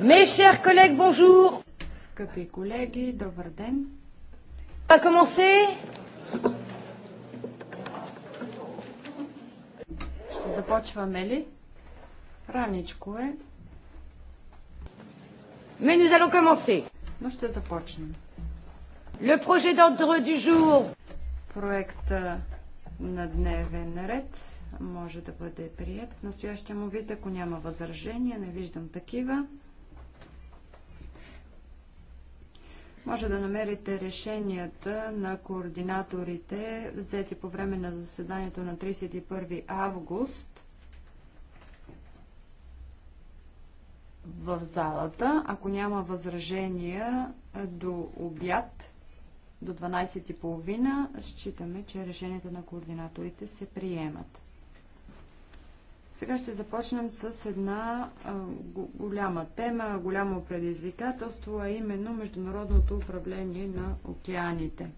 Mes chers collègues, bonjour. Скъпи колеги, добър ден. А commencer? Ще започваме ли? Раничко е. Mais nous allons commencer. Nous ще започнем. Le projet d'ordre du jour. Проекта на дневен ред може да бъде прият в настоящия му вид, ако няма възражения. Не виждам такива. Може да намерите решенията на координаторите, взети по време на заседанието на 31 август в залата. Ако няма възражения до обяд, до 12.30, считаме, че решенията на координаторите се приемат. Сега ще започнем с една а, голяма тема, голямо предизвикателство, а именно международното управление на океаните.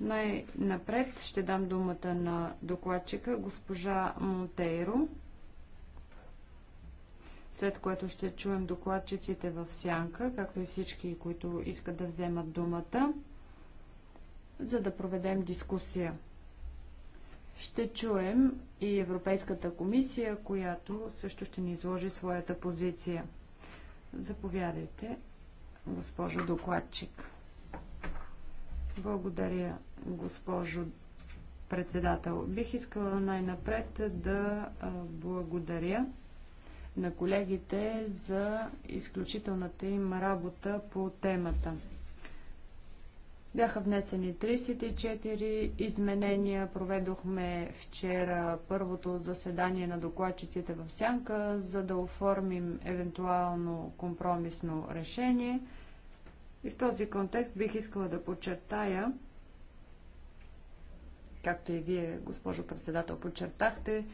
Най-напред ще дам думата на докладчика госпожа Монтейро, след което ще чуем докладчиците в сянка, както и всички, които искат да вземат думата, за да проведем дискусия. Ще чуем и Европейската комисия, която също ще ни изложи своята позиция. Заповядайте, госпожо докладчик. Благодаря, госпожо председател. Бих искала най-напред да благодаря на колегите за изключителната им работа по темата. Бяха внесени 34 изменения. Проведохме вчера първото заседание на докладчиците в Сянка, за да оформим евентуално компромисно решение. И в този контекст бих искала да подчертая, както и вие, госпожо председател, подчертахте,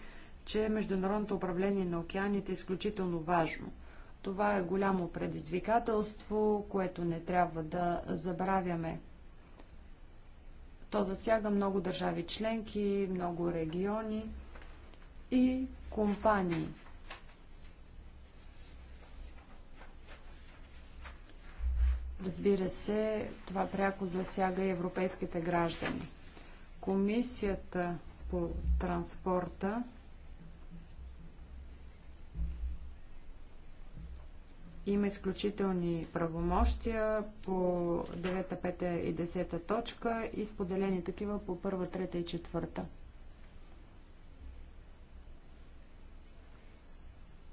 че международното управление на океаните е изключително важно. Това е голямо предизвикателство, което не трябва да забравяме. То засяга много държави членки, много региони и компании. Разбира се, това пряко засяга и европейските граждани. Комисията по транспорта има изключителни правомощия по 9, 5 и 10 точка и споделени такива по 1, 3 и 4.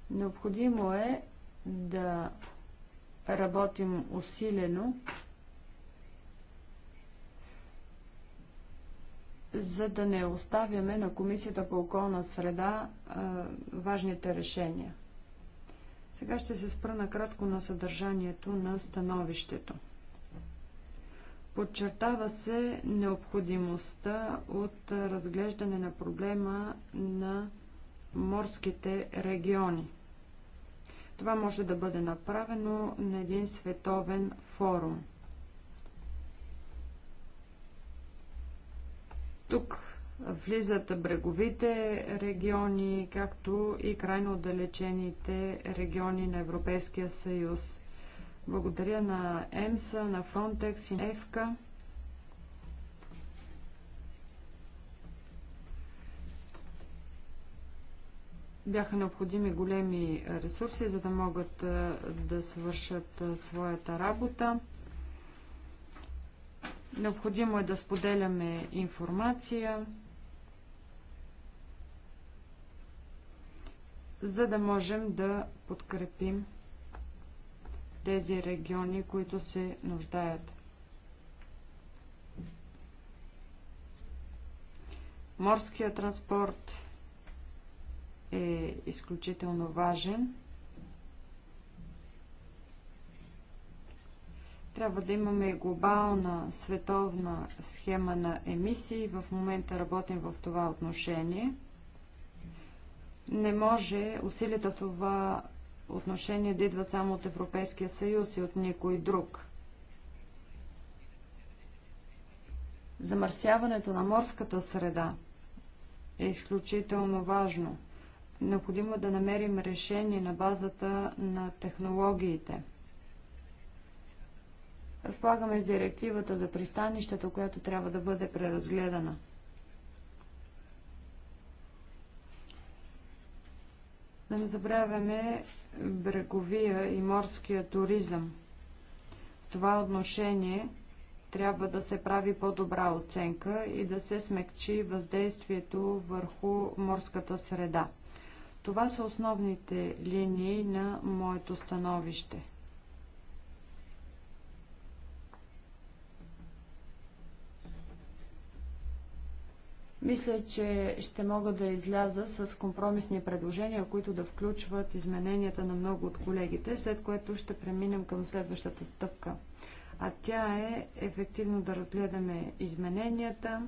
Необходимо е да работим усилено, за да не оставяме на Комисията по околна среда а, важните решения. Сега ще се спра накратко на съдържанието на становището. Подчертава се необходимостта от разглеждане на проблема на морските региони. Това може да бъде направено на един световен форум. Тук влизат бреговите региони, както и крайно отдалечените региони на Европейския съюз. Благодаря на ЕМСА, на Фронтекс и на ЕФКА. Бяха необходими големи ресурси, за да могат да свършат своята работа. Необходимо е да споделяме информация. за да можем да подкрепим тези региони, които се нуждаят. Морският транспорт е изключително важен. Трябва да имаме глобална световна схема на емисии. В момента работим в това отношение – не може усилията в това отношение да идват само от Европейския съюз и от никой друг. Замърсяването на морската среда е изключително важно. Необходимо е да намерим решение на базата на технологиите. Разполагаме с директивата за пристанищата, която трябва да бъде преразгледана – Да не забравяме бреговия и морския туризъм. В това отношение трябва да се прави по-добра оценка и да се смекчи въздействието върху морската среда. Това са основните линии на моето становище. Мисля, че ще мога да изляза с компромисни предложения, които да включват измененията на много от колегите, след което ще преминем към следващата стъпка. А тя е ефективно да разгледаме измененията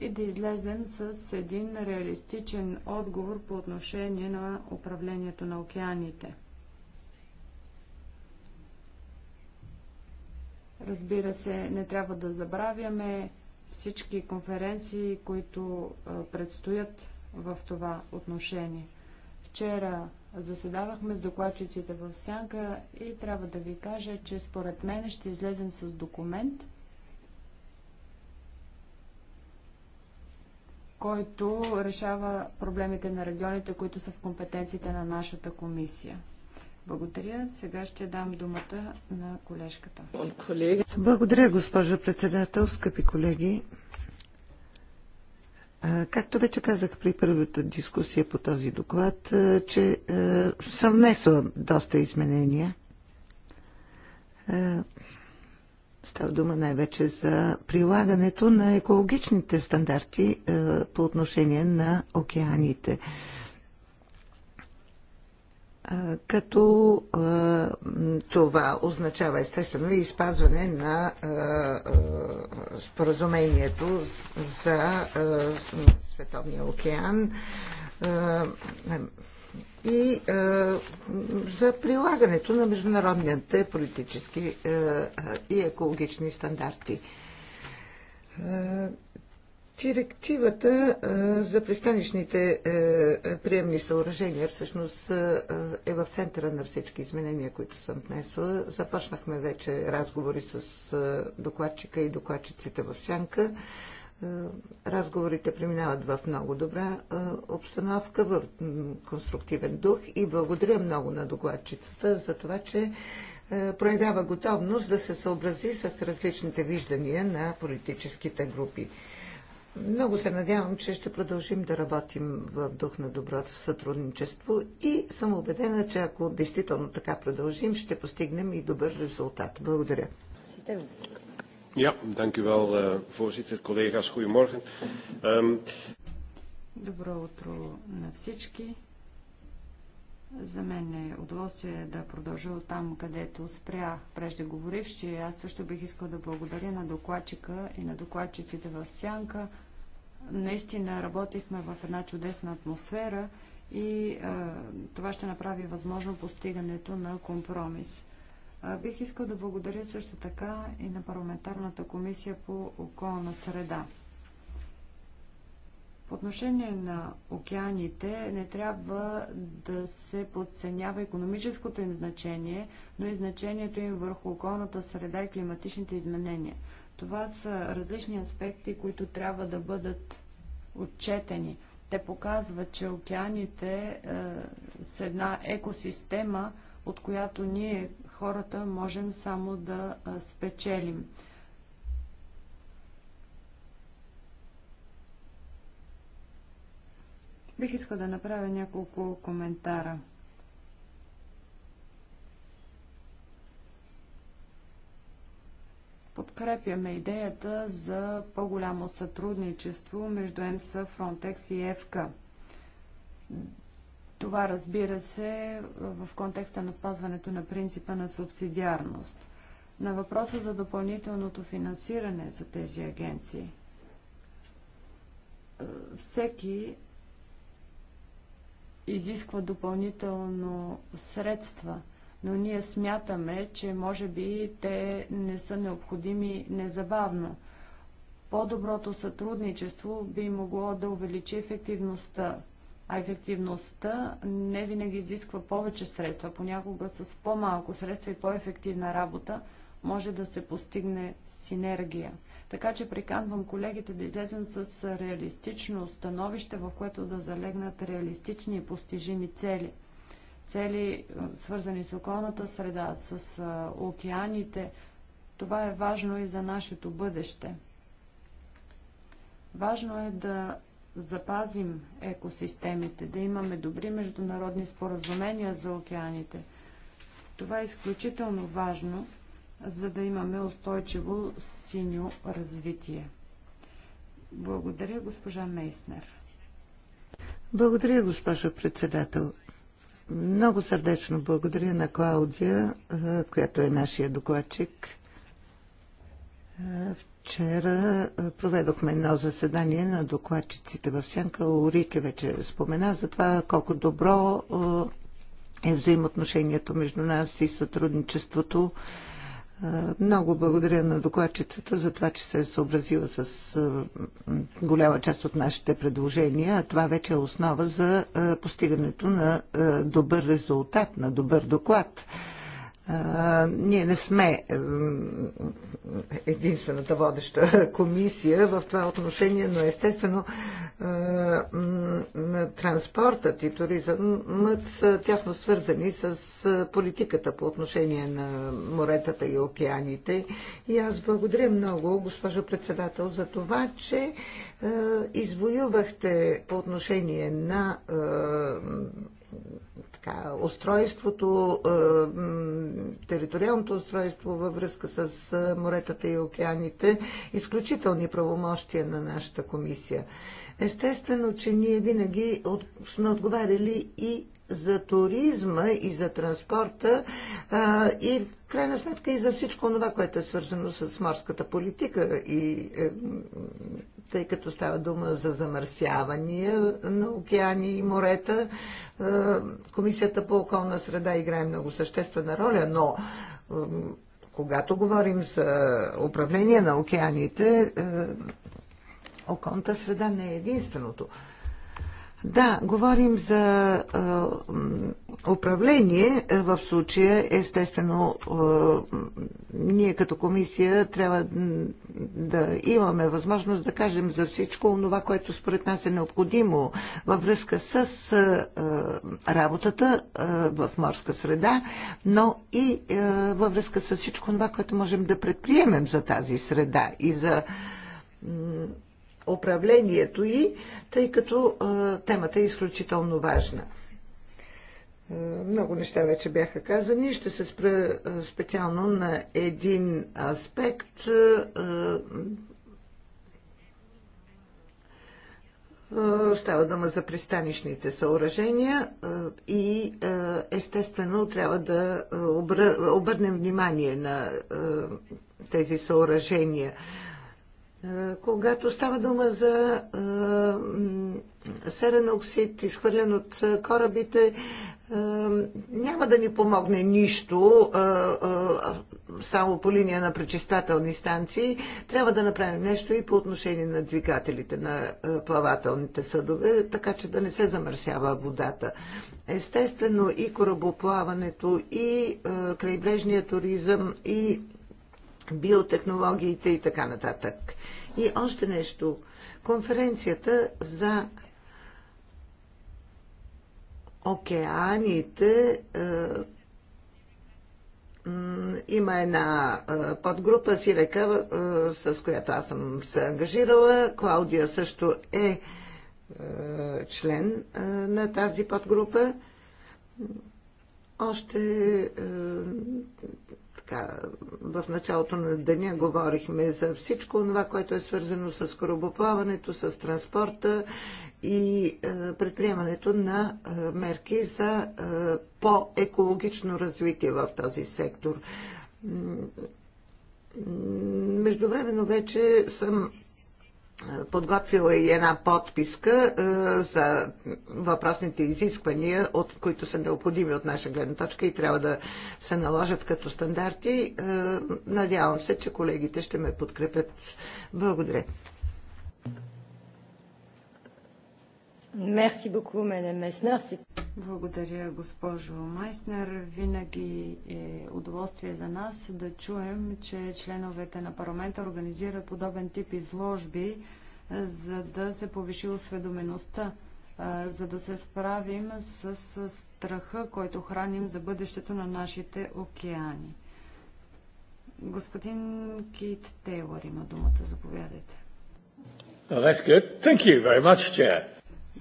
и да излезем с един реалистичен отговор по отношение на управлението на океаните. Разбира се, не трябва да забравяме всички конференции, които предстоят в това отношение. Вчера заседавахме с докладчиците в Сянка и трябва да ви кажа, че според мен ще излезем с документ, който решава проблемите на регионите, които са в компетенциите на нашата комисия. Благодаря. Сега ще дам думата на колежката. Благодаря, госпожо председател, скъпи колеги. Както вече казах при първата дискусия по този доклад, че съм внесла доста изменения. Става дума най-вече за прилагането на екологичните стандарти по отношение на океаните като това означава естествено и спазване на споразумението за Световния океан и за прилагането на международните политически и екологични стандарти. Директивата за пристанищните приемни съоръжения всъщност е в центъра на всички изменения, които съм внесла. Започнахме вече разговори с докладчика и докладчиците в Сянка. Разговорите преминават в много добра обстановка, в конструктивен дух и благодаря много на докладчицата за това, че проявява готовност да се съобрази с различните виждания на политическите групи. Много се надявам, че ще продължим да работим в дух на доброто сътрудничество и съм убедена, че ако действително така продължим, ще постигнем и добър резултат. Благодаря. Ja, dank u wel, uh, voorzitter. Collega's, goedemorgen. Um... Добро утро на всички. За мен е удоволствие да продължа от там, където спря преждеговорившия. Аз също бих искал да благодаря на докладчика и на докладчиците в Сянка. Наистина работихме в една чудесна атмосфера и е, това ще направи възможно постигането на компромис. А, бих искал да благодаря също така и на парламентарната комисия по околна среда. По отношение на океаните не трябва да се подценява економическото им значение, но и значението им върху околната среда и климатичните изменения. Това са различни аспекти, които трябва да бъдат отчетени. Те показват, че океаните е, са една екосистема, от която ние, хората, можем само да е, спечелим. Бих искал да направя няколко коментара. Подкрепяме идеята за по-голямо сътрудничество между МСА, Frontex и ЕФК. Това разбира се в контекста на спазването на принципа на субсидиарност. На въпроса за допълнителното финансиране за тези агенции. Всеки изисква допълнително средства, но ние смятаме, че може би те не са необходими незабавно. По-доброто сътрудничество би могло да увеличи ефективността, а ефективността не винаги изисква повече средства. Понякога с по-малко средства и по-ефективна работа може да се постигне синергия. Така че приканвам колегите да излезем с реалистично становище, в което да залегнат реалистични и постижими цели. Цели, е, свързани с околната среда, с е, океаните. Това е важно и за нашето бъдеще. Важно е да запазим екосистемите, да имаме добри международни споразумения за океаните. Това е изключително важно, за да имаме устойчиво синьо развитие. Благодаря, госпожа Мейснер. Благодаря, госпожа председател. Много сърдечно благодаря на Клаудия, която е нашия докладчик. Вчера проведохме едно заседание на докладчиците в Сянка. Орике вече спомена за това колко добро е взаимоотношението между нас и сътрудничеството много благодаря на докладчицата за това, че се е съобразила с голяма част от нашите предложения, а това вече е основа за постигането на добър резултат, на добър доклад. А, ние не сме единствената водеща комисия в това отношение, но естествено транспортът и туризъмът са тясно свързани с политиката по отношение на моретата и океаните. И аз благодаря много, госпожо председател, за това, че извоювахте по отношение на така, устройството, е, териториалното устройство във връзка с е, моретата и океаните, изключителни правомощия на нашата комисия. Естествено, че ние винаги от, сме отговаряли и за туризма, и за транспорта, а, и в крайна сметка и за всичко това, което е свързано с морската политика и е, тъй като става дума за замърсявания на океани и морета. Е, Комисията по околна среда играе много съществена роля, но е, когато говорим за управление на океаните, е, околната среда не е единственото. Да, говорим за а, управление. Е, в случая, естествено, а, ние като комисия трябва да имаме възможност да кажем за всичко това, което според нас е необходимо във връзка с а, работата а, в морска среда, но и а, във връзка с всичко това, което можем да предприемем за тази среда и за управлението и, тъй като темата е изключително важна. Много неща вече бяха казани. Ще се спра специално на един аспект. Става дума за пристанищните съоръжения и естествено трябва да обърнем внимание на тези съоръжения. Когато става дума за серен оксид, изхвърлен от корабите, няма да ни помогне нищо само по линия на пречистателни станции. Трябва да направим нещо и по отношение на двигателите на плавателните съдове, така че да не се замърсява водата. Естествено и корабоплаването, и крайбрежния туризъм, и биотехнологиите и така нататък. И още нещо. Конференцията за океаните е, има една е, подгрупа си река, е, с която аз съм се ангажирала. Клаудия също е член на тази подгрупа. Още така, в началото на деня говорихме за всичко това, което е свързано с корабоплаването, с транспорта и е, предприемането на е, мерки за е, по-екологично развитие в този сектор. Междувременно вече съм подготвила и една подписка е, за въпросните изисквания, от които са необходими от наша гледна точка и трябва да се наложат като стандарти. Е, надявам се, че колегите ще ме подкрепят. Благодаря. Мерси Меснер. Благодаря, госпожо Майснер. Винаги е удоволствие за нас да чуем, че членовете на парламента организират подобен тип изложби, за да се повиши осведомеността, за да се справим с страха, който храним за бъдещето на нашите океани. Господин Кит Тейлор има думата. Заповядайте. Well, that's good. Thank you very much, Chair.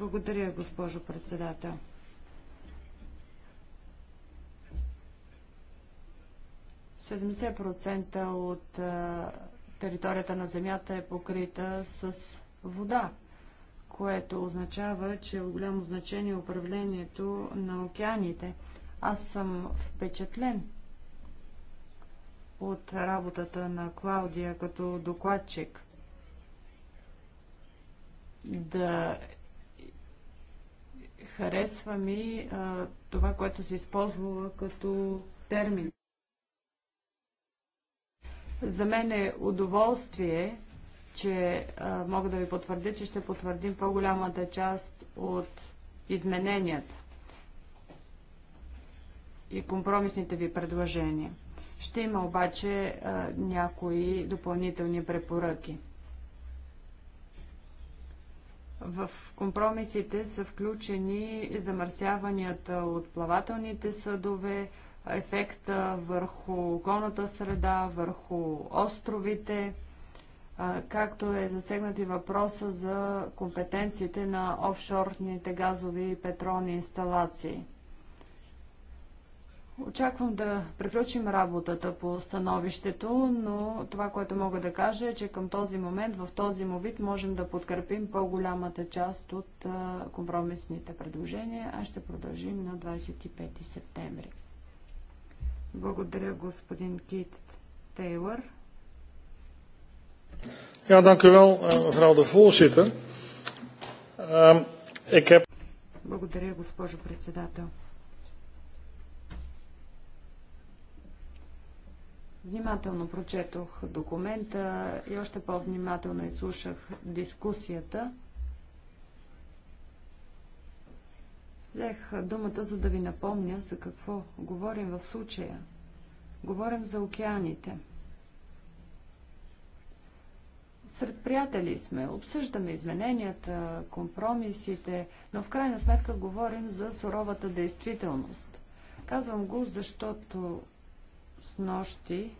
Благодаря, госпожо председател. процента от а, територията на Земята е покрита с вода, което означава, че е голямо значение управлението на океаните. Аз съм впечатлен от работата на Клаудия като докладчик. Да харесва ми а, това, което се използвала като термин. За мен е удоволствие, че а, мога да ви потвърдя, че ще потвърдим по-голямата част от измененията и компромисните ви предложения. Ще има обаче а, някои допълнителни препоръки. В компромисите са включени замърсяванията от плавателните съдове, ефекта върху околната среда, върху островите, както е засегнат и въпроса за компетенциите на офшорните газови и петролни инсталации. Очаквам да приключим работата по становището, но това, което мога да кажа е, че към този момент, в този му вид, можем да подкрепим по-голямата част от компромисните предложения, а ще продължим на 25 септември. Благодаря, господин Кит Тейлър. Ja, dank u wel, eh, mevrouw de voorzitter. Ehm, ik heb... Благодаря, госпожо председател. Внимателно прочетох документа и още по-внимателно изслушах дискусията. Взех думата, за да ви напомня за какво говорим в случая. Говорим за океаните. Сред приятели сме, обсъждаме измененията, компромисите, но в крайна сметка говорим за суровата действителност. Казвам го, защото с нощи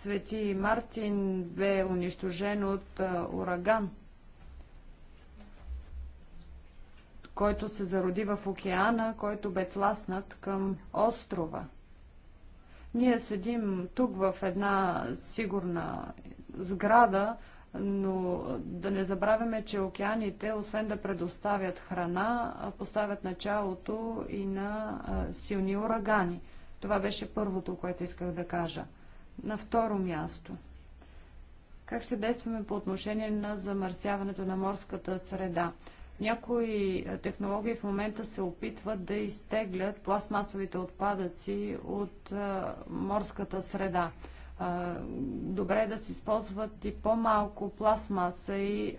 Свети Мартин бе унищожен от ураган, който се зароди в океана, който бе тласнат към острова. Ние седим тук в една сигурна сграда, но да не забравяме, че океаните, освен да предоставят храна, поставят началото и на силни урагани. Това беше първото, което исках да кажа. На второ място. Как ще действаме по отношение на замърсяването на морската среда? Някои технологии в момента се опитват да изтеглят пластмасовите отпадъци от морската среда добре е да се използват и по-малко пластмаса и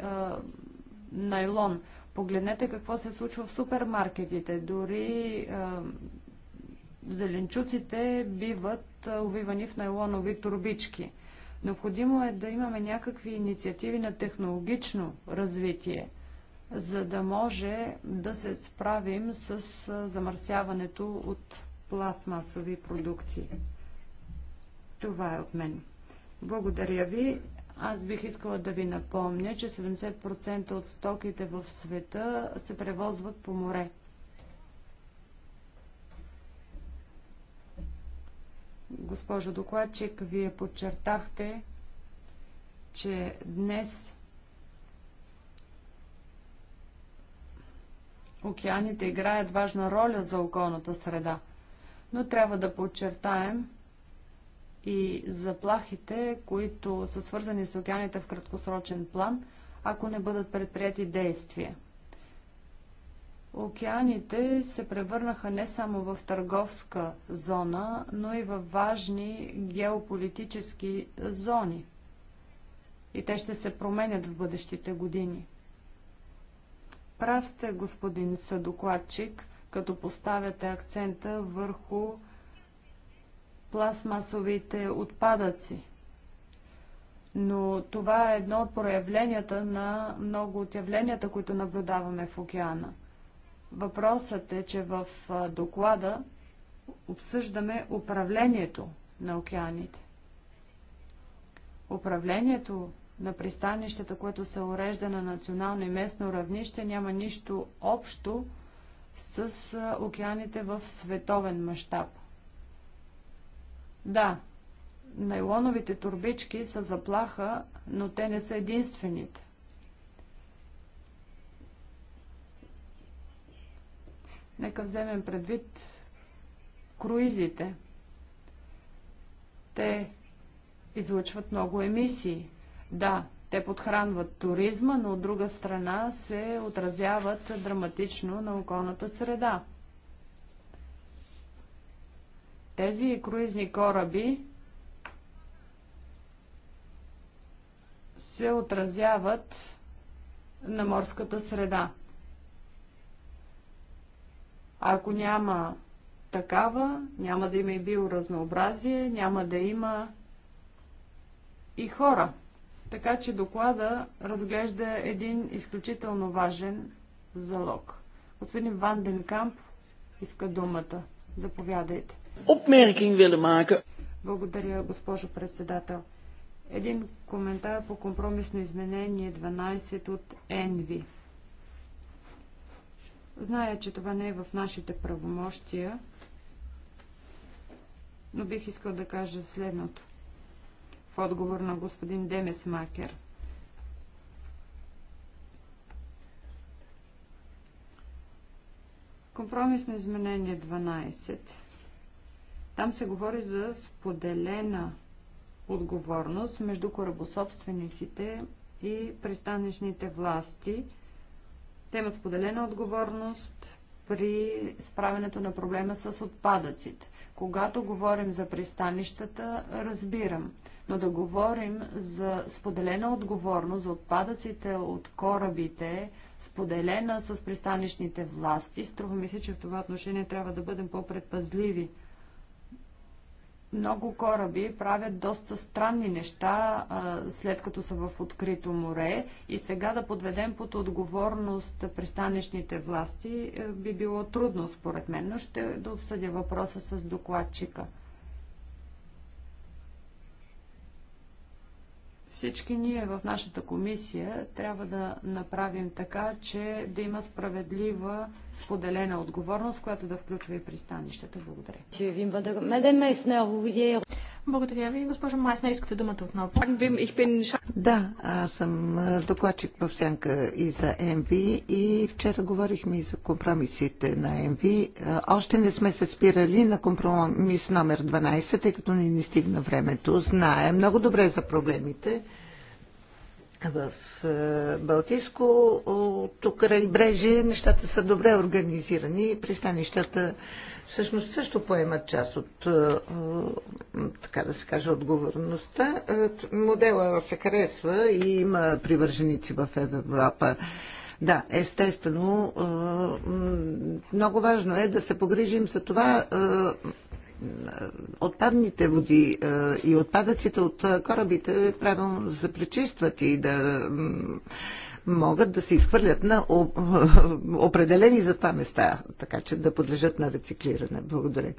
найлон. Погледнете какво се случва в супермаркетите. Дори зеленчуците биват увивани в найлонови турбички. Необходимо е да имаме някакви инициативи на технологично развитие, за да може да се справим с замърсяването от пластмасови продукти. Това е от мен. Благодаря ви. Аз бих искала да ви напомня, че 70% от стоките в света се превозват по море. Госпожо докладчик, вие подчертахте, че днес океаните играят важна роля за околната среда. Но трябва да подчертаем, и заплахите, които са свързани с океаните в краткосрочен план, ако не бъдат предприяти действия. Океаните се превърнаха не само в търговска зона, но и в важни геополитически зони. И те ще се променят в бъдещите години. Прав сте, господин съдокладчик, като поставяте акцента върху пластмасовите отпадъци. Но това е едно от проявленията на много от явленията, които наблюдаваме в океана. Въпросът е, че в доклада обсъждаме управлението на океаните. Управлението на пристанищата, което се урежда на национално и местно равнище, няма нищо общо с океаните в световен мащаб. Да, найлоновите турбички са заплаха, но те не са единствените. Нека вземем предвид круизите. Те излъчват много емисии. Да, те подхранват туризма, но от друга страна се отразяват драматично на околната среда. Тези круизни кораби се отразяват на морската среда. Ако няма такава, няма да има и биоразнообразие, няма да има и хора. Така че доклада разглежда един изключително важен залог. Господин Ванденкамп иска думата. Заповядайте opmerking willen maken. Благодаря, госпожо председател. Един коментар по компромисно изменение 12 от НВ. Зная, че това не е в нашите правомощия, но бих искал да кажа следното. В отговор на господин Демес Макер. Компромисно изменение 12 там се говори за споделена отговорност между корабособствениците и пристанищните власти. Те имат споделена отговорност при справянето на проблема с отпадъците. Когато говорим за пристанищата, разбирам, но да говорим за споделена отговорност за отпадъците от корабите, споделена с пристанищните власти, струва ми се, че в това отношение трябва да бъдем по-предпазливи много кораби правят доста странни неща, а, след като са в открито море. И сега да подведем под отговорност пристанищните власти е, би било трудно, според мен, но ще да обсъдя въпроса с докладчика. Всички ние в нашата комисия трябва да направим така, че да има справедлива споделена отговорност, която да включва и пристанищата. Благодаря. Благодаря ви. Госпожо Майсна, искате думата отново. Да, аз съм докладчик в Сянка и за МВ и вчера говорихме и за компромисите на МВ. Още не сме се спирали на компромис номер 12, тъй като ни не стигна времето. Знае много добре за проблемите в Балтийско, тук край брежи, нещата са добре организирани, пристанищата всъщност също поемат част от, е, така да се каже, отговорността. Е, модела се харесва и има привърженици в Европа. Да, естествено, е, много важно е да се погрижим за това отпадните води и отпадъците от корабите правилно да се пречистват и да могат да се изхвърлят на определени за това места, така че да подлежат на рециклиране. Благодаря.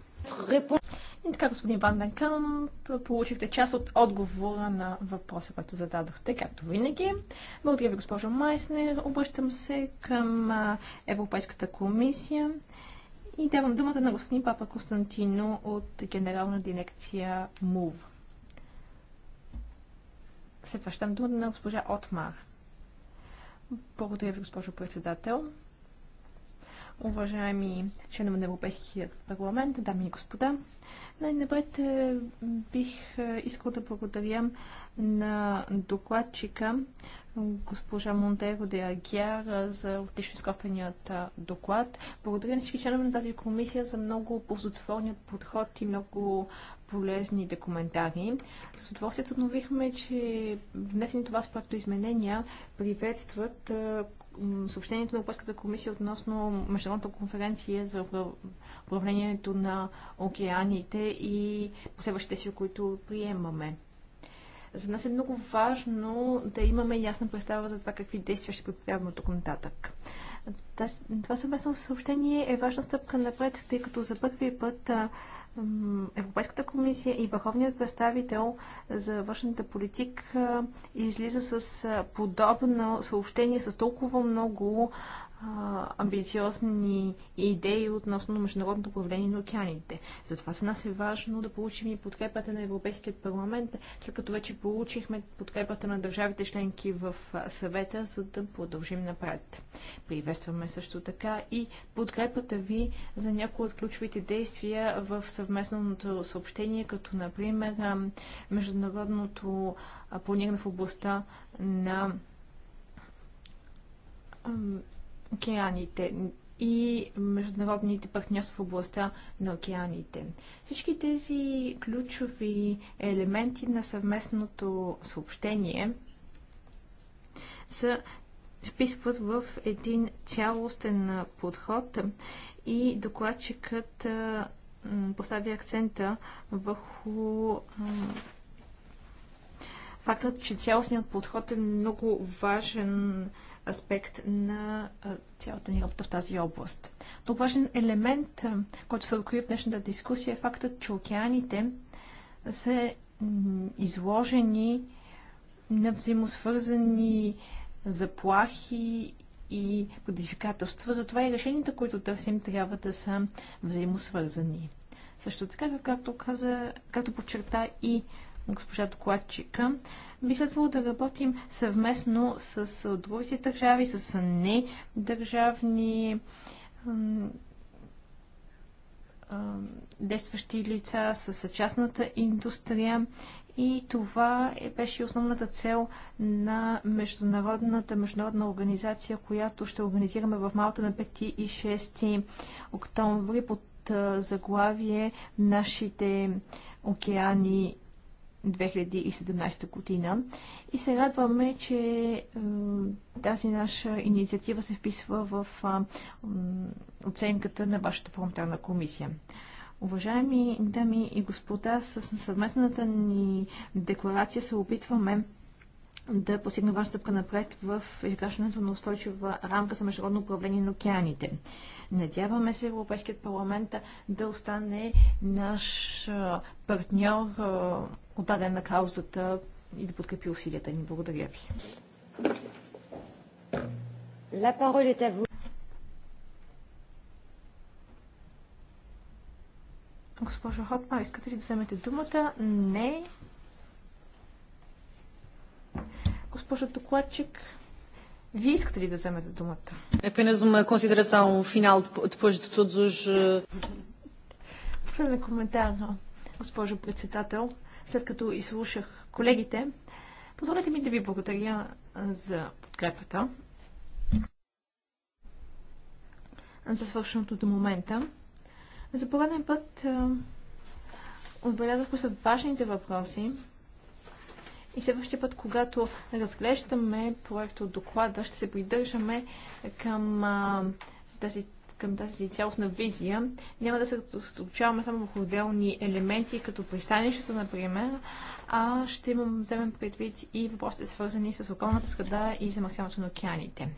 И така, господин Ван Денкам, получихте част от отговора на въпроса, който зададохте, както винаги. Благодаря ви, госпожо Майснер. Обръщам се към Европейската комисия и давам думата на господин Папа Константино от Генерална дирекция МУВ. След това ще дам думата на госпожа Отмар. Благодаря ви, госпожо председател. Уважаеми членове на Европейския парламент, дами и господа, най-напред е, бих е, искал да благодаря на докладчика госпожа Монтеро де Агиар за отлично изкопеният е, доклад. Благодаря на всички членове на тази комисия за много ползотворният подход и много Полезни документари. С удоволствие установихме, че внесени това проекто изменения приветстват съобщението на Европейската комисия относно Международната конференция за управлението на океаните и последващите си, които приемаме. За нас е много важно да имаме ясна представа за това какви действия ще предприемаме тук нататък. Това съвместно съобщение е важна стъпка напред, тъй като за първи път Европейската комисия и върховният представител за външната политика излиза с подобно съобщение с толкова много амбициозни идеи относно международното управление на океаните. Затова за нас е важно да получим и подкрепата на Европейския парламент, след като вече получихме подкрепата на държавите членки в съвета, за да продължим напред. Приветстваме също така и подкрепата ви за някои от ключовите действия в съвместното съобщение, като например международното планиране в областта на океаните и международните партньорства в областта на океаните. Всички тези ключови елементи на съвместното съобщение са вписват в един цялостен подход и докладчикът поставя акцента върху фактът, че цялостният подход е много важен аспект на цялата ни работа в тази област. Но важен елемент, който се открива в днешната дискусия е фактът, че океаните са изложени на взаимосвързани заплахи и предизвикателства. Затова и решенията, които търсим, трябва да са взаимосвързани. Също така, както, каза, както подчерта и госпожа докладчика, би следвало да работим съвместно с другите държави, с недържавни действащи лица, с частната индустрия. И това е, беше основната цел на международната международна организация, която ще организираме в Малта на 5 и 6 октомври под заглавие Нашите океани 2017 година. И се радваме, че е, тази наша инициатива се вписва в оценката на вашата парламентарна комисия. Уважаеми дами и господа, с съвместната ни декларация се опитваме да постигнем важна стъпка напред в изграждането на устойчива рамка за международно управление на океаните. Надяваме се Европейският парламент да остане наш партньор, отдаден на каузата и да подкрепи усилията ни. Благодаря ви. La parole est à vous. Госпожо Хотма, искате ли да вземете думата? Не. Госпожо докладчик, вие искате ли да вземете думата? Apenas uma consideração final depois de todos os... Е, Последен коментар, госпожо председател, след като изслушах колегите. Позволете ми да ви благодаря за подкрепата за свършеното до момента. За пореден път отбелязахме са важните въпроси, и следващия път, когато разглеждаме проекта от доклада, ще се придържаме към а, тази към тази цялостна визия, няма да се случаваме само върху отделни елементи, като пристанището, например, а ще имам, вземем предвид и въпросите свързани с околната среда и замърсяването на океаните.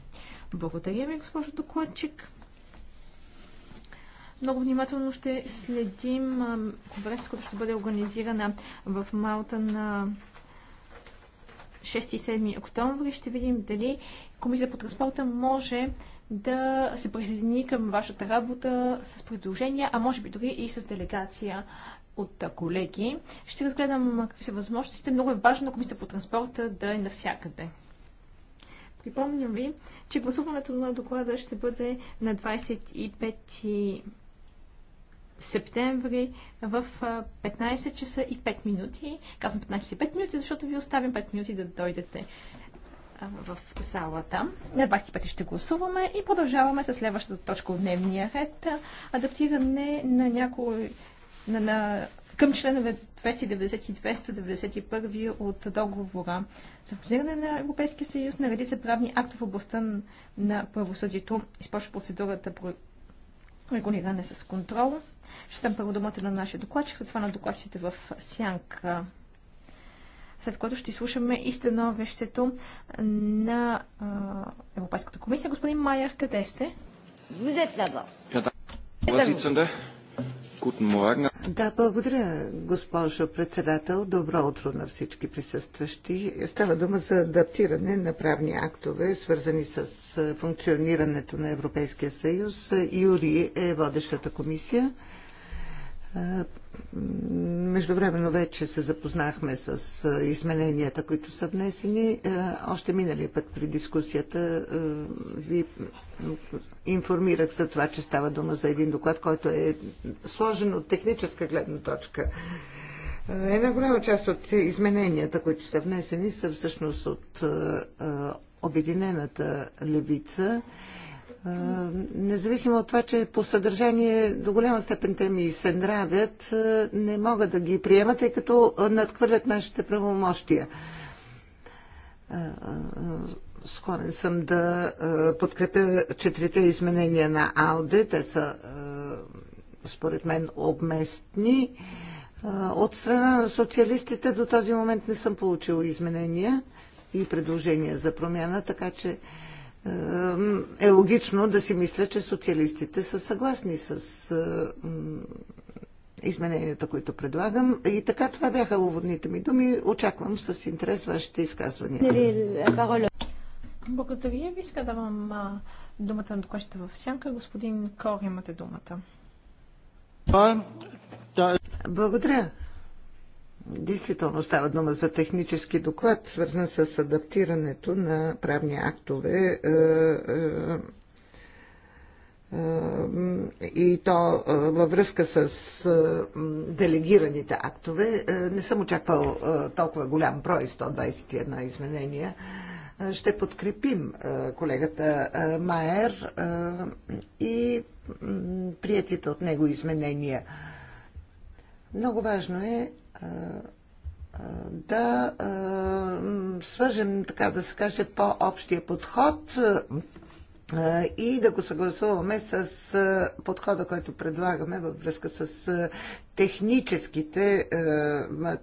Благодаря ви, госпожо докладчик. Много внимателно ще следим конференцията, която ще бъде организирана в Малта на 6 7 октомври. Ще видим дали Комисията по транспорта може да се присъедини към вашата работа с предложения, а може би дори и с делегация от колеги. Ще разгледам какви са възможностите. Много е важно Комисията по транспорта да е навсякъде. Припомням ви, че гласуването на доклада ще бъде на 25 септември в 15 часа и 5 минути. Казвам 15 часа и 5 минути, защото ви оставим 5 минути да дойдете в залата. На 25 ще гласуваме и продължаваме с следващата точка от дневния ред. Адаптиране на някои на, на, към членове 290 и 291 от договора за функциониране на Европейския съюз на редица правни актове в областта на правосъдието. Изпочва процедурата регулиране с контрол. Ще дам първо думата на нашия докладчик, след това на докладчиците в Сянка. След което ще изслушаме и становището на а, Европейската комисия. Господин Майер, къде сте? Вузет лаба. Да, благодаря, госпожо председател. Добро утро на всички присъстващи. Става дума за адаптиране на правни актове, свързани с функционирането на Европейския съюз. Юри е водещата комисия. Междувременно вече се запознахме с измененията, които са внесени. Още миналия път при дискусията ви информирах за това, че става дума за един доклад, който е сложен от техническа гледна точка. Една голяма част от измененията, които са внесени, са всъщност от Обединената левица Независимо от това, че по съдържание до голяма степен те ми се нравят, не мога да ги приема, тъй като надхвърлят нашите правомощия. Склонен съм да подкрепя четирите изменения на АЛДЕ. Те са, според мен, обместни. От страна на социалистите до този момент не съм получил изменения и предложения за промяна, така че е, е логично да си мисля, че социалистите са съгласни с е, измененията, които предлагам. И така, това бяха уводните ми думи. Очаквам с интерес вашите изказвания. Е, Благодаря ви. да давам думата на докладчета в сянка. Господин Кор, имате думата. Благодаря, Действително става дума за технически доклад, свързан с адаптирането на правни актове е, е, е, и то във връзка с делегираните актове. Не съм очаквал толкова голям брой, 121 изменения. Ще подкрепим колегата Маер и приятите от него изменения. Много важно е да свържем, така да се каже, по-общия подход и да го съгласуваме с подхода, който предлагаме във връзка с техническите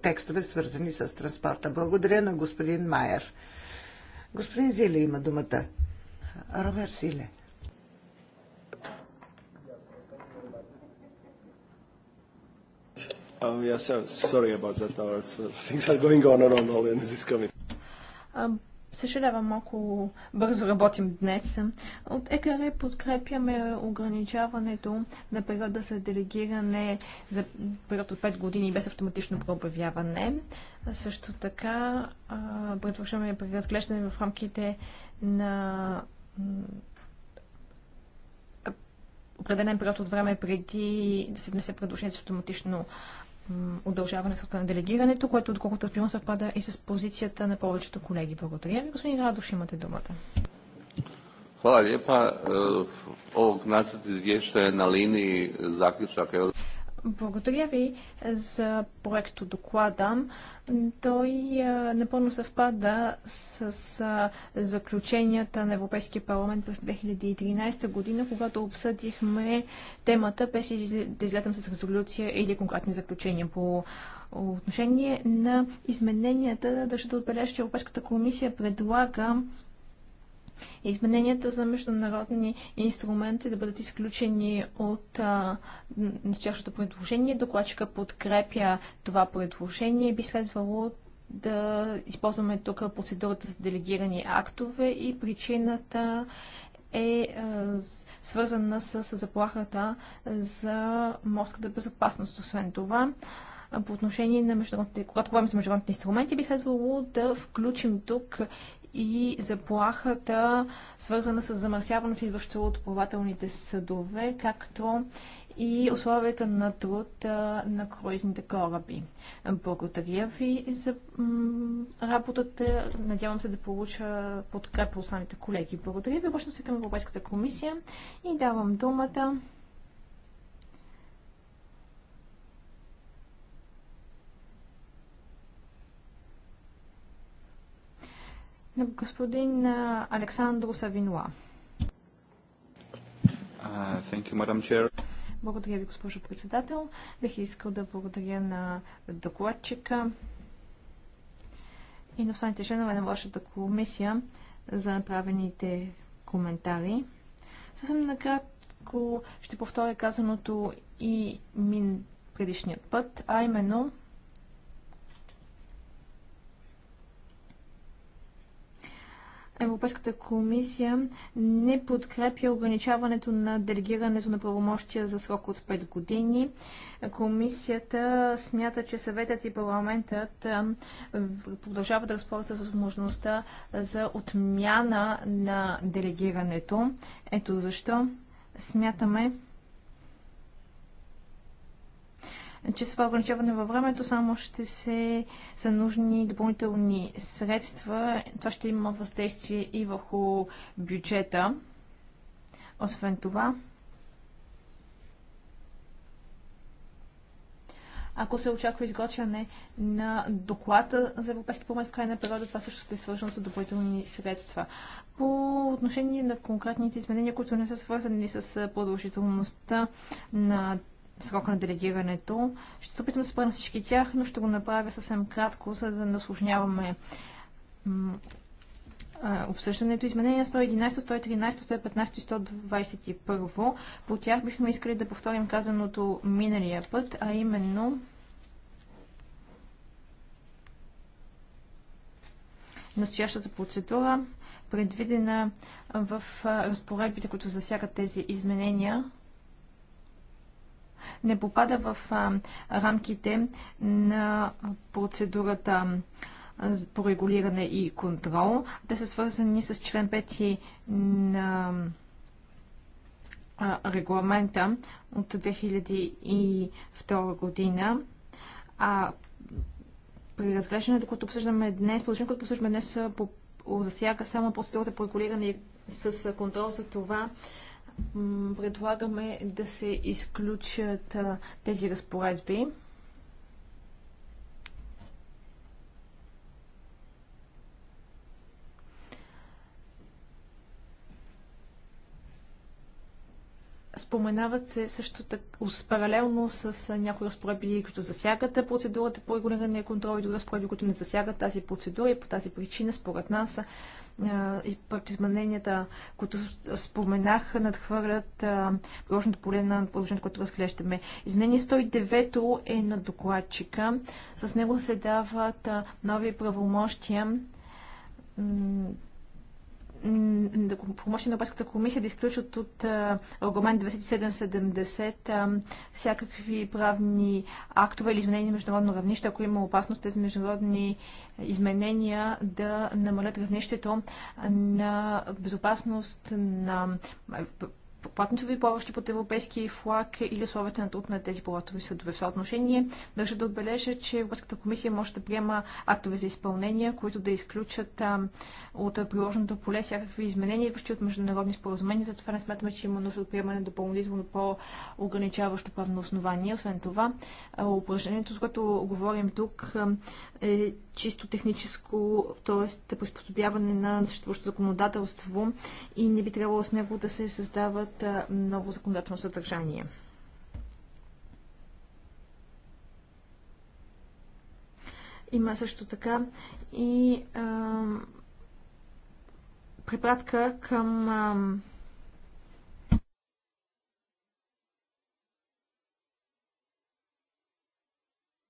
текстове, свързани с транспорта. Благодаря на господин Майер. Господин Зиле има думата. Робер Силе. Um, yeah, so, sorry about that. Now uh, things are going on and on all and this is coming. Um, съжалявам, малко бързо работим днес. От ЕКР подкрепяме ограничаването на периода за делегиране за период от 5 години без автоматично прообявяване. Също така предвършваме преразглеждане в рамките на определен период от време преди да се внесе предложение за автоматично удължаване срока на делегирането, което, доколкото разбирам, съвпада и с позицията на повечето колеги. Благодаря ви. Господин Радош, имате думата. Hvala lijepa. Е, ovog nacrta izvješća je na liniji zaključaka благодаря ви за проекто доклада. Той напълно съвпада с заключенията на Европейския парламент през 2013 година, когато обсъдихме темата, без да излезем с резолюция или конкретни заключения по отношение на измененията. Държа да отбележа, че Европейската комисия предлага измененията за международни инструменти да бъдат изключени от настоящото предложение. Докладчика подкрепя това предложение. Би следвало да използваме тук процедурата за делегирани актове и причината е свързана с заплахата за морската безопасност. Освен това, по отношение на международните, когато говорим за международните инструменти, би следвало да включим тук и заплахата, свързана с замърсяването, идващо от плавателните съдове, както и условията на труд на круизните кораби. Благодаря ви за работата. Надявам се да получа подкрепа останалите колеги. Благодаря ви. Обръщам се към Европейската комисия и давам думата господин Александро Савинуа. благодаря ви, госпожо председател. Бих искал да благодаря на докладчика и на останалите членове на вашата комисия за направените коментари. Съвсем накратко ще повторя казаното и мин предишният път, а именно Европейската комисия не подкрепя ограничаването на делегирането на правомощия за срок от 5 години. Комисията смята, че съветът и парламентът продължават да разполагат с възможността за отмяна на делегирането. Ето защо смятаме, че с това ограничаване във времето само ще се са нужни допълнителни средства. Това ще има въздействие и върху бюджета. Освен това, ако се очаква изготвяне на доклада за Европейски парламент в крайна периода, това също ще е свързано с допълнителни средства. По отношение на конкретните изменения, които не са свързани с продължителността на срока на делегирането. Ще се опитам да спра на всички тях, но ще го направя съвсем кратко, за да не осложняваме обсъждането. Изменения 111, 113, 115 и 121. По тях бихме искали да повторим казаното миналия път, а именно настоящата процедура, предвидена в разпоредбите, които засягат тези изменения, не попада в рамките на процедурата по регулиране и контрол. Те са свързани с член 5 на регламента от 2002 година. А при разглеждането, което обсъждаме днес, положението, което обсъждаме днес, засяга само процедурата по регулиране с контрол за това предлагаме да се изключат тези разпоредби. споменават се също така паралелно с някои разпоредби, които засягат процедурата по регулиране и контрол и други разпоредби, които не засягат тази процедура и по тази причина, според нас, и измененията, които споменах, надхвърлят приложното поле на положението, което разглеждаме. Изменение 109 е на докладчика. С него се дават нови правомощия да помощи на Европейската комисия да изключат от регламент 2770 всякакви правни актове или изменения на международно равнище, ако има опасност тези международни изменения да намалят равнището на безопасност на платното плаващи под европейски флаг или условията на труд на тези платови съдове. В съотношение отношение държа да отбележа, че Европейската комисия може да приема актове за изпълнение, които да изключат а, от приложеното поле всякакви изменения, идващи от международни споразумения. Затова не смятаме, че има нужда от приемане допълнително по-ограничаващо правно основание. Освен това, упражнението, с което говорим тук, е чисто техническо, т.е. Е приспособяване на съществуващо законодателство и не би трябвало с него да се създават ново законодателно съдържание. Има също така и препратка към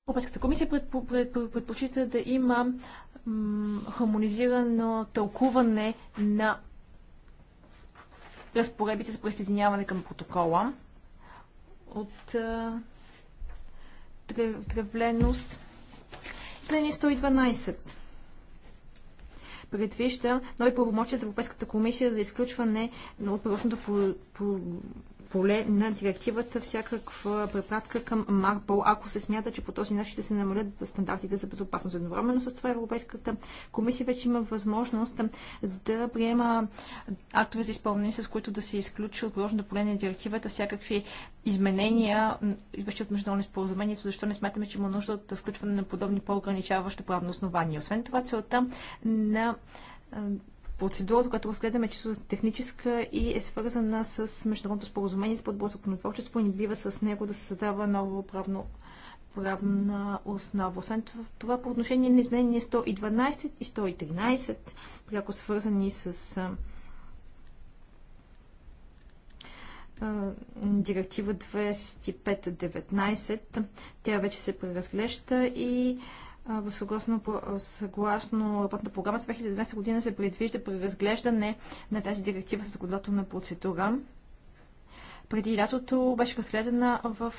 Европейската комисия предпочита да има хармонизирано тълкуване на разпоредбите за присъединяване към протокола от древленост. Член 112 предвижда нови правомощия за Европейската комисия за изключване от първичното поле на директивата всякаква препратка към Марпол, ако се смята, че по този начин ще се намалят стандартите за безопасност. Едновременно с това Европейската комисия вече има възможност да приема актове за изпълнение, с които да се изключи от приложното поле на директивата всякакви изменения, идващи от международни споразумения, защо не смятаме, че има нужда от включване на подобни по-ограничаващи правно основания. Освен това, целта на Процедурата, която разгледаме, е чисто техническа и е свързана с международното споразумение с подбор и не бива с него да се създава ново правно правна основа. Освен това, по отношение на изменение 112 и 113, пряко свързани с директива 2519. Тя вече се преразглежда и съгласно, съгласно работната програма с 2012 година се предвижда преразглеждане на тази директива с законодателна процедура. Преди лятото беше разгледана в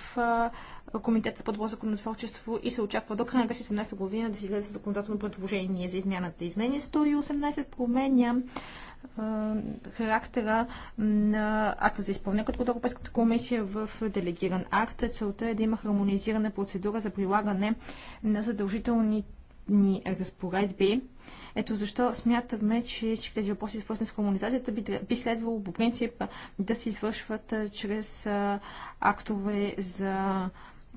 Комитет за подбор законотворчество и се очаква до края на 2017 година да се излезе законодателно предложение за измяната. Изменение 118 променя характера на акта за изпълнение, като Европейската комисия в делегиран акт. Целта е да има хармонизирана процедура за прилагане на задължителни ни разпоредби. Ето защо смятаме, че всички тези въпроси, свързани с хармонизацията, би, би следвало по принцип да се извършват чрез актове за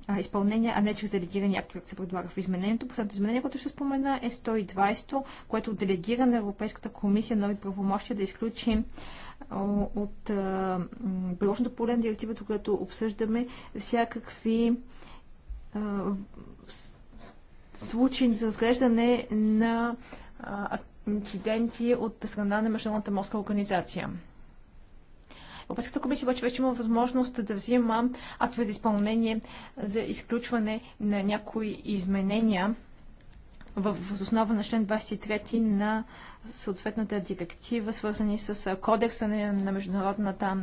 а, изпълнение, а не чрез делегирани актове, се предлага в изменението. Последното изменение, което ще спомена е 120, което делегира на Европейската комисия нови правомощия да изключи от приложното поле на директивата, което обсъждаме, всякакви а, случаи за разглеждане на инциденти от страна на Международната морска организация. Европейската комисия обаче вече има възможност да взима актове за изпълнение за изключване на някои изменения в основа на член 23 на съответната директива, свързани с кодекса на Международната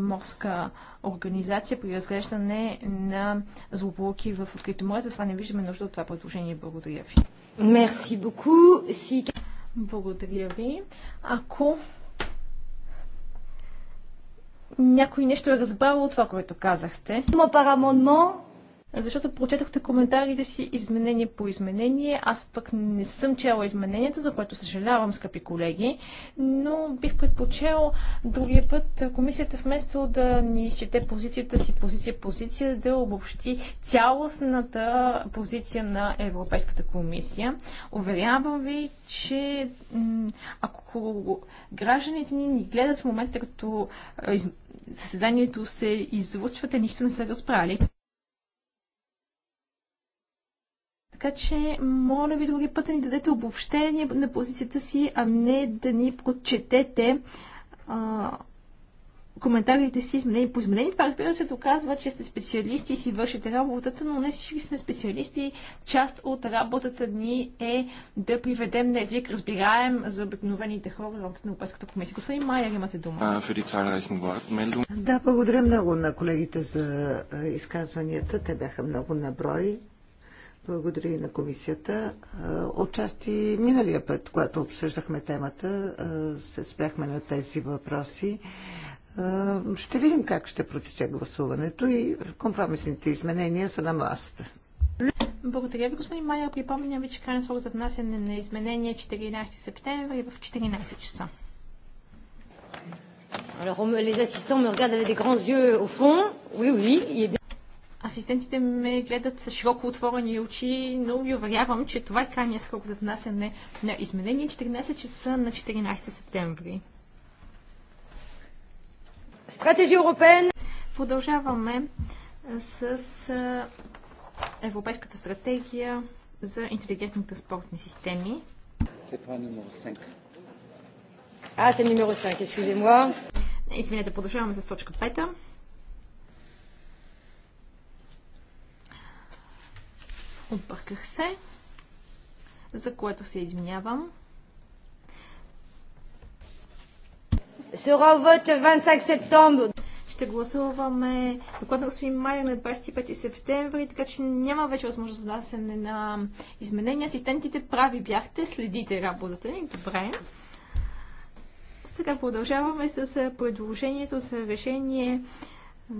морска организация при разглеждане на злополуки в открито море. Затова не виждаме нужда от това предложение. Благодаря ви. Мерси Благодаря ви. Ако някой нещо е разбрал от това, което казахте. Защото прочетохте коментарите си изменение по изменение. Аз пък не съм чела измененията, за което съжалявам, скъпи колеги, но бих предпочел другия път комисията вместо да ни изчете позицията си, позиция, позиция, да обобщи цялостната позиция на Европейската комисия. Уверявам ви, че ако гражданите ни ни гледат в момента като заседанието се излучва, те нищо не са разбрали. Така че, моля ви други път да ни дадете обобщение на позицията си, а не да ни прочетете а, коментарите си изменени по изменени. Това разбира се доказва, че сте специалисти и си вършите работата, но не всички сме специалисти. Част от работата ни е да приведем на език разбираем за обикновените хора в на Европейската комисия. Господин Майер, имате дума. Да, благодаря много на колегите за изказванията. Те бяха много наброи. Благодаря и на комисията. Отчасти миналия път, когато обсъждахме темата, се спряхме на тези въпроси. Е, ще видим как ще протече гласуването и компромисните изменения са на масата. Благодаря ви, господин Майер. Припомням ви, че крайна срок за внасяне на изменения 14 е септември в 14 часа. Асистентите ме гледат с широко отворени очи, но ви уверявам, че това е крайният срок за внасяне на изменения 14 часа на 14 септември. Стратегия Европейна. Продължаваме с Европейската стратегия за интелигентни транспортни системи. А, се номер 5, извинете moi Извинете, продължаваме с точка 5. Обърках се, за което се извинявам. sera au vote 25 septembre. Ще гласуваме доклад на господин Майя на 25 септември, така че няма вече възможност за внасяне на изменения. Асистентите прави бяхте, следите работата ни. Добре. Сега продължаваме с предложението за решение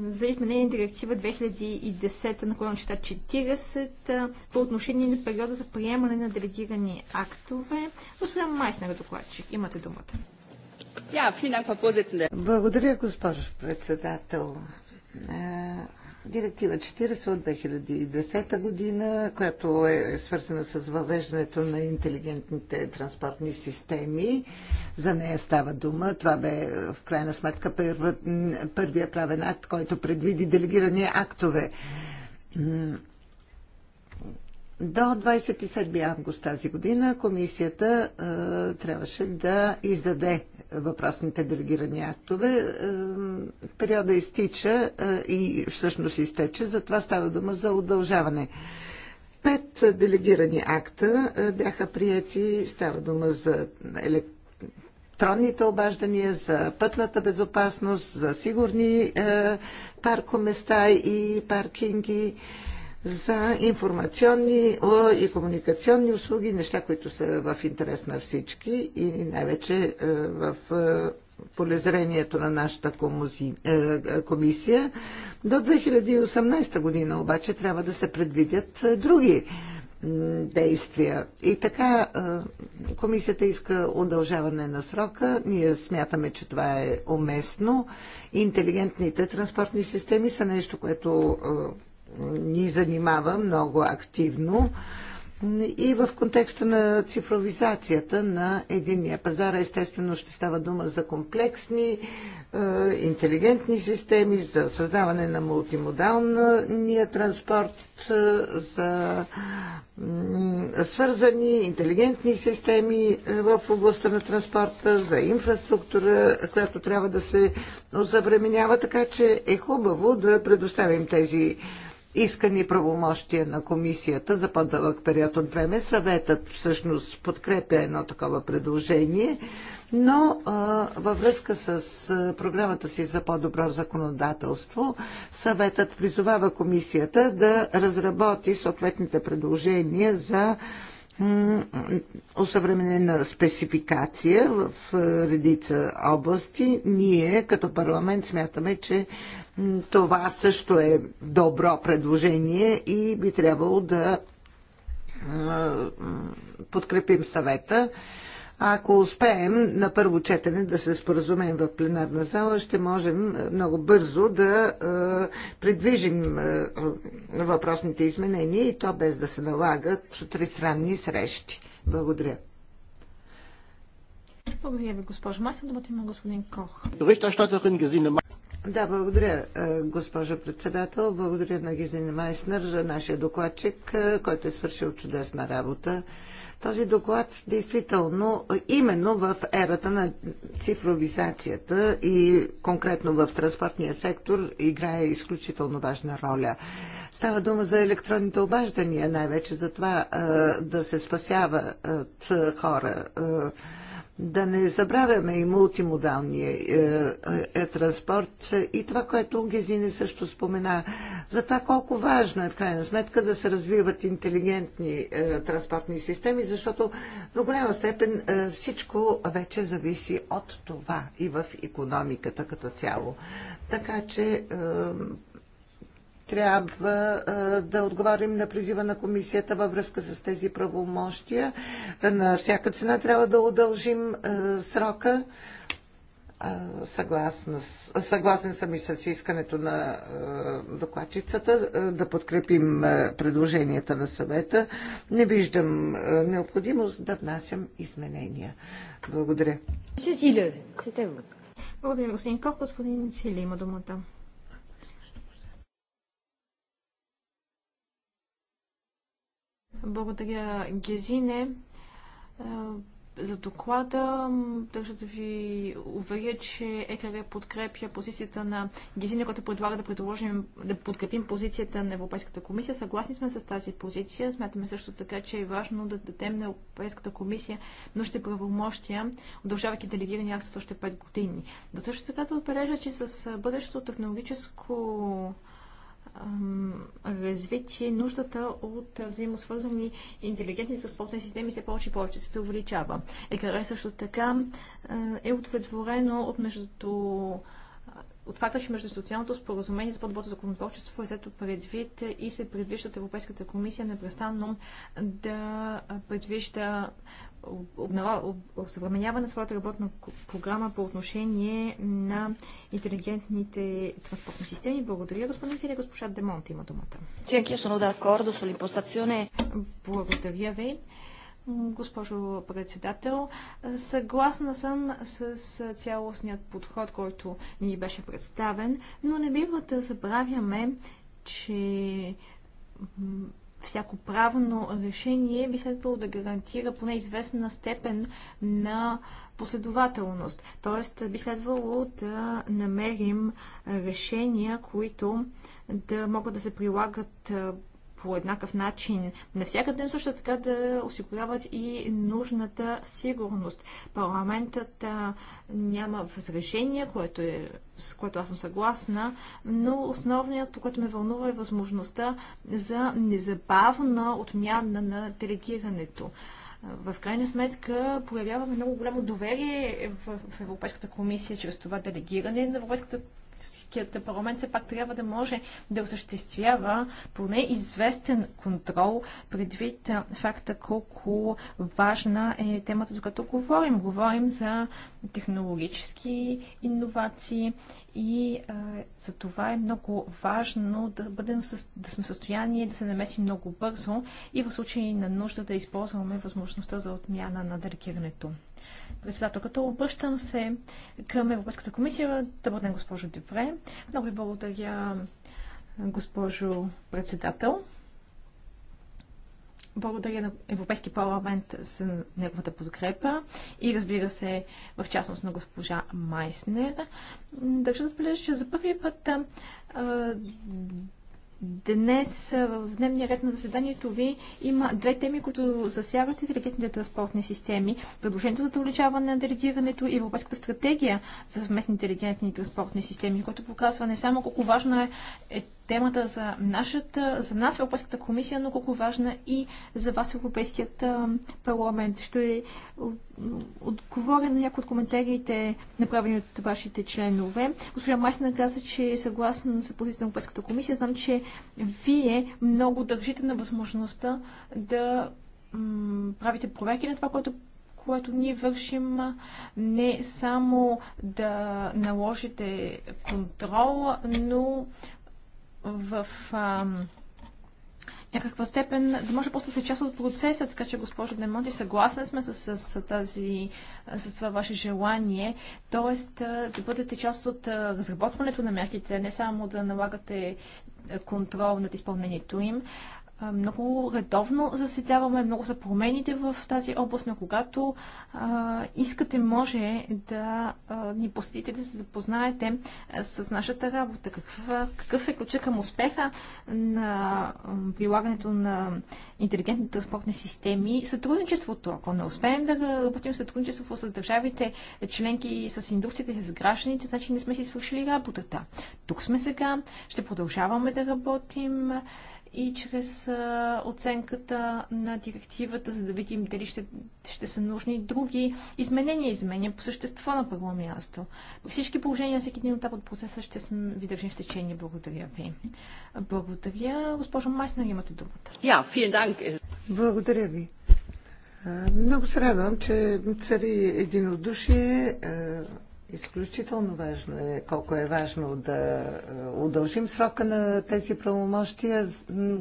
за изменение на директива 2010 на клон 40 по отношение на периода за приемане на делегирани актове. Господин Майснер докладчик, имате думата. Благодаря, госпожо председател. Е, Директива 40 от 2010 година, която е свързана с въвеждането на интелигентните транспортни системи. За нея става дума. Това бе в крайна сметка първия правен акт, който предвиди делегирани актове. До 27 август тази година комисията е, трябваше да издаде въпросните делегирани актове. Е, периода изтича е, и всъщност изтече, затова става дума за удължаване. Пет делегирани акта е, бяха прияти, става дума за електронните обаждания, за пътната безопасност, за сигурни паркоместа и паркинги за информационни и комуникационни услуги, неща, които са в интерес на всички и най-вече в полезрението на нашата комисия. До 2018 година обаче трябва да се предвидят други действия. И така комисията иска удължаване на срока. Ние смятаме, че това е уместно. Интелигентните транспортни системи са нещо, което ни занимава много активно и в контекста на цифровизацията на единния пазар. Естествено ще става дума за комплексни, е, интелигентни системи, за създаване на мултимодалния транспорт, е, за свързани интелигентни системи е, в областта на транспорта, за инфраструктура, която трябва да се завременява, така че е хубаво да предоставим тези искани правомощия на комисията за по-дълъг период от време. Съветът всъщност подкрепя едно такова предложение, но а, във връзка с а, програмата си за по-добро законодателство, съветът призовава комисията да разработи съответните предложения за осъвременена спецификация в редица области. Ние като парламент смятаме, че това също е добро предложение и би трябвало да подкрепим съвета. Ако успеем на първо четене да се споразумеем в пленарна зала, ще можем много бързо да е, е, въпросните изменения и то без да се налагат тристранни срещи. Благодаря. Благодаря ви, госпожо Маса. Думата има господин Кох. Да, благодаря, е, госпожо председател. Благодаря на Гизин Майснер, нашия докладчик, е, който е свършил чудесна работа. Този доклад действително е, именно в ерата на цифровизацията и конкретно в транспортния сектор играе изключително важна роля. Става дума за електронните обаждания, най-вече за това да се спасяват хора да не забравяме и мултимодалния е, е, е, транспорт и това, което Гезини също спомена, за това колко важно е в крайна сметка да се развиват интелигентни е, транспортни системи, защото до голяма степен е, всичко вече зависи от това и в економиката като цяло. Така че е, трябва да отговарим на призива на комисията във връзка с тези правомощия. На всяка цена трябва да удължим срока. Съгласна, съгласен съм и с искането на докладчицата да подкрепим предложенията на съвета. Не виждам необходимост да внасям изменения. Благодаря. Благодаря, господин Кох. Господин Сили има думата. Благодаря, Гезине. За доклада държа да ви уверя, че ЕКР подкрепя позицията на Гезине, която предлага да, предложим, да подкрепим позицията на Европейската комисия. Съгласни сме с тази позиция. Смятаме също така, че е важно да дадем на Европейската комисия нужните правомощия, удължавайки делегирани акции с още 5 години. Да също така да отбележа, че с бъдещото технологическо развитие, нуждата от взаимосвързани интелигентни транспортни системи все повече и повече се увеличава. ЕКР също така е удовлетворено от между от факта, че между социалното споразумение за по-доброто законотворчество е взето предвид и се предвижда от Европейската комисия непрестанно да предвижда съвременява на своята работна програма по отношение на интелигентните транспортни системи. Благодаря, господин Силе. Госпожа Демонт има думата. Благодаря ви. Госпожо председател, съгласна съм с цялостният подход, който ни беше представен, но не бива да забравяме, че всяко правно решение би следвало да гарантира поне известна степен на последователност. Тоест би следвало да намерим решения, които да могат да се прилагат по еднакъв начин навсякъде, също така да осигуряват и нужната сигурност. Парламентът няма възражение, което е, с което аз съм съгласна, но основният, което ме вълнува е възможността за незабавна отмяна на делегирането в крайна сметка появяваме много голямо доверие в, Европейската комисия чрез това делегиране на Европейската Европейският парламент все пак трябва да може да осъществява поне известен контрол предвид факта колко важна е темата, за говорим. Говорим за технологически иновации и а, за това е много важно да, бъдем да сме в състояние да се намесим много бързо и в случай на нужда да използваме възможността за отмяна на делегирането председателката. Обръщам се към Европейската комисия. Добър ден, госпожо Депре. Много ви благодаря, госпожо председател. Благодаря на Европейски парламент за неговата подкрепа и разбира се, в частност на госпожа Майснер. Държа да отбележа, че за първи път а, Днес в дневния ред на заседанието ви има две теми, които засягат интелигентните транспортни системи. Предложението за увеличаване на делегирането и Европейската стратегия за съвместни интелигентни транспортни системи, което показва не само колко важно е, е темата за, нашата, за нас в Европейската комисия, но колко важна и за вас в Европейският парламент. Ще отговоря на някои от коментарите, направени от вашите членове. Госпожа Майсна каза, че е съгласна с позицията на Европейската комисия. Знам, че вие много държите на възможността да правите проверки на това, което което ние вършим, не само да наложите контрол, но в а, някаква степен да може после да се част от процеса, така че госпожо Демонти, съгласен сме с, с, с, тази, с това ваше желание, т.е. да бъдете част от разработването на мерките, не само да налагате контрол над изпълнението им много редовно заседаваме, много са промените в тази област, но когато а, искате, може да а, ни посетите, да се запознаете с нашата работа. Какъв, какъв е ключа към успеха на прилагането на интелигентни транспортни системи? Сътрудничеството, ако не успеем да работим сътрудничество с държавите, членки, с индустрията, с гражданите, значи не сме си свършили работата. Тук сме сега, ще продължаваме да работим и чрез оценката на директивата, за да видим дали ще, ще са нужни други изменения, изменения по същество на първо място. По всички положения, всеки един от процеса ще ви държим в течение. Благодаря ви. Благодаря. Госпожо Майснер, имате думата. Я, yeah, Благодаря ви. Много се радвам, че цари единодушие Изключително важно е колко е важно да е, удължим срока на тези правомощия,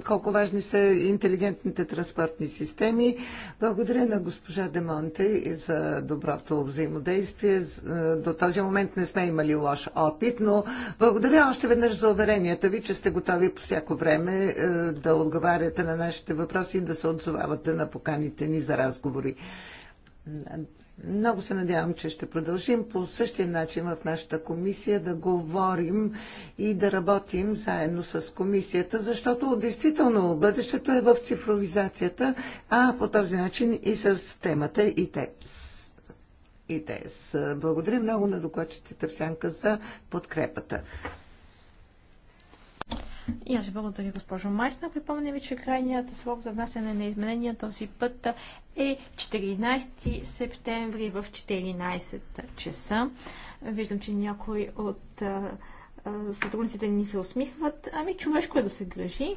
колко важни са интелигентните транспортни системи. Благодаря на госпожа Демонте за доброто взаимодействие. Е, до този момент не сме имали лош опит, но благодаря още веднъж за уверенията ви, че сте готови по всяко време е, да отговаряте на нашите въпроси и да се отзовавате на поканите ни за разговори. Много се надявам, че ще продължим по същия начин в нашата комисия да говорим и да работим заедно с комисията, защото действително бъдещето е в цифровизацията, а по този начин и с темата и и ТЕС. Благодаря много на докладчицата сянка за подкрепата. И аз ви благодаря, госпожо Майсна. Припомня ви, че крайният срок за внасяне на изменения този път е 14 септември в 14 часа. Виждам, че някой от сътрудниците ни се усмихват. Ами човешко е да се грежи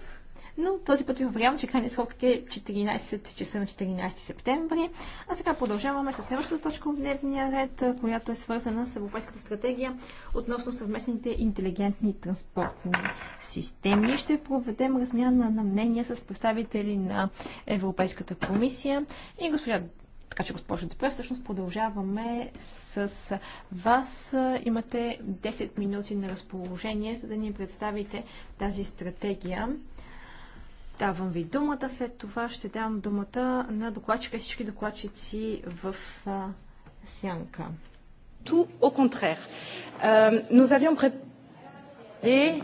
но този път ви уверявам, че крайният срок е 14 часа на 14 септември. А сега продължаваме с следващата точка от дневния ред, която е свързана с Европейската стратегия относно съвместните интелигентни транспортни системи. Ще проведем размяна на мнения с представители на Европейската комисия и госпожа така че, госпожо Депре, всъщност продължаваме с вас. Имате 10 минути на разположение, за да ни представите тази стратегия. Давам ви думата, след това ще дам думата на докладчика и всички докладчици в а, сянка. Ту, au contraire. Euh, nous avions préparé.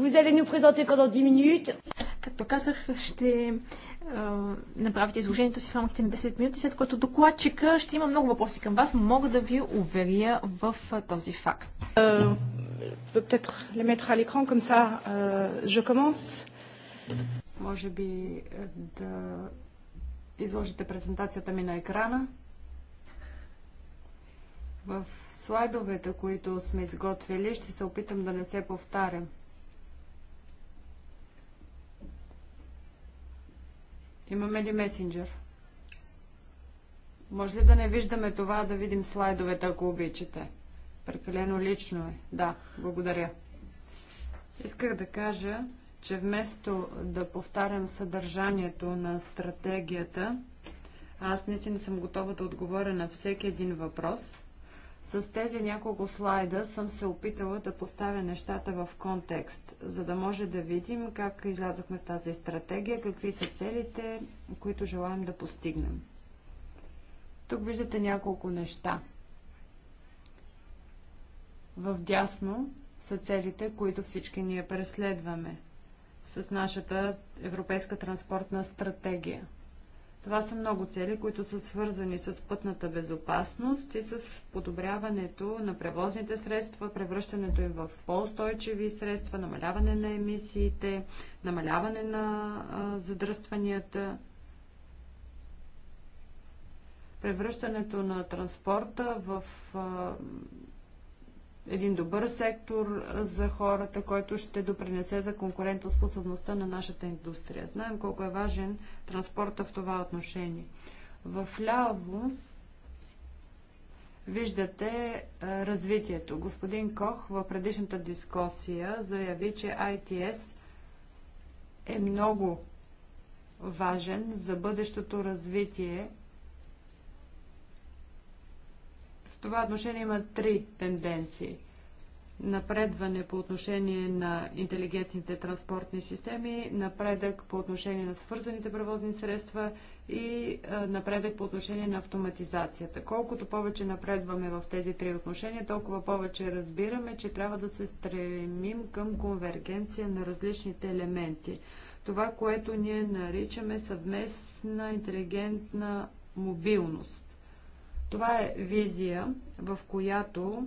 Vous allez nous présenter pendant 10 minutes. Както казах, ще направите изложението си в рамките на 10 минути, след което докладчика ще има много въпроси към вас. Мога да ви уверя в този факт. Euh, peut peut-être les mettre à l'écran, comme ça euh, je commence. Може би е, да изложите презентацията ми на екрана. В слайдовете, които сме изготвили, ще се опитам да не се повтарям. Имаме ли месенджер? Може ли да не виждаме това, да видим слайдовете, ако обичате? Прекалено лично е. Да, благодаря. Исках да кажа, че вместо да повтарям съдържанието на стратегията, аз наистина съм готова да отговоря на всеки един въпрос. С тези няколко слайда съм се опитала да поставя нещата в контекст, за да може да видим как излязохме с тази стратегия, какви са целите, които желаем да постигнем. Тук виждате няколко неща в дясно са целите, които всички ние преследваме с нашата европейска транспортна стратегия. Това са много цели, които са свързани с пътната безопасност и с подобряването на превозните средства, превръщането им в по-устойчиви средства, намаляване на емисиите, намаляване на а, задръстванията, превръщането на транспорта в а, един добър сектор за хората, който ще допринесе за конкурентоспособността на нашата индустрия. Знаем колко е важен транспорта в това отношение. В ляво виждате развитието. Господин Кох в предишната дискусия заяви, че ITS е много важен за бъдещото развитие това отношение има три тенденции. Напредване по отношение на интелигентните транспортни системи, напредък по отношение на свързаните превозни средства и напредък по отношение на автоматизацията. Колкото повече напредваме в тези три отношения, толкова повече разбираме, че трябва да се стремим към конвергенция на различните елементи. Това, което ние наричаме съвместна интелигентна мобилност. Това е визия, в която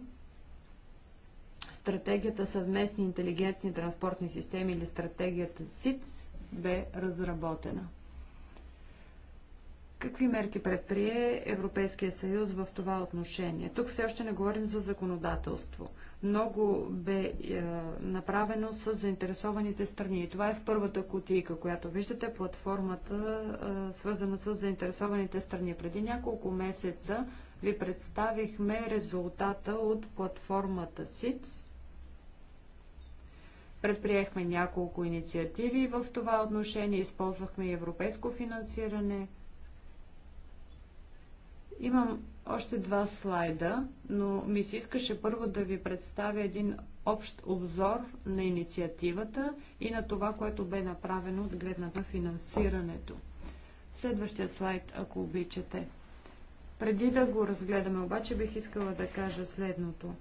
стратегията съвместни интелигентни транспортни системи или стратегията СИЦ бе разработена. Какви мерки предприе Европейския съюз в това отношение? Тук все още не говорим за законодателство. Много бе е, направено с заинтересованите страни. И това е в първата кутийка, която виждате, платформата е, свързана с заинтересованите страни. Преди няколко месеца ви представихме резултата от платформата СИЦ. Предприехме няколко инициативи в това отношение, използвахме европейско финансиране – Имам още два слайда, но ми се искаше първо да ви представя един общ обзор на инициативата и на това, което бе направено от гледната финансирането. Следващия слайд, ако обичате. Преди да го разгледаме, обаче бих искала да кажа следното.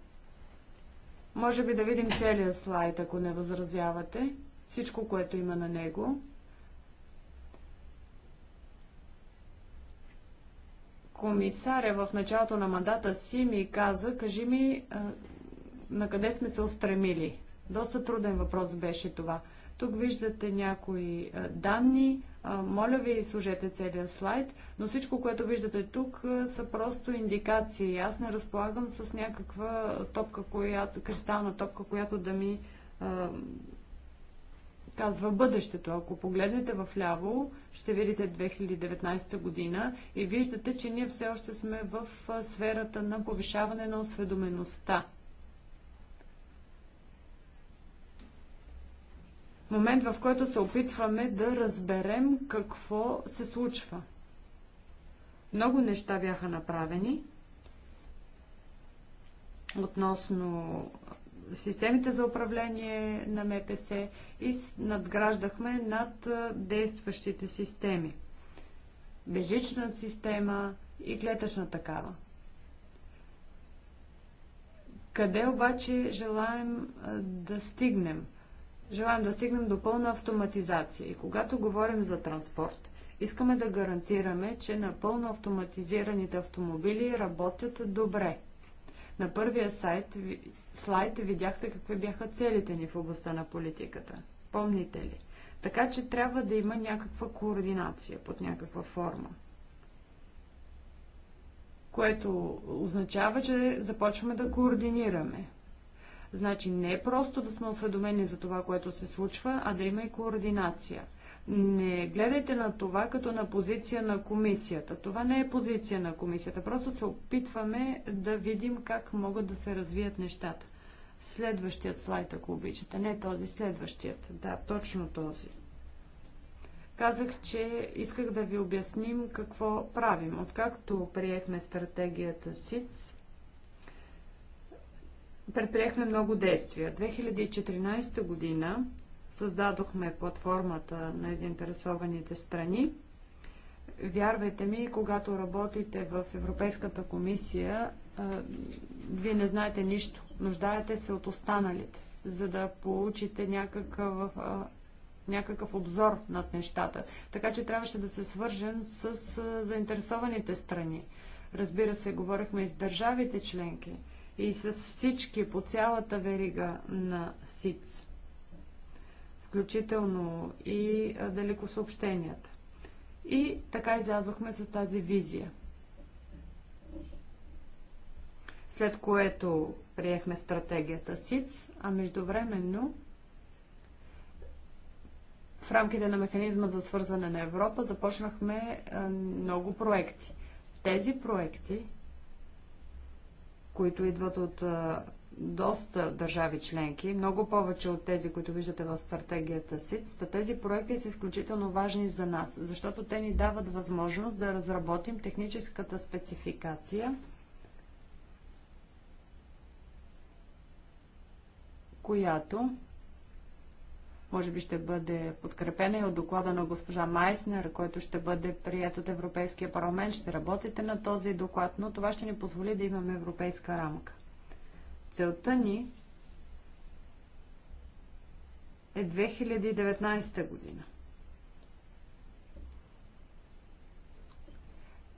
Може би да видим целият слайд, ако не възразявате, всичко, което има на него. комисаря в началото на мандата си ми каза, кажи ми на къде сме се устремили. Доста труден въпрос беше това. Тук виждате някои данни. Моля ви, служете целият слайд, но всичко, което виждате тук, са просто индикации. Аз не разполагам с някаква топка, която, кристална топка, която да ми казва бъдещето. Ако погледнете в ляво, ще видите 2019 година и виждате, че ние все още сме в сферата на повишаване на осведомеността. Момент, в който се опитваме да разберем какво се случва. Много неща бяха направени относно системите за управление на МПС и надграждахме над действащите системи. Бежична система и клетъчна такава. Къде обаче желаем да стигнем? Желаем да стигнем до пълна автоматизация. И когато говорим за транспорт, искаме да гарантираме, че напълно автоматизираните автомобили работят добре – на първия сайт, слайд видяхте какви бяха целите ни в областта на политиката. Помните ли? Така че трябва да има някаква координация под някаква форма. Което означава, че започваме да координираме. Значи не е просто да сме осведомени за това, което се случва, а да има и координация – не гледайте на това като на позиция на комисията. Това не е позиция на комисията. Просто се опитваме да видим как могат да се развият нещата. Следващият слайд, ако обичате. Не този, следващият. Да, точно този. Казах, че исках да ви обясним какво правим. Откакто приехме стратегията СИЦ, предприехме много действия. 2014 година Създадохме платформата на заинтересованите страни. Вярвайте ми, когато работите в Европейската комисия, вие не знаете нищо. Нуждаете се от останалите, за да получите някакъв, някакъв обзор над нещата. Така че трябваше да се свържем с заинтересованите страни. Разбира се, говорихме и с държавите членки и с всички по цялата верига на СИЦ включително и далекосъобщенията. И така излязохме с тази визия. След което приехме стратегията СИЦ, а междувременно в рамките на механизма за свързване на Европа започнахме много проекти. Тези проекти, които идват от доста държави членки, много повече от тези, които виждате в стратегията СИЦ, тези проекти са изключително важни за нас, защото те ни дават възможност да разработим техническата спецификация, която може би ще бъде подкрепена и от доклада на госпожа Майснер, който ще бъде прият от Европейския парламент. Ще работите на този доклад, но това ще ни позволи да имаме европейска рамка. Целта ни е 2019 година.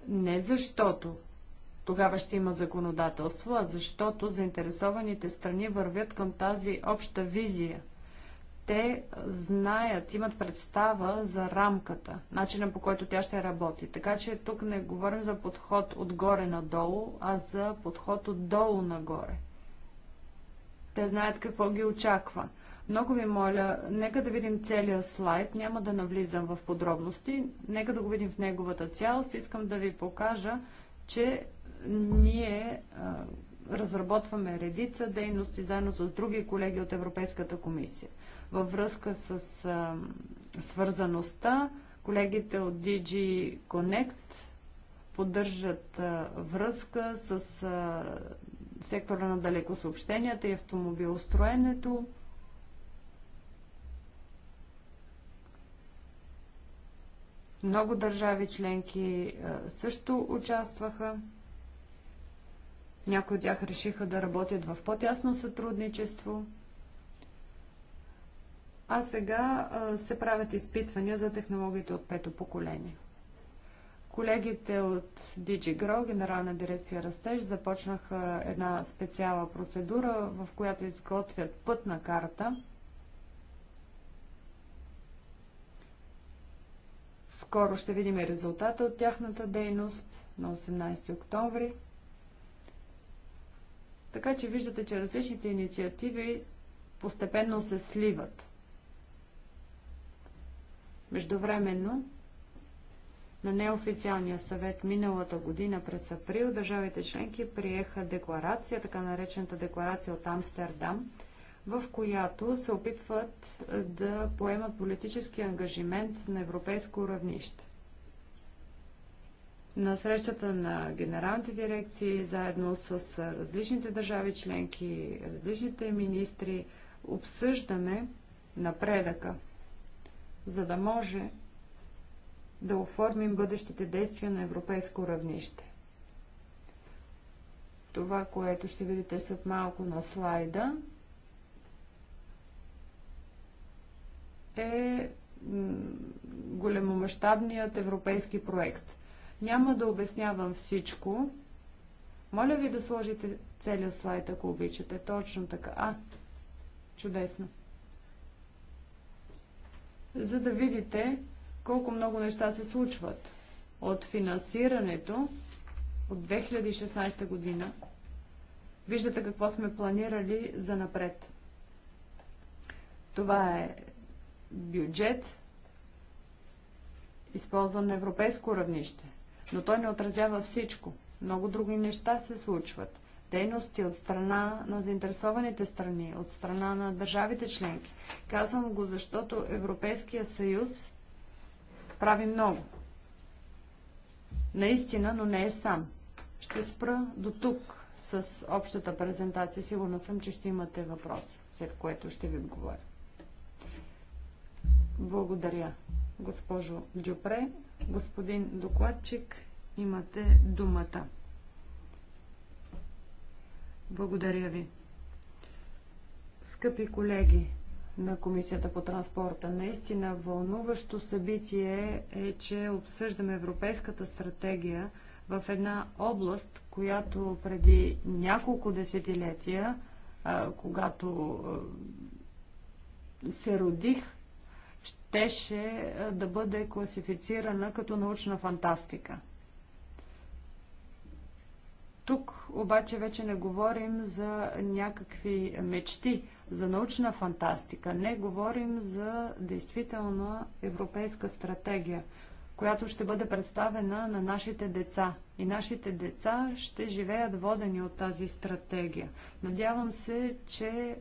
Не защото тогава ще има законодателство, а защото заинтересованите страни вървят към тази обща визия. Те знаят, имат представа за рамката, начина по който тя ще работи. Така че тук не говорим за подход отгоре надолу, а за подход отдолу нагоре. Те знаят какво ги очаква. Много ви моля, нека да видим целия слайд, няма да навлизам в подробности, нека да го видим в неговата цялост. Искам да ви покажа, че ние а, разработваме редица дейности заедно с други колеги от Европейската комисия. Във връзка с а, свързаността, колегите от DG Connect поддържат а, връзка с сектора на далекосъобщенията и автомобилостроенето. Много държави членки е, също участваха. Някои от тях решиха да работят в по-тясно сътрудничество. А сега е, се правят изпитвания за технологиите от пето поколение. Колегите от DigiGrow, Генерална дирекция Растеж, започнаха една специална процедура, в която изготвят пътна карта. Скоро ще видим и резултата от тяхната дейност на 18 октомври. Така че виждате, че различните инициативи постепенно се сливат. Междувременно на неофициалния съвет миналата година през април държавите членки приеха декларация, така наречената декларация от Амстердам, в която се опитват е, да поемат политически ангажимент на европейско равнище. На срещата на генералните дирекции, заедно с е, различните държави членки, различните министри, обсъждаме напредъка, за да може да оформим бъдещите действия на европейско равнище. Това, което ще видите след малко на слайда, е големомащабният европейски проект. Няма да обяснявам всичко. Моля ви да сложите целият слайд, ако обичате. Точно така. А, чудесно. За да видите колко много неща се случват. От финансирането от 2016 година виждате какво сме планирали за напред. Това е бюджет, използван на европейско равнище, но той не отразява всичко. Много други неща се случват. Дейности от страна на заинтересованите страни, от страна на държавите членки. Казвам го, защото Европейския съюз прави много. Наистина, но не е сам. Ще спра до тук с общата презентация. Сигурна съм, че ще имате въпроси, след което ще ви отговоря. Благодаря, госпожо Дюпре. Господин докладчик, имате думата. Благодаря ви. Скъпи колеги, на Комисията по транспорта. Наистина вълнуващо събитие е, че обсъждаме Европейската стратегия в една област, която преди няколко десетилетия, когато се родих, щеше да бъде класифицирана като научна фантастика. Тук обаче вече не говорим за някакви мечти, за научна фантастика. Не говорим за действителна европейска стратегия, която ще бъде представена на нашите деца. И нашите деца ще живеят водени от тази стратегия. Надявам се, че е,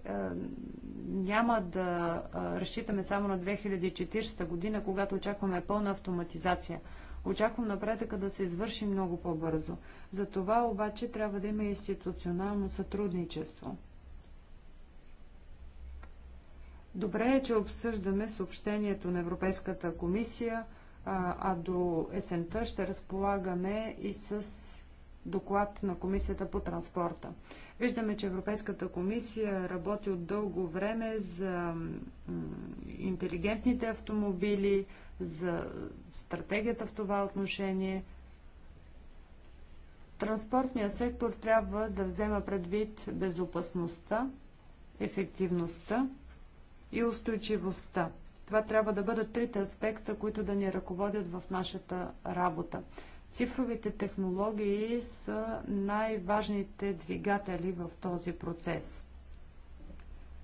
няма да е, разчитаме само на 2040 година, когато очакваме пълна автоматизация – Очаквам напредъка да се извърши много по-бързо. За това обаче трябва да има институционално сътрудничество. Добре е, че обсъждаме съобщението на Европейската комисия, а, а до есента ще разполагаме и с доклад на Комисията по транспорта. Виждаме, че Европейската комисия работи от дълго време за интелигентните автомобили, за стратегията в това отношение. Транспортният сектор трябва да взема предвид безопасността, ефективността и устойчивостта. Това трябва да бъдат трите аспекта, които да ни ръководят в нашата работа. Цифровите технологии са най-важните двигатели в този процес.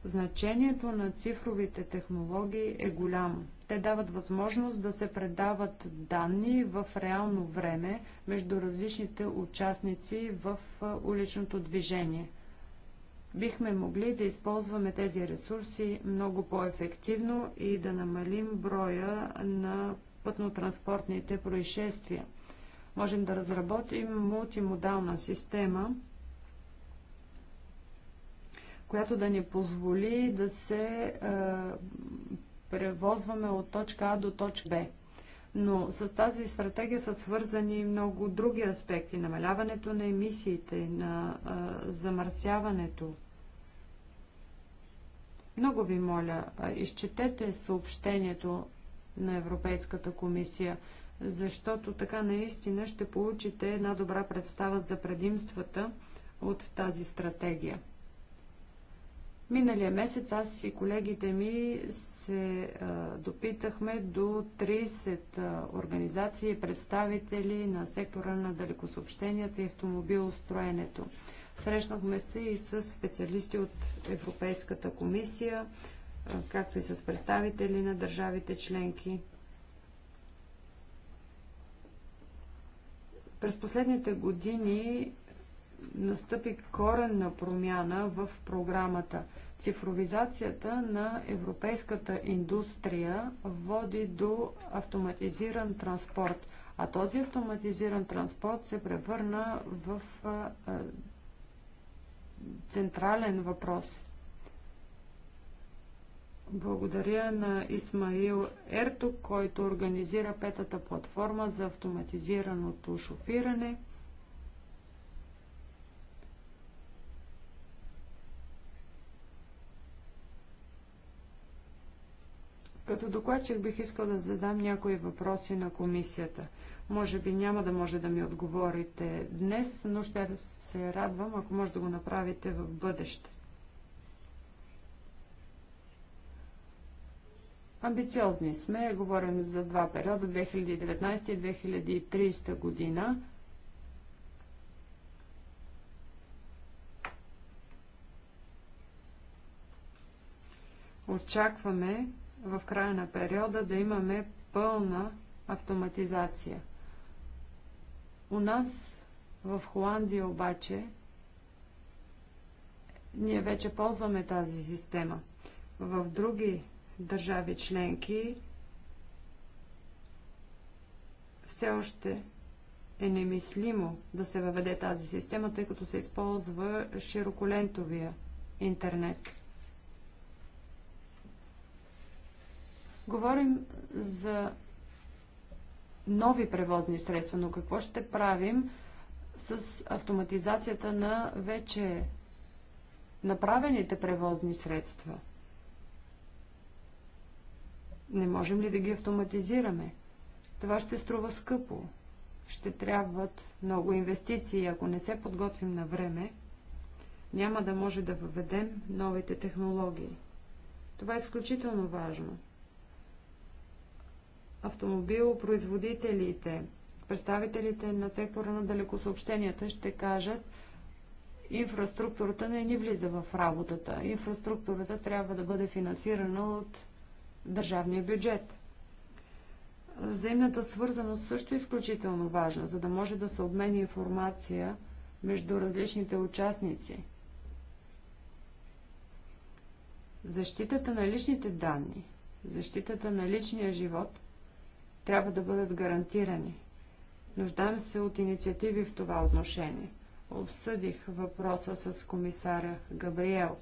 Значението на цифровите технологии е голямо. Те дават възможност да се предават данни в реално време между различните участници в уличното движение. Бихме могли да използваме тези ресурси много по-ефективно и да намалим броя на пътно-транспортните происшествия. Можем да разработим мултимодална система, която да ни позволи да се е, превозваме от точка А до точка Б. Но с тази стратегия са свързани много други аспекти. Намаляването на емисиите, на а, замърсяването. Много ви моля, изчетете съобщението на Европейската комисия, защото така наистина ще получите една добра представа за предимствата от тази стратегия. Миналия месец аз и колегите ми се допитахме до 30 организации и представители на сектора на далекосъобщенията и автомобилостроенето. Срещнахме се и с специалисти от Европейската комисия, както и с представители на държавите членки. През последните години настъпи коренна промяна в програмата. Цифровизацията на европейската индустрия води до автоматизиран транспорт, а този автоматизиран транспорт се превърна в а, а, централен въпрос. Благодаря на Исмаил Ерто, който организира петата платформа за автоматизираното шофиране – Като докладчик бих искал да задам някои въпроси на комисията. Може би няма да може да ми отговорите днес, но ще се радвам, ако може да го направите в бъдеще. Амбициозни сме, говорим за два периода, 2019 и 2030 година. Очакваме в края на периода да имаме пълна автоматизация. У нас в Холандия обаче ние вече ползваме тази система. В други държави членки все още е немислимо да се въведе тази система, тъй като се използва широколентовия интернет. Говорим за нови превозни средства, но какво ще правим с автоматизацията на вече направените превозни средства? Не можем ли да ги автоматизираме? Това ще струва скъпо. Ще трябват много инвестиции. Ако не се подготвим на време, няма да може да въведем новите технологии. Това е изключително важно автомобилопроизводителите, представителите на сектора на далекосъобщенията ще кажат, инфраструктурата не ни влиза в работата. Инфраструктурата трябва да бъде финансирана от държавния бюджет. Взаимната свързаност също е изключително важна, за да може да се обмени информация между различните участници. Защитата на личните данни, защитата на личния живот – трябва да бъдат гарантирани. Нуждаем се от инициативи в това отношение. Обсъдих въпроса с комисаря Габриел.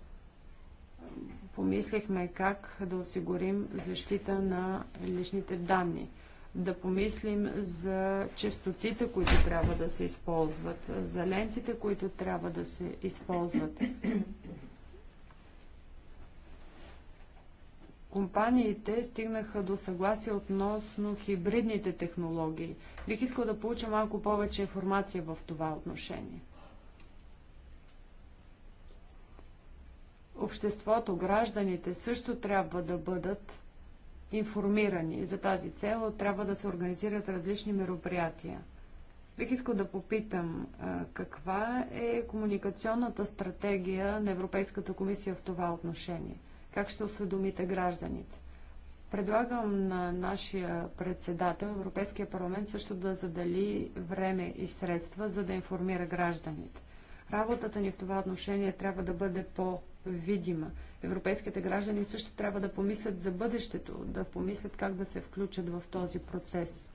Помислихме как да осигурим защита на личните данни. Да помислим за честотите, които трябва да се използват, за лентите, които трябва да се използват. компаниите стигнаха до съгласие относно хибридните технологии. Бих искал да получа малко повече информация в това отношение. Обществото, гражданите също трябва да бъдат информирани. За тази цел трябва да се организират различни мероприятия. Бих искал да попитам каква е комуникационната стратегия на Европейската комисия в това отношение. Как ще осведомите гражданите? Предлагам на нашия председател Европейския парламент също да задели време и средства, за да информира гражданите. Работата ни в това отношение трябва да бъде по-видима. Европейските граждани също трябва да помислят за бъдещето, да помислят как да се включат в този процес.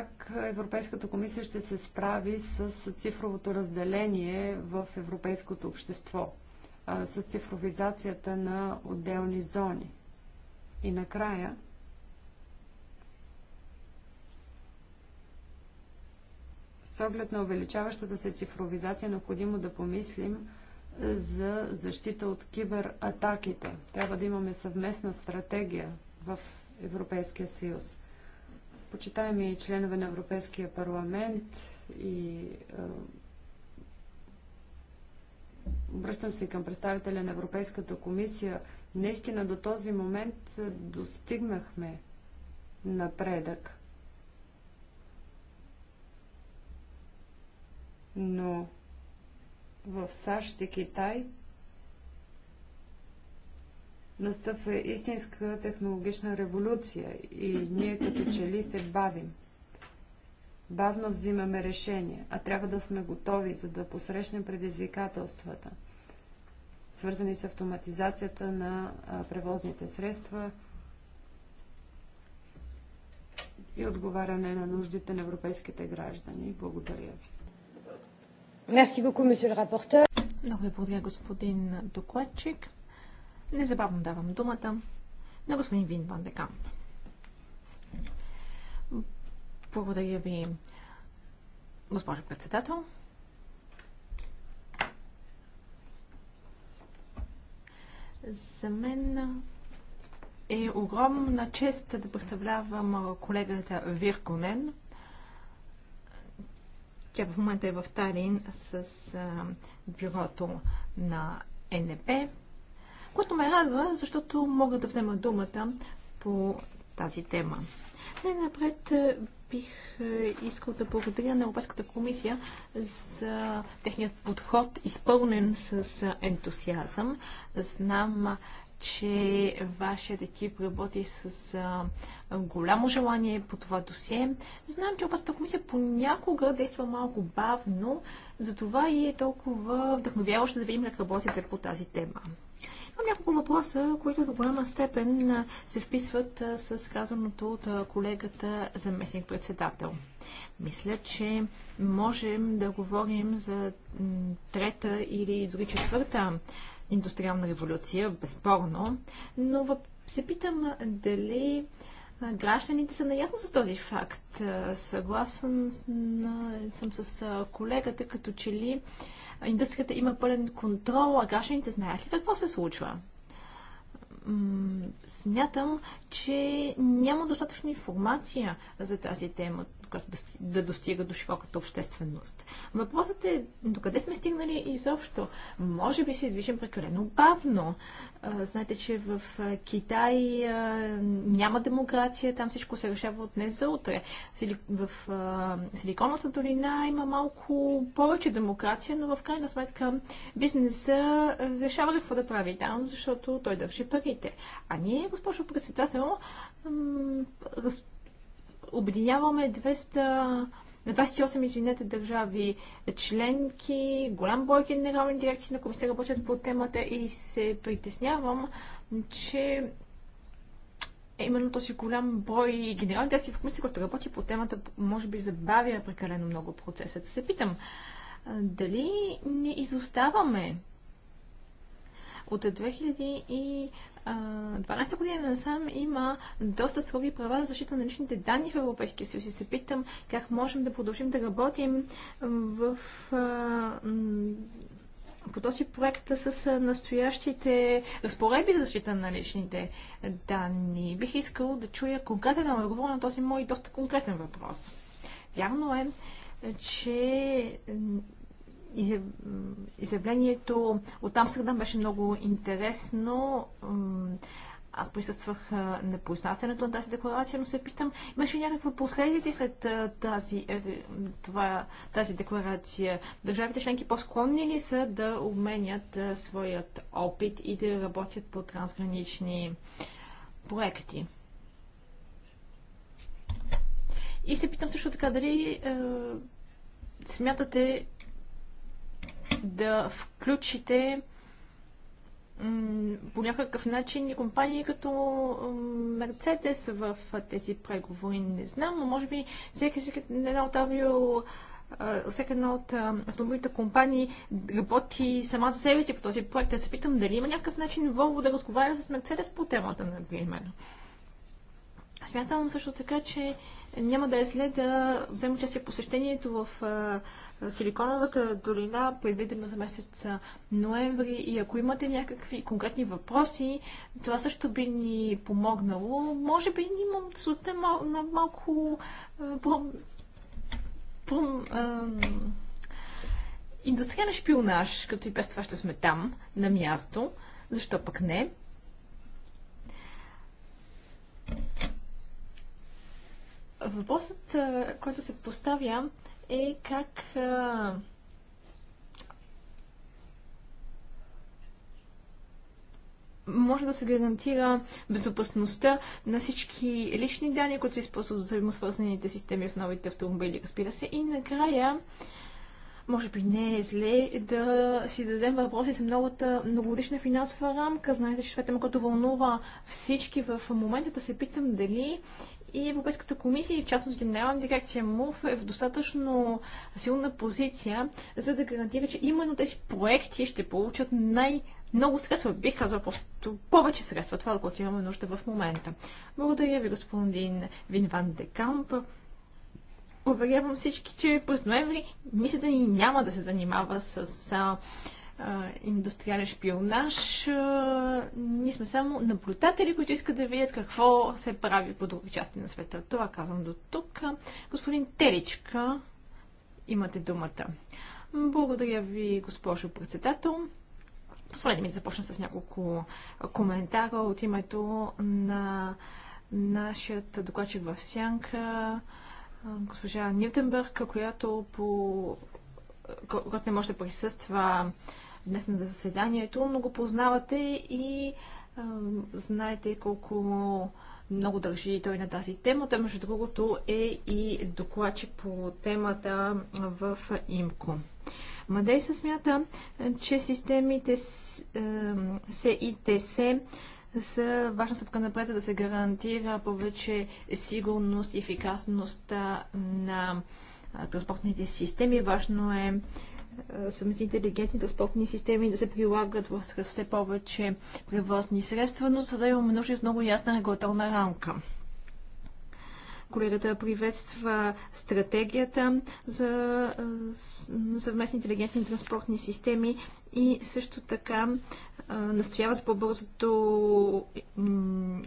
как Европейската комисия ще се справи с цифровото разделение в европейското общество, с цифровизацията на отделни зони. И накрая, с оглед на увеличаващата се цифровизация, е необходимо да помислим за защита от кибератаките. Трябва да имаме съвместна стратегия в Европейския съюз почитаеми членове на Европейския парламент и обръщам се и към представителя на Европейската комисия, наистина до този момент достигнахме напредък. Но в САЩ и Китай настъпва истинска технологична революция и ние като че ли се бавим. Бавно взимаме решения, а трябва да сме готови, за да посрещнем предизвикателствата, свързани с автоматизацията на превозните средства и отговаряне на нуждите на европейските граждани. Благодаря ви. Merci beaucoup, monsieur le rapporteur. Много ви благодаря, господин докладчик. Незабавно давам думата на господин Вин Ван Декамп. Благодаря ви, госпожо председател. За мен е огромна чест да представлявам колегата Вирконен. Тя в момента е в Талин с бюрото на НП което ме радва, защото мога да взема думата по тази тема. Най-напред е, бих е, искал да благодаря на Европейската комисия за техният подход, изпълнен с ентусиазъм. Знам, че вашият екип работи с а, е, голямо желание по това досие. Знам, че Европейската комисия понякога действа малко бавно, затова и е толкова вдъхновяващо да видим как работите по тази тема. Имам няколко въпроса, които до голяма степен се вписват с казаното от колегата заместник-председател. Мисля, че можем да говорим за трета или дори четвърта индустриална революция, безспорно, но се питам дали Гражданите са наясно с този факт. Е, съгласен съм с е, колегата, като че ли е, индустрията има пълен контрол, а гражданите знаят ли какво се случва? смятам, че няма достатъчно информация за тази тема която да достига до широката общественост. Въпросът е до къде сме стигнали изобщо. Може би се движим прекалено бавно. Знаете, че в Китай няма демокрация, там всичко се решава от днес за утре. В Силиконовата долина има малко повече демокрация, но в крайна сметка бизнеса решава какво да прави там, защото той държи парите. А ние, госпожо председател, обединяваме 200 28, извинете, държави членки, голям брой генерални дирекции на комисията работят по темата и се притеснявам, че е именно този голям брой генерални дирекции в комисията, който работи по темата, може би забавя прекалено много процеса. Се питам, дали не изоставаме от 12 година насам има доста строги права за защита на личните данни в Европейския съюз и се питам как можем да продължим да работим в, по този проект с настоящите разпоредби за защита на личните данни. Бих искал да чуя конкретен отговор на този мой доста конкретен въпрос. Вярно е, че изявлението от Амстердам беше много интересно. Аз присъствах на произнасянето на тази декларация, но се питам, имаше някакви последици след тази, е, това, тази декларация? Държавите членки по-склонни ли са да обменят своят опит и да работят по трансгранични проекти? И се питам също така, дали е, смятате, да включите по някакъв начин компании като Мерцедес в тези преговори. Не знам, но може би всеки, всеки една от авио всеки една от автомобилните компании работи сама за себе си по този проект. Да се питам дали има някакъв начин Volvo да разговаря с Мерцедес по темата, например. Смятам също така, че няма да е зле да взема участие посещението в Силиконовата долина, предвидено за месец ноември. И ако имате някакви конкретни въпроси, това също би ни помогнало. Може би имам да мал, на малко пром... Пром... индустрия на шпионаж, като и без това ще сме там, на място. Защо пък не? Въпросът, който се поставя е как може да се гарантира безопасността на всички лични данни, които се използват за взаимосвързаните системи в новите автомобили, разбира се. И накрая, може би не е зле да си дадем въпроси за новата многогодишна финансова рамка. Знаете, че това е тема, която вълнува всички в момента. Да се питам дали и Европейската комисия, и в частност Генерална дирекция МУФ е в достатъчно силна позиция, за да гарантира, че именно тези проекти ще получат най- много средства, бих казала просто повече средства, това, което имаме нужда в момента. Благодаря ви, господин Винван Декамп. Уверявам всички, че през ноември да ни няма да се занимава с а, индустриален шпионаж. Ние сме само наблюдатели, които искат да видят какво се прави по други части на света. Това казвам до тук. Господин Теличка, имате думата. Благодаря ви, госпожо председател. Позволете ми да започна с няколко коментара от името на нашият докладчик в Сянка, госпожа Нютенбърг, която по не може да присъства днес на заседанието, много го познавате и а, знаете колко много държи той на тази тема. Той, между другото, е и докладчик по темата в ИМКО. Мадей се смята, че системите и се са важна стъпка напред, за да се гарантира повече сигурност и ефикасност на транспортните системи. Важно е съвместните интелигентни транспортни системи да се прилагат в все повече превозни средства, но за да имаме нужда от много ясна регулаторна рамка. Колегата приветства стратегията за е, съвместни интелигентни транспортни системи, и също така настоява за по-бързото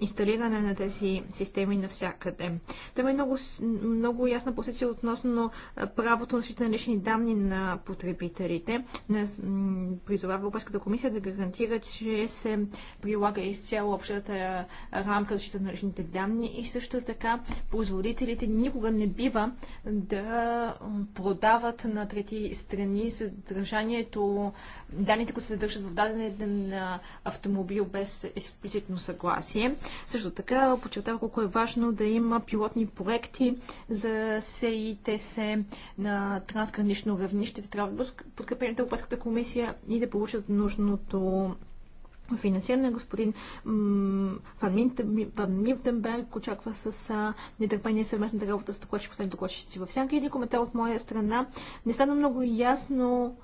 инсталиране на тези системи навсякъде. има е много, много ясна позиция относно правото на защита на лични данни на потребителите. Призовава Европейската комисия да гарантира, че се прилага изцяло общата рамка за защита на личните данни и също така производителите никога не бива да продават на трети страни съдържанието данните, които се задържат в даден автомобил без експлицитно съгласие. Също така подчертава колко е важно да има пилотни проекти за СИТС на трансгранично равнище. Те трябва да бъдат подкрепени от Европейската комисия и да получат нужното финансиране. Господин Ван Мивденберг очаква с а, нетърпение съвместната работа с докладчик, последните докладчици в сянка. Един коментар от моя страна. Не стана много ясно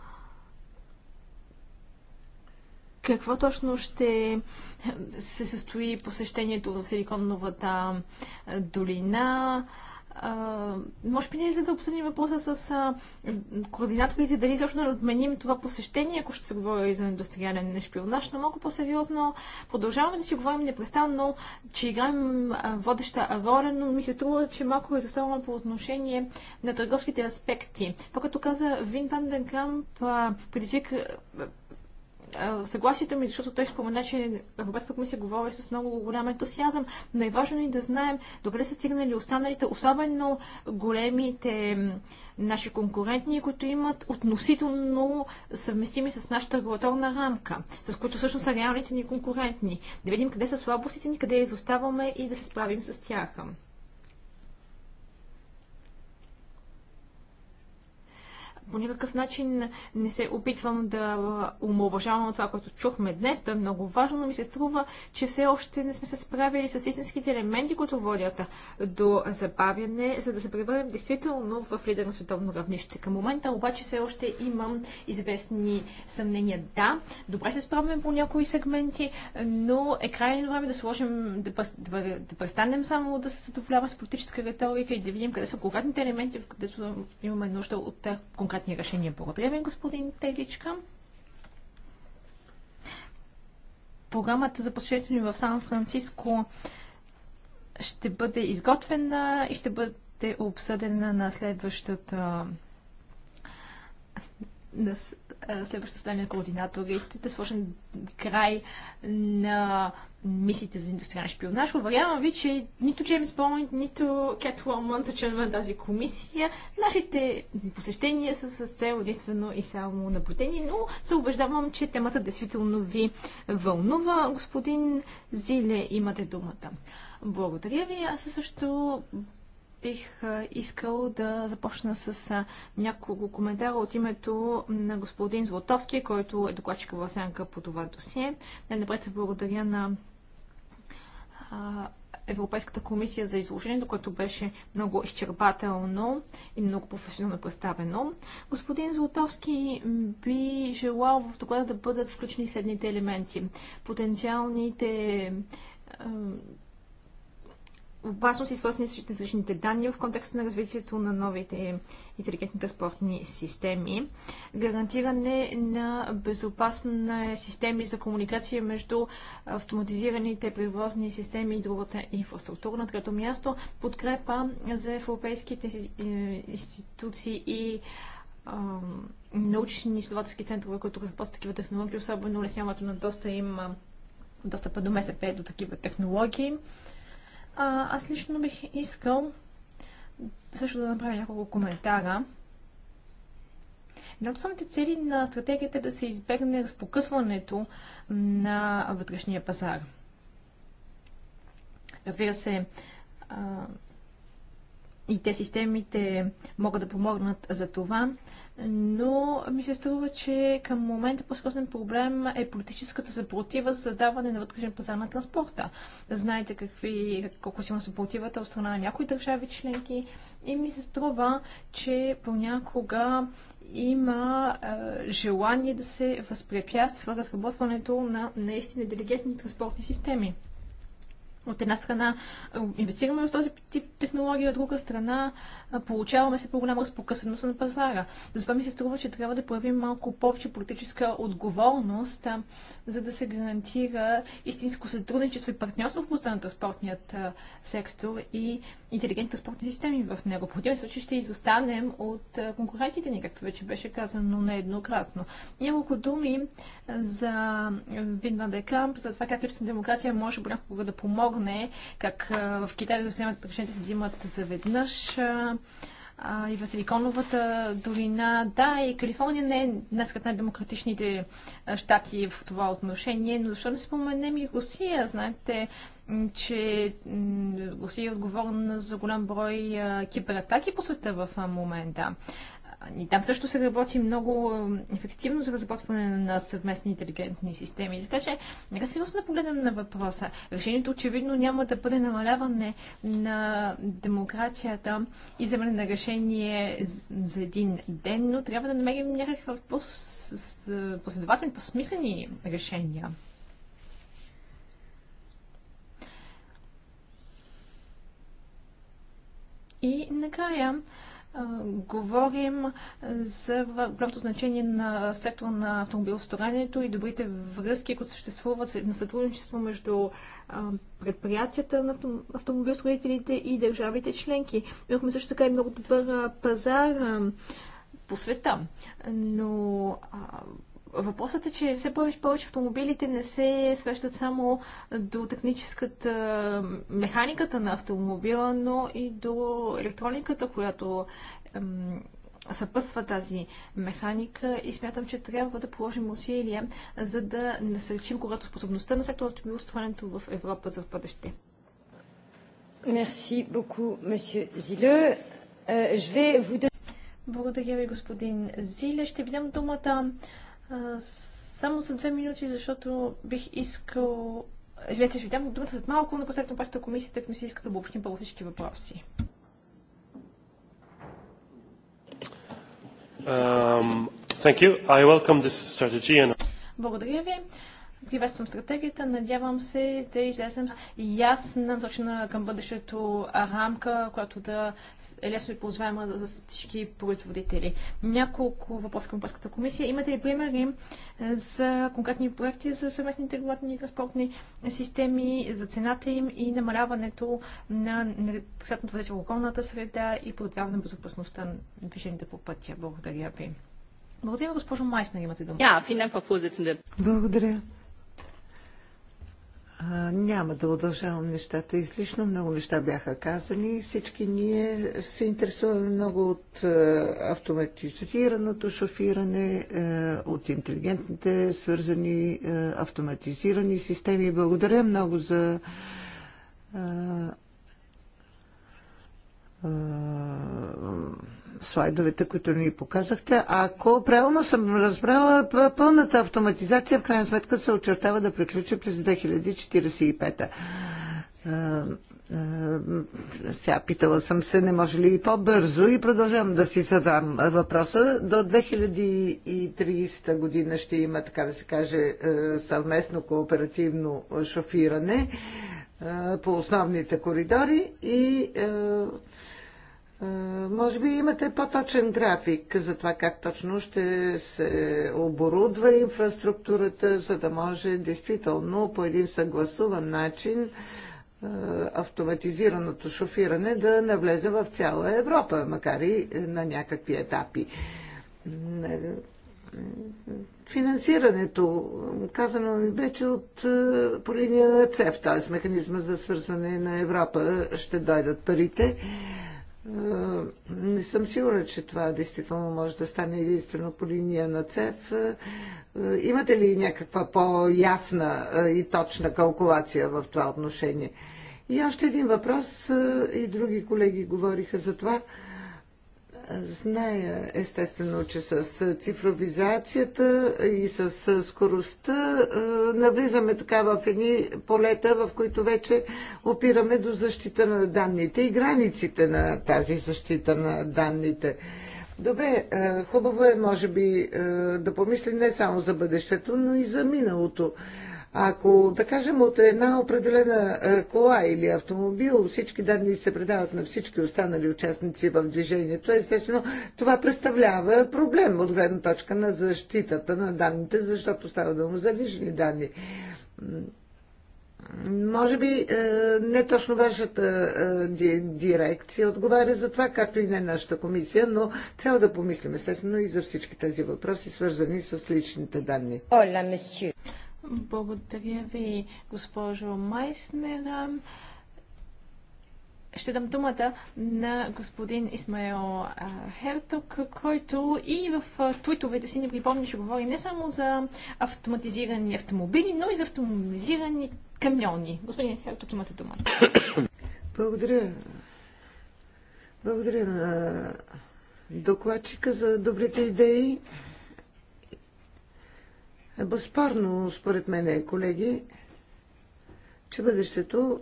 какво точно ще е, се състои посещението в Силиконовата е, долина. А, може би ние за да обсъдим въпроса с а, координаторите, дали също да отменим това посещение, ако ще се говори за на шпионаж, но много по-сериозно продължаваме да си говорим непрестанно, че играем а, водеща роля, но ми се струва, че малко е заставаме по отношение на търговските аспекти. Това, като каза Вин Ванденкамп, предизвика съгласието ми, защото той спомена, че Европейската комисия говори с много голям ентусиазъм. Най-важно е да знаем докъде са стигнали останалите, особено големите наши конкурентни, които имат относително съвместими с нашата регулаторна рамка, с които всъщност са реалните ни конкурентни. Да видим къде са слабостите ни, къде изоставаме и да се справим с тях. По никакъв начин не се опитвам да умалважавам това, което чухме днес. То е много важно, но ми се струва, че все още не сме се справили с истинските елементи, които водят до забавяне, за да се превърнем действително в лидер на световно равнище. Към момента обаче все още имам известни съмнения. Да, добре се справяме по някои сегменти, но е крайно време да сложим, да, да, да престанем само да се задоволяваме с политическа риторика и да видим къде са конкретните елементи, където имаме нужда от конкретни съответни решения. Благодаря ви, господин Теличка. Програмата за посещението ни в Сан-Франциско ще бъде изготвена и ще бъде обсъдена на следващата е, следващото състояние на координаторите, да сложим край на мисиите за индустриален шпионаж. Уверявам ви, че нито Джеймс Бонд, нито Кет Уолман са членове на тази комисия. Нашите посещения са с цел единствено и само наблюдение, но се убеждавам, че темата действително ви вълнува. Господин Зиле, имате думата. Благодаря ви. Аз също бих искал да започна с няколко коментара от името на господин Златовски, който е докладчик в сянка по това досие. Най-напред се благодаря на Европейската комисия за изложението, което беше много изчерпателно и много професионално представено. Господин Златовски би желал в доклада да бъдат включени следните елементи. Потенциалните опасности, свързани с личните данни в контекста на развитието на новите интелигентни транспортни системи, гарантиране на безопасни системи за комуникация между автоматизираните превозни системи и другата инфраструктура. На трето място подкрепа за европейските е, институции и научни изследователски центрове, които разработват такива технологии, особено улесняването на доста им достъпа до МСП до такива технологии. А, аз лично бих искал също да направя няколко коментара. Една от самите цели на стратегията е да се избегне разпокъсването на вътрешния пазар. Разбира се, и те системите могат да помогнат за това, но ми се струва, че към момента по сложен проблем е политическата съпротива за създаване на вътрешен пазар на транспорта. Знаете какви, колко силна съпротивата е от страна на някои държави членки и ми се струва, че понякога има е, желание да се възпрепятства разработването на наистина делегетни транспортни системи. От една страна инвестираме в този тип технология, от друга страна получаваме се по-голяма разпокъсаност на пазара. Затова ми се струва, че трябва да проявим малко повече политическа отговорност, за да се гарантира истинско сътрудничество и партньорство в областта на транспортният сектор и интелигентните спортни системи в него. по един случай ще изостанем от конкурентите ни, както вече беше казано нееднократно. Няколко думи за Вин Де Декамп, за това как липсна демокрация може понякога да помогне, как в Китай да вземат решенията се взимат заведнъж и в Силиконовата долина. Да, и Калифорния не е днес като най-демократичните щати в това отношение, но защо не споменем и Русия? Знаете, че Русия е отговорна за голям брой кибератаки по света в момента. И там също се работи много ефективно за разработване на съвместни интелигентни системи. Така че, нека сериозно да погледнем на въпроса. Решението очевидно няма да бъде намаляване на демокрацията и вземане на решение за един ден, но трябва да намерим някакви последователни, по-смислени решения. И накрая говорим за главното значение на сектора на автомобилостроенето и добрите връзки, които съществуват на сътрудничество между предприятията на автомобилостроителите и държавите членки. Имахме също така и много добър пазар по света, но Въпросът е, че все повече, повече автомобилите не се свещат само до техническата механиката на автомобила, но и до електрониката, която съпъсва тази механика и смятам, че трябва да положим усилия, за да насърчим когато способността на сектора автомобилстването в Европа за в бъдеще. Merci beaucoup, monsieur euh, Je vais vous Благодаря ви, господин Зиле. Ще ви дам думата само за две минути, защото бих искал... Извинете, ще ви дам думата след малко, но последно пасата комисията, ако ми се иска да обобщим по всички въпроси. Um, and... Благодаря ви приветствам стратегията. Надявам се да излезем с ясна, насочена към бъдещето рамка, която да е лесно и ползваема за всички производители. Няколко въпроса към Европейската комисия. Имате ли примери за конкретни проекти за съвместните регулаторни транспортни системи, за цената им и намаляването на отрицателното въздействие в околната среда и подобряване на безопасността на движението по пътя? Благодаря ви. Благодаря, госпожо Майснер, имате дума. Yeah, Благодаря няма да удължавам нещата излишно. Много неща бяха казани. Всички ние се интересуваме много от автоматизираното шофиране, от интелигентните, свързани, автоматизирани системи. Благодаря много за слайдовете, които ни показахте. Ако правилно съм разбрала, пълната автоматизация в крайна сметка се очертава да приключи през 2045 е, е, сега питала съм се, не може ли и по-бързо и продължавам да си задам въпроса. До 2030 година ще има, така да се каже, е, съвместно кооперативно шофиране по основните коридори и е, може би имате по-точен график за това как точно ще се оборудва инфраструктурата, за да може действително по един съгласуван начин е, автоматизираното шофиране да навлезе в цяла Европа, макар и на някакви етапи. Е, финансирането, казано ми вече от по линия на ЦЕФ, т.е. механизма за свързване на Европа, ще дойдат парите. Е, не съм сигурна, че това действително може да стане единствено по линия на ЦЕФ. Е, е, имате ли някаква по-ясна и точна калкулация в това отношение? И още един въпрос, и други колеги говориха за това. Зная естествено, че с цифровизацията и с скоростта навлизаме така в едни полета, в които вече опираме до защита на данните и границите на тази защита на данните. Добре, хубаво е, може би, да помисли не само за бъдещето, но и за миналото. Ако, да кажем, от една определена е, кола или автомобил всички данни се предават на всички останали участници в движението, естествено това представлява проблем от гледна точка на защитата на данните, защото става дума за лични данни. Може би е, не точно вашата е, дирекция отговаря за това, както и не нашата комисия, но трябва да помислим естествено и за всички тези въпроси, свързани с личните данни. Оля, благодаря ви, госпожо Майснера. Ще дам думата на господин Исмаел Херток, който и в твитовете си ни припомни, че говори не само за автоматизирани автомобили, но и за автоматизирани камиони. Господин Херток, имате думата. Благодаря. Благодаря на докладчика за добрите идеи. Безспорно, според мен, колеги, че бъдещето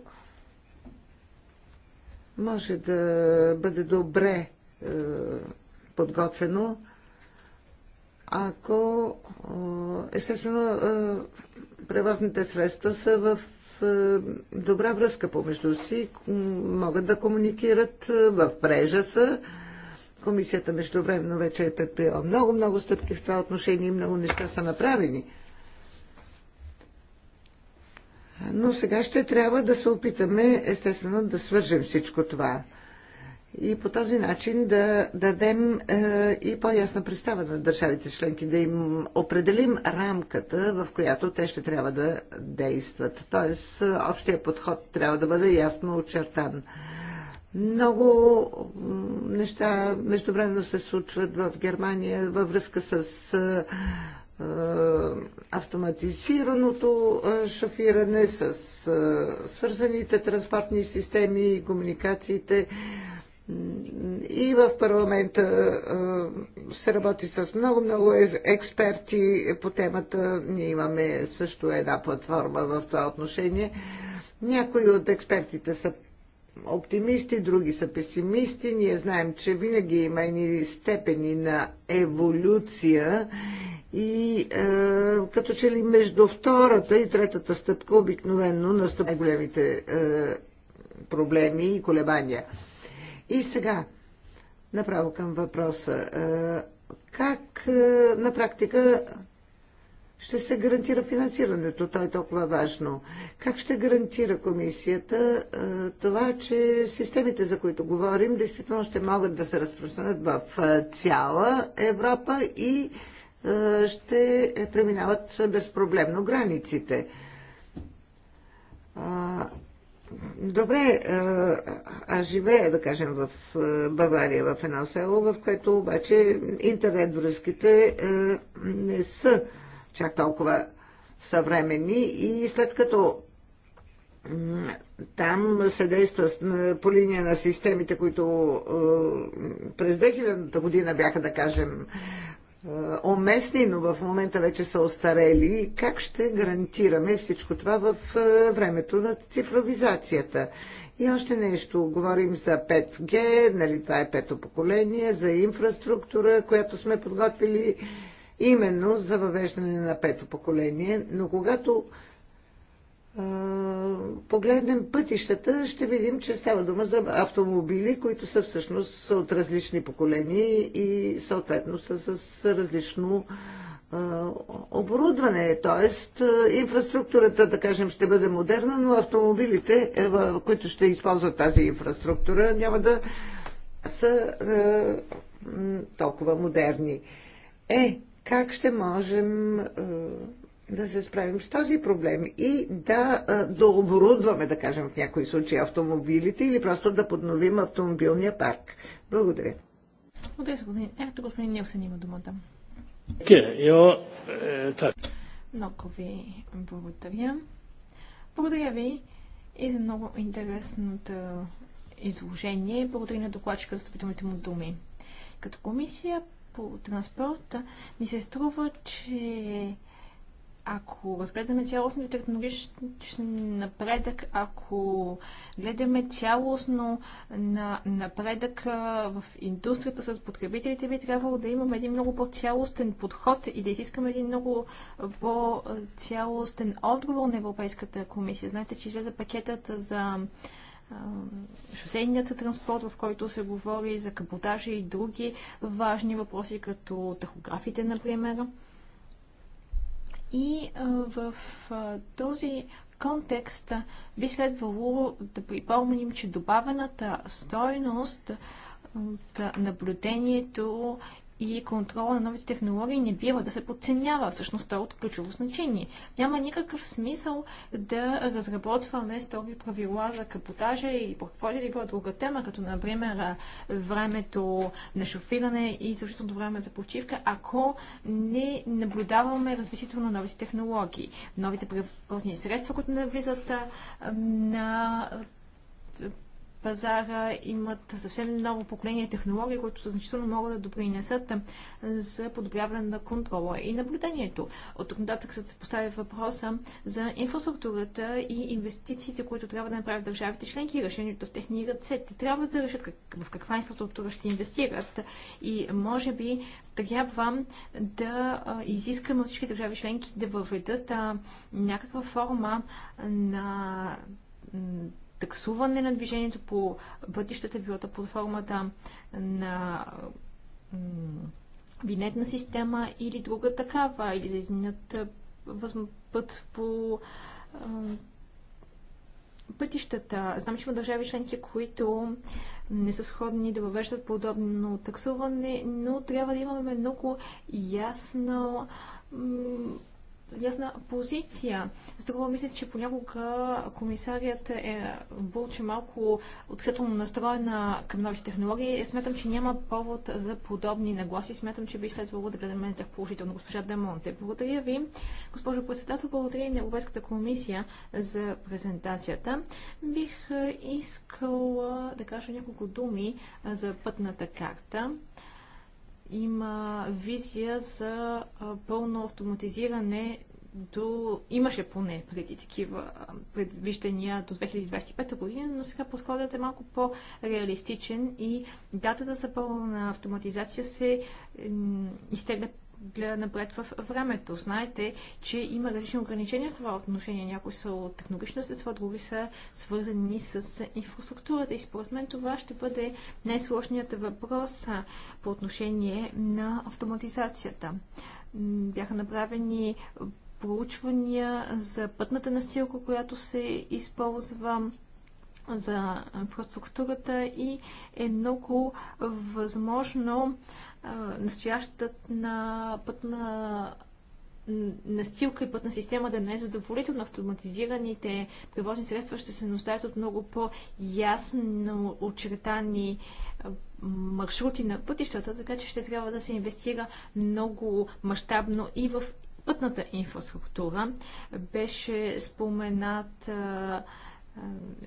може да бъде добре е, подготвено, ако е, естествено е, превозните средства са в е, добра връзка помежду си, могат да комуникират, е, в прежа са Комисията междувременно вече е предприела много-много стъпки в това отношение и много неща са направени. Но сега ще трябва да се опитаме, естествено, да свържем всичко това. И по този начин да дадем е, и по-ясна представа на държавите членки, да им определим рамката, в която те ще трябва да действат. Тоест, е, общия подход трябва да бъде ясно очертан. Много неща междувременно се случват в Германия във връзка с автоматизираното шофиране, с свързаните транспортни системи и комуникациите. И в парламента се работи с много-много експерти по темата. Ние имаме също една платформа в това отношение. Някои от експертите са оптимисти, други са песимисти. Ние знаем, че винаги има едни степени на еволюция и е, като че ли между втората и третата стъпка обикновенно настъпват големите е, проблеми и колебания. И сега, направо към въпроса. Е, как е, на практика ще се гарантира финансирането? То е толкова важно. Как ще гарантира комисията е, това, че системите, за които говорим, действително ще могат да се разпространят в е, цяла Европа и е, ще преминават безпроблемно границите? Добре, аз живея, да кажем, в Бавария, в едно село, в което обаче интернет връзките не са чак толкова съвременни и след като там се действа по линия на системите, които е, през 2000-та година бяха, да кажем, е, уместни, но в момента вече са остарели. Как ще гарантираме всичко това в е, времето на цифровизацията? И още нещо. Говорим за 5G, нали това е пето поколение, за инфраструктура, която сме подготвили именно за въвеждане на пето поколение, но когато е, погледнем пътищата, ще видим, че става дума за автомобили, които са всъщност от различни поколения и съответно са с различно е, оборудване. Тоест, е, инфраструктурата, да кажем, ще бъде модерна, но автомобилите, е, които ще използват тази инфраструктура, няма да са е, толкова модерни. Е, как ще можем е, да се справим с този проблем и да дооборудваме, да, да кажем в някои случаи, автомобилите или просто да подновим автомобилния парк. Благодаря. Благодаря, господин. Ето, господин Нилсен има думата. Е, много ви благодаря. Благодаря ви и за много интересното изложение. Благодаря на докладчика за стъпителните му думи. Като комисия по транспорта, ми се струва, че ако разгледаме цялостно технологичен напредък, ако гледаме цялостно на напредък в индустрията с потребителите, би трябвало да имаме един много по-цялостен подход и да изискаме един много по-цялостен отговор на Европейската комисия. Знаете, че излезе пакетът за шосейният транспорт, в който се говори за каботажа и други важни въпроси, като тахографите, например. И в този контекст би следвало да припомним, че добавената стойност от наблюдението и контрола на новите технологии не бива да се подценява. Всъщност това е от ключово значение. Няма никакъв смисъл да разработваме строги правила за капотажа и по какво да друга тема, като например времето на шофиране и същото време за почивка, ако не наблюдаваме развитието на новите технологии, новите превозни средства, които навлизат на пазара имат съвсем ново поколение технологии, които значително могат да допринесат за подобряване на контрола и наблюдението. От тук нататък се поставя въпроса за инфраструктурата и инвестициите, които трябва да направят държавите членки и решението в техни ръце. Те трябва да решат в каква инфраструктура ще инвестират и може би трябва да изискаме от всички държави членки да въведат някаква форма на таксуване на движението по пътищата, било под формата на винетна система или друга такава, или да изменят път по пътищата. Знам, че има държави членки, които не са сходни да въвеждат подобно таксуване, но трябва да имаме много ясно ясна позиция. Струва мисля, че понякога комисарият е Булче малко отрицателно настроена към новите технологии. Смятам, че няма повод за подобни нагласи. Смятам, че би следвало да гледаме на тях положително. Госпожа Демонте, благодаря ви. Госпожо председател, благодаря и на Европейската комисия за презентацията. Бих искала да кажа няколко думи за пътната карта има визия за пълно автоматизиране до... Имаше поне преди такива предвиждания до 2025 година, но сега подходът е малко по-реалистичен и датата за пълна автоматизация се изтегля гледа напред в времето. Знаете, че има различни ограничения в това отношение. Някои са от технологично средство, други са свързани с инфраструктурата. И според мен това ще бъде най-сложният въпрос по отношение на автоматизацията. Бяха направени проучвания за пътната настилка, която се използва за инфраструктурата и е много възможно настоящата на пътна настилка и пътна система да не е задоволително, Автоматизираните превозни средства ще се нуждаят от много по-ясно очертани маршрути на пътищата, така че ще трябва да се инвестира много мащабно и в пътната инфраструктура. Беше споменат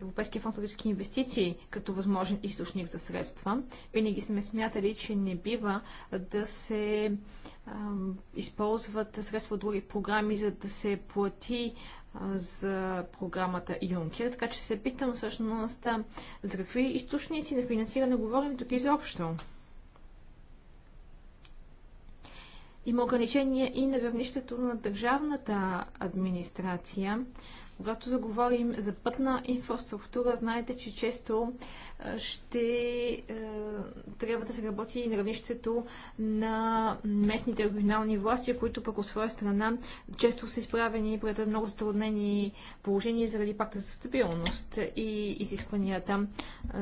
Европейския фонд за стратегически инвестиции като възможен източник за средства. Винаги сме смятали, че не бива да се използват средства от други програми, за да се плати за програмата Юнкер. Така че се питам всъщност за какви източници на финансиране говорим тук изобщо. Има ограничения и на равнището на държавната администрация. Когато заговорим за пътна инфраструктура, знаете, че често ще трябва да се работи и на равнището на местните регионални власти, които пък от своя страна често са изправени пред много затруднени положения заради пакта за стабилност и изискванията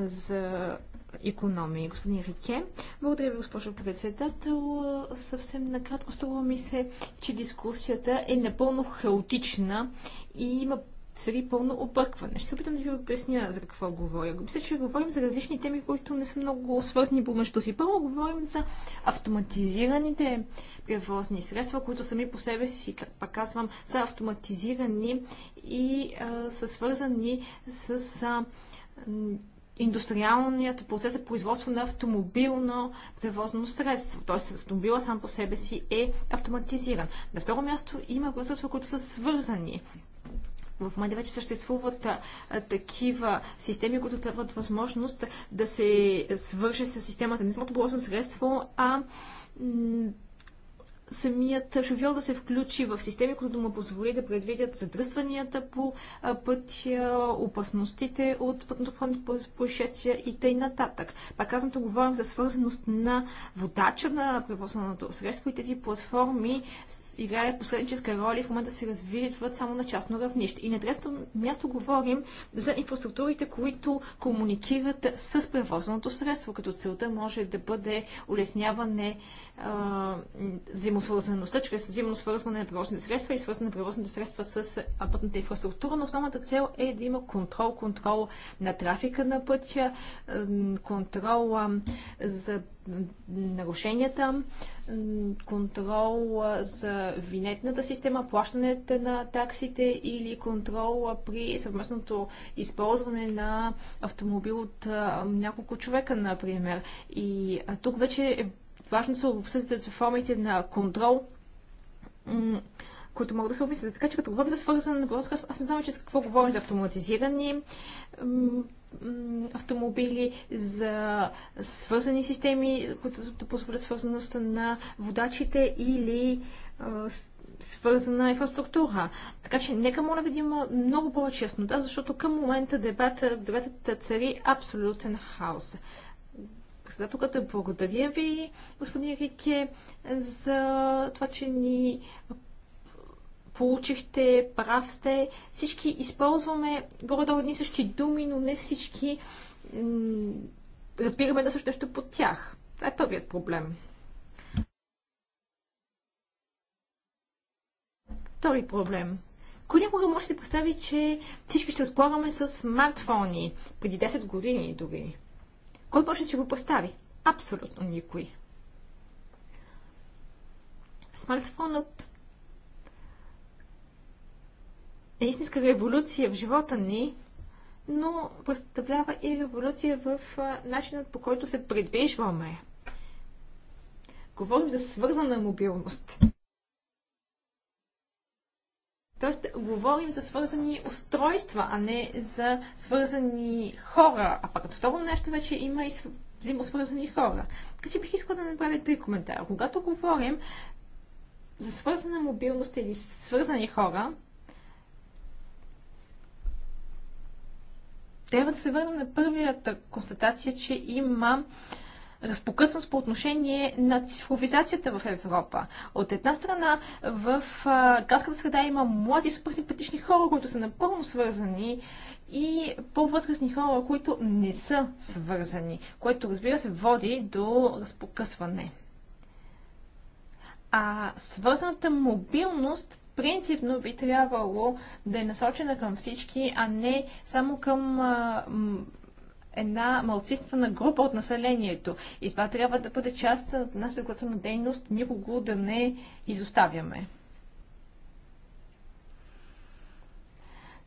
за економия. Господин Рике, благодаря ви, госпожо председател. Съвсем накратко струва ми се, че дискусията е напълно хаотична и има цари пълно объркване. Ще се опитам да ви обясня за какво говоря. Мисля, че говорим за различни теми, които не са много свързани помежду си. Първо говорим за автоматизираните превозни средства, които сами по себе си, как пак казвам, са автоматизирани и а, са свързани с а, индустриалният процес за производство на автомобилно превозно средство. Тоест автомобила сам по себе си е автоматизиран. На второ място има производства, които са свързани. В момента вече съществуват а, а, такива системи, които дават възможност да се свърже с системата не само превозно средство, а самият шофьор да се включи в системи, които да му позволи да предвидят задръстванията по пътя, опасностите от пътното происшествия и тъй нататък. Пак казвам, тук говорим за свързаност на водача на превозното средство и тези платформи играят посредническа роля и в момента се развиват само на частно равнище. И на трето място говорим за инфраструктурите, които комуникират с превозното средство, като целта може да бъде улесняване взаимосвързаността, чрез взаимосвързване на превозните средства и свързване на превозните средства с пътната инфраструктура, но основната цел е да има контрол, контрол на трафика на пътя, контрол за нарушенията, контрол за винетната система, плащането на таксите или контрол при съвместното използване на автомобил от няколко човека, например. И тук вече е Важно се обсъдят формите на контрол, които могат да се обмислят. Така че като говорим за свързан въпрос, аз не знам, че с какво говорим за автоматизирани автомобили, за свързани системи, които да позволят свързаността на водачите или свързана инфраструктура. Така че нека моля да има много повече яснота, защото към момента дебата, дебата цари абсолютен хаос председателката. Благодаря ви, господин Рике, за това, че ни получихте, прав сте. Всички използваме горе-долу едни същи думи, но не всички разбираме да също под тях. Това е първият проблем. Втори проблем. някога може да се представи, че всички ще разполагаме с смартфони, преди 10 години дори. Кой може да си го постави? Абсолютно никой. Смартфонът е истинска революция в живота ни, но представлява и революция в начинът по който се придвижваме. Говорим за свързана мобилност. Тоест, говорим за свързани устройства, а не за свързани хора. А пък като второ нещо вече има и взаимосвързани хора. Така че бих искала да направя три коментара. Когато говорим за свързана мобилност или свързани хора, трябва да се върнем на първията констатация, че има разпокъсност по отношение на цифровизацията в Европа. От една страна, в градската среда има млади, суперсимпатични хора, които са напълно свързани и по-възрастни хора, които не са свързани, което разбира се води до разпокъсване. А свързаната мобилност принципно би трябвало да е насочена към всички, а не само към а, една малцинствена група от населението. И това трябва да бъде част от нашата регулаторна дейност, никого да не изоставяме.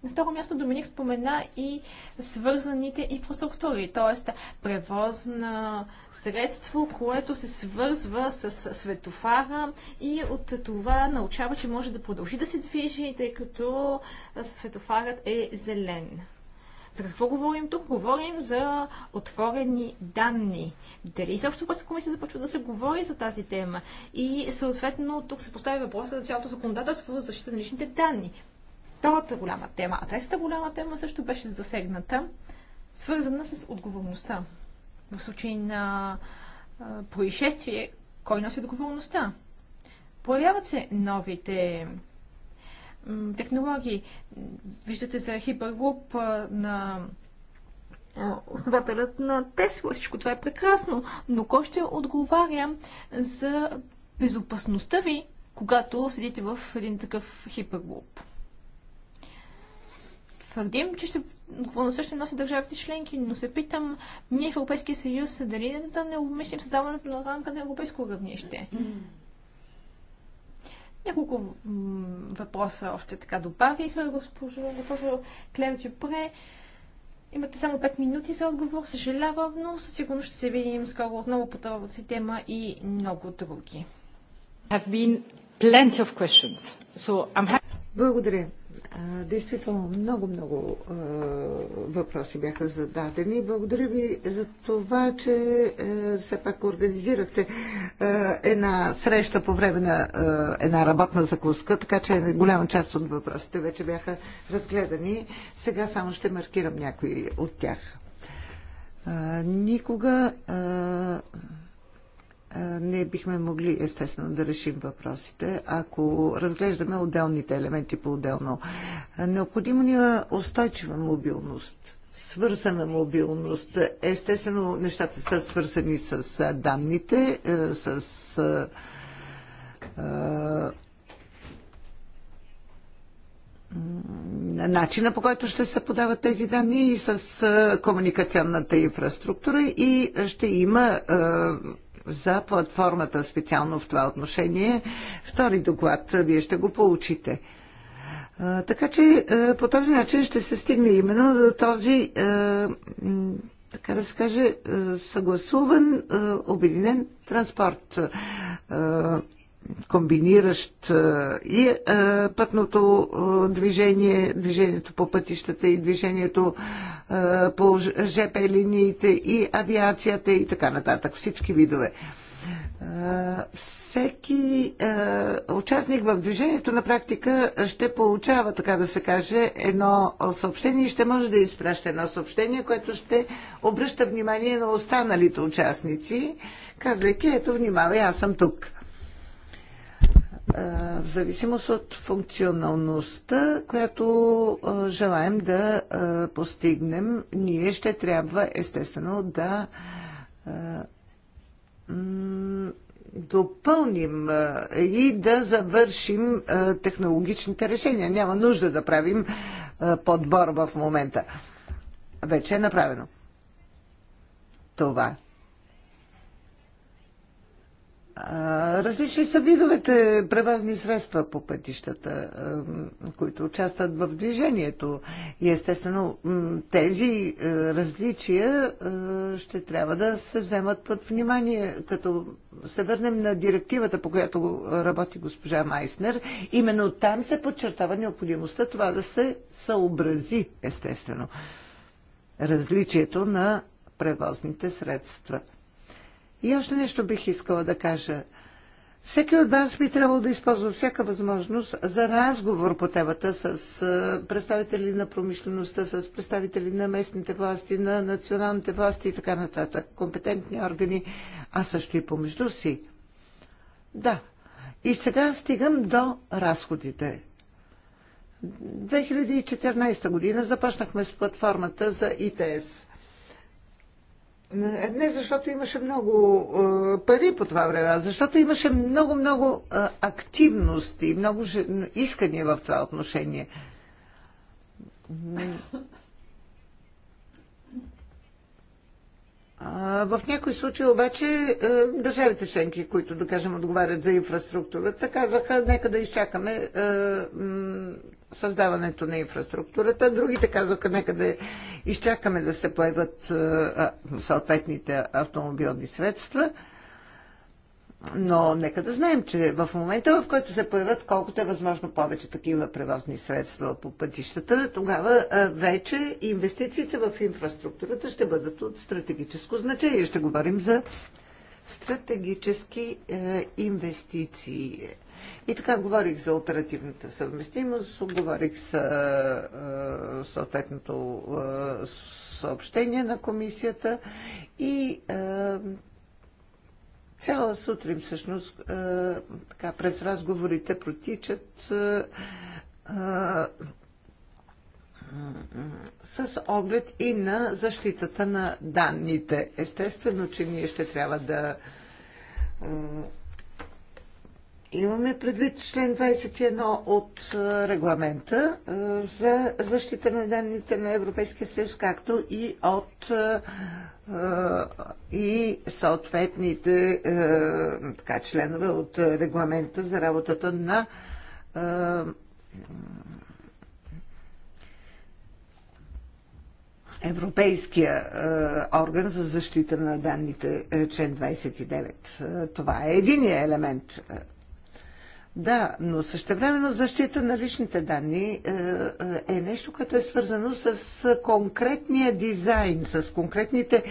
На второ място Доминик спомена и свързаните инфраструктури, т.е. превозна средство, което се свързва с светофара и от това научава, че може да продължи да се движи, тъй като светофарът е зелен. За какво говорим тук? Говорим за отворени данни. Дали изобщо Европейската комисия започва да се говори за тази тема? И съответно тук се поставя въпроса за цялото законодателство за защита на личните данни. Втората голяма тема, а третата голяма тема също беше засегната, свързана с отговорността. В случай на происшествие, кой носи отговорността? Появяват се новите технологии. Виждате за хипергруп на основателят на Тесла. Всичко това е прекрасно, но кой ще отговаря за безопасността ви, когато седите в един такъв хиперлуп? Твърдим, че ще на ще носи държавите членки, но се питам, ние в Европейския съюз, дали да не обмислим създаването на рамка на европейско равнище? Няколко въпроса още така добавих, госпожо, госпожо Клевич, Дюпре. Имате само 5 минути за отговор, съжалявам, но със сигурност ще се видим скоро отново по тази тема и много други. So благодаря. Действително много-много въпроси бяха зададени. Благодаря ви за това, че все пак организирахте една среща по време на една работна закуска, така че голяма част от въпросите вече бяха разгледани. Сега само ще маркирам някои от тях. Никога не бихме могли естествено да решим въпросите, ако разглеждаме отделните елементи по-отделно. Необходима ни е устойчива мобилност, свързана мобилност. Естествено, нещата са свързани с данните, с начина по който ще се подават тези данни и с комуникационната инфраструктура и ще има за платформата специално в това отношение. Втори доклад, вие ще го получите. Така че по този начин ще се стигне именно до този, така да се каже, съгласуван, обединен транспорт комбиниращ и пътното движение, движението по пътищата и движението по ЖП линиите и авиацията и така нататък. Всички видове. Всеки участник в движението на практика ще получава, така да се каже, едно съобщение и ще може да изпраща едно съобщение, което ще обръща внимание на останалите участници, казвайки, ето, внимавай, аз съм тук в зависимост от функционалността, която желаем да постигнем, ние ще трябва естествено да допълним и да завършим технологичните решения. Няма нужда да правим подбор в момента. Вече е направено. Това Различни са видовете превозни средства по пътищата, които участват в движението. И естествено тези е, различия е, ще трябва да се вземат под внимание. Като се върнем на директивата, по която работи госпожа Майснер, именно там се подчертава необходимостта това да се съобрази, естествено, различието на превозните средства – и още нещо бих искала да кажа. Всеки от вас би трябвало да използва всяка възможност за разговор по темата с представители на промишлеността, с представители на местните власти, на националните власти и така нататък, компетентни органи, а също и помежду си. Да. И сега стигам до разходите. 2014 година започнахме с платформата за ИТС – не защото имаше много пари по това време, а защото имаше много-много активност и много искания в това отношение. В някои случаи обаче държавите членки, които да кажем отговарят за инфраструктурата, казваха нека да изчакаме създаването на инфраструктурата, другите казваха нека да изчакаме да се появят е, съответните автомобилни средства. Но нека да знаем, че в момента, в който се появят колкото е възможно повече такива превозни средства по пътищата, тогава е, вече инвестициите в инфраструктурата ще бъдат от стратегическо значение. Ще говорим за стратегически е, инвестиции. И така говорих за оперативната съвместимост, говорих с съответното съобщение на комисията и цяла сутрин всъщност така, през разговорите протичат с оглед и на защитата на данните. Естествено, че ние ще трябва да Имаме предвид член 21 от е, регламента е, за защита на данните на Европейския съюз, както и от е, и съответните така, членове от регламента за работата на Европейския орган за защита на данните, член 29. Това е единия елемент да, но същевременно защита на личните данни е, е, е нещо, което е свързано с конкретния дизайн, с конкретните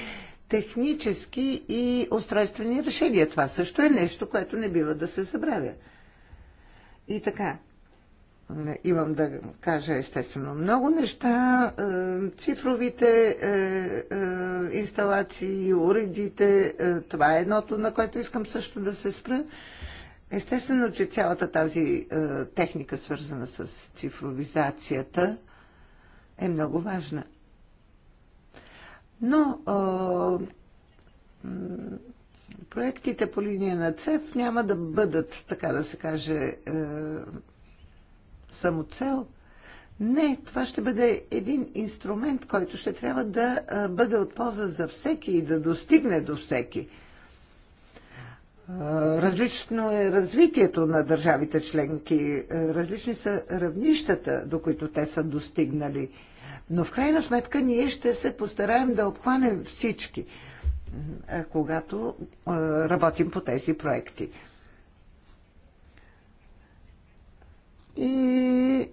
технически и устройствени решения. Това също е нещо, което не бива да се забравя. И така, имам да кажа естествено много неща. Е, цифровите инсталации, уредите, това е едното, на което искам също да се спра. Естествено, че цялата тази е, техника, свързана с цифровизацията, е много важна. Но е, проектите по линия на ЦЕФ няма да бъдат, така да се каже, е, самоцел. Не, това ще бъде един инструмент, който ще трябва да е, бъде от полза за всеки и да достигне до всеки. Различно е развитието на държавите членки, е, различни са равнищата, до които те са достигнали. Но в крайна сметка ние ще се постараем да обхванем всички, е, когато е, работим по тези проекти. И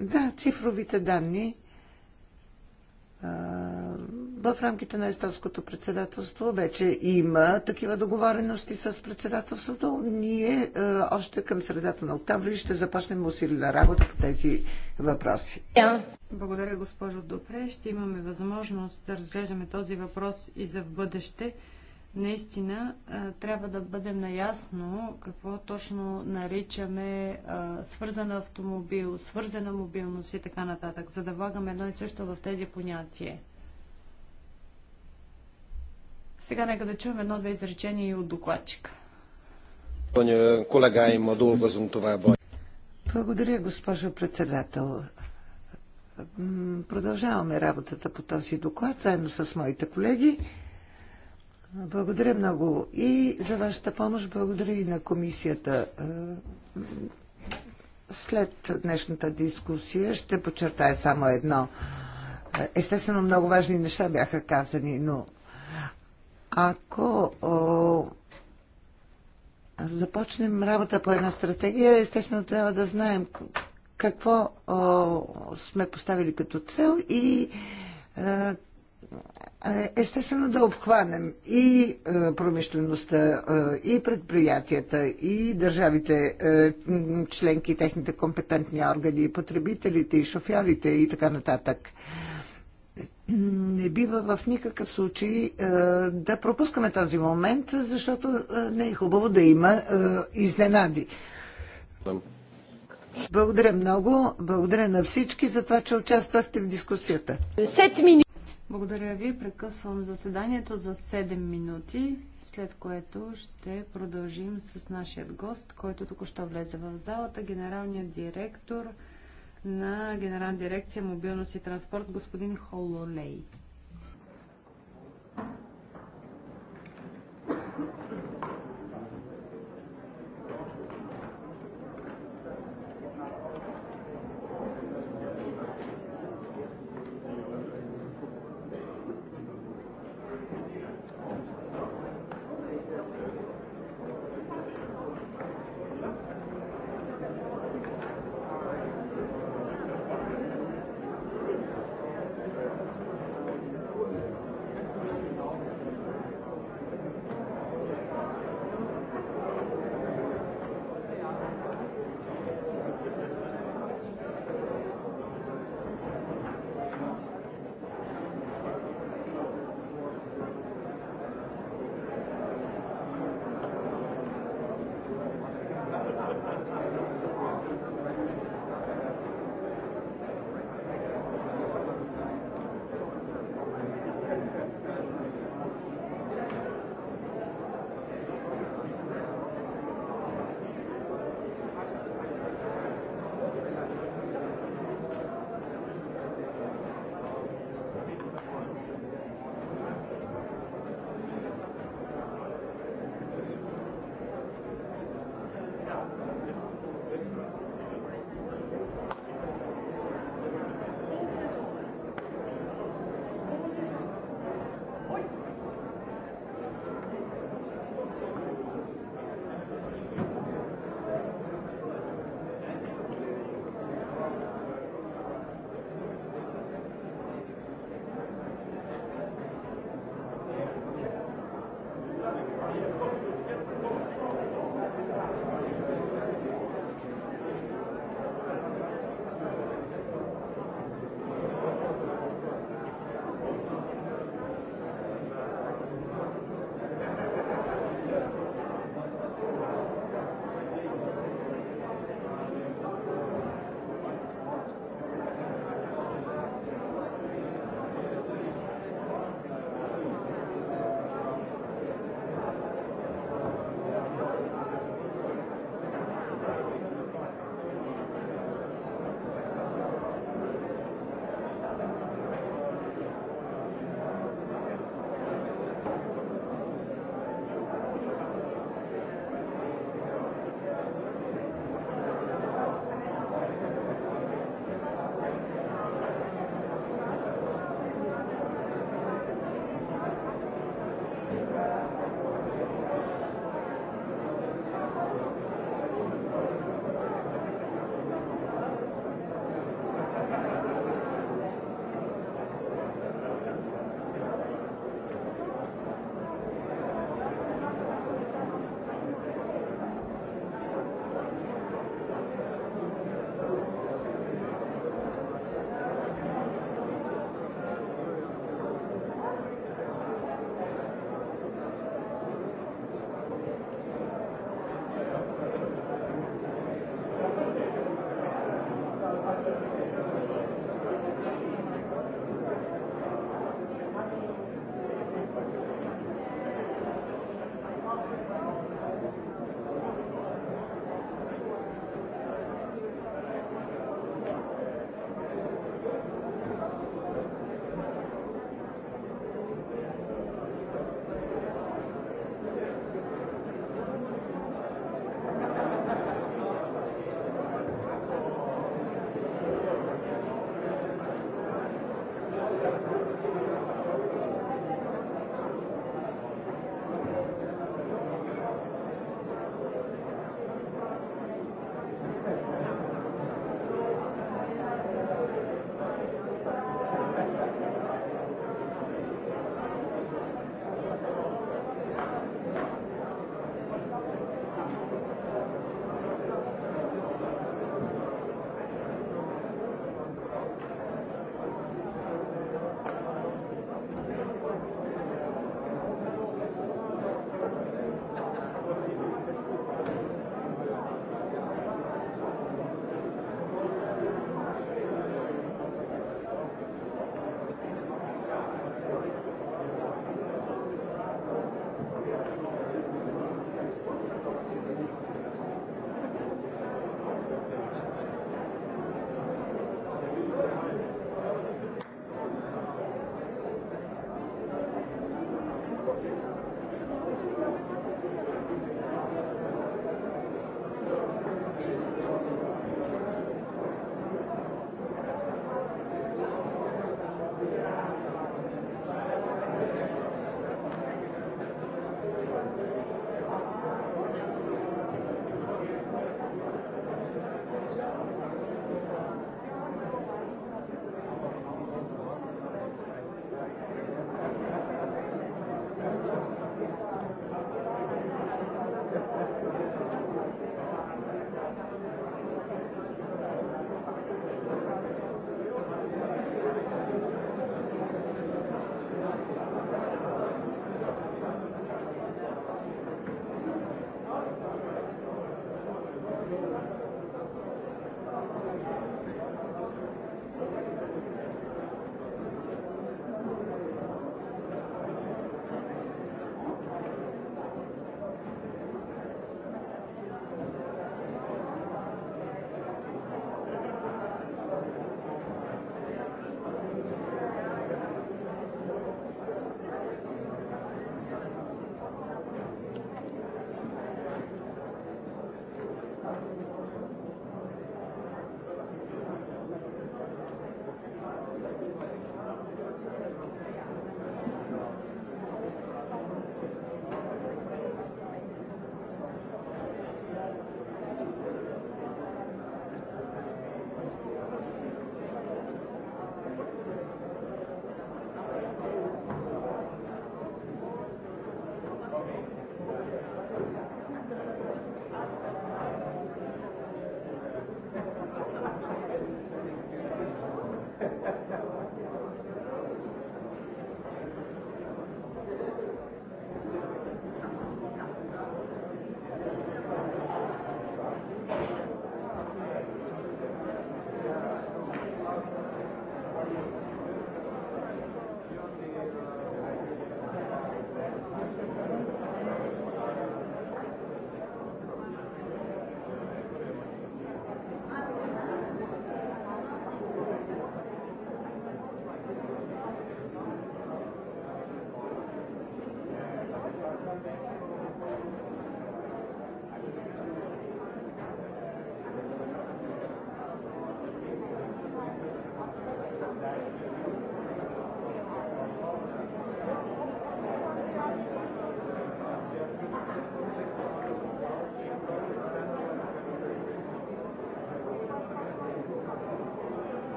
да, цифровите данни в рамките на естонското председателство вече има такива договорености с председателството. Ние е, още към средата на октомври ще започнем усилена работа по тези въпроси. Благодаря, госпожо Допре. Ще имаме възможност да разглеждаме този въпрос и за в бъдеще. Наистина е, трябва да бъдем наясно какво точно наричаме е, свързан автомобил, свързана мобилност и така нататък, за да влагаме едно и също в тези понятия. Сега нека да чуем едно-две изречения и от докладчика. Благодаря, госпожо председател. Продължаваме работата по този доклад заедно с моите колеги. Благодаря много и за вашата помощ. Благодаря и на комисията. Е, след днешната дискусия ще подчертая само едно. Е, естествено, много важни неща бяха казани, но ако о, започнем работа по една стратегия, естествено трябва да знаем какво о, сме поставили като цел и е, е естествено да обхванем и е, промишлеността, е, и предприятията, и държавите членки, техните компетентни органи, и потребителите, и шофьорите и така нататък не бива в никакъв случай е, да пропускаме този момент, защото е, не е хубаво да има е, изненади. Благодаря много. Благодаря на всички за това, че участвахте в дискусията. минути. Благодаря ви. Прекъсвам заседанието за 7 минути, след което ще продължим с нашия гост, който току-що влезе в залата, генералният директор на Генерална дирекция мобилност и транспорт господин Хололей.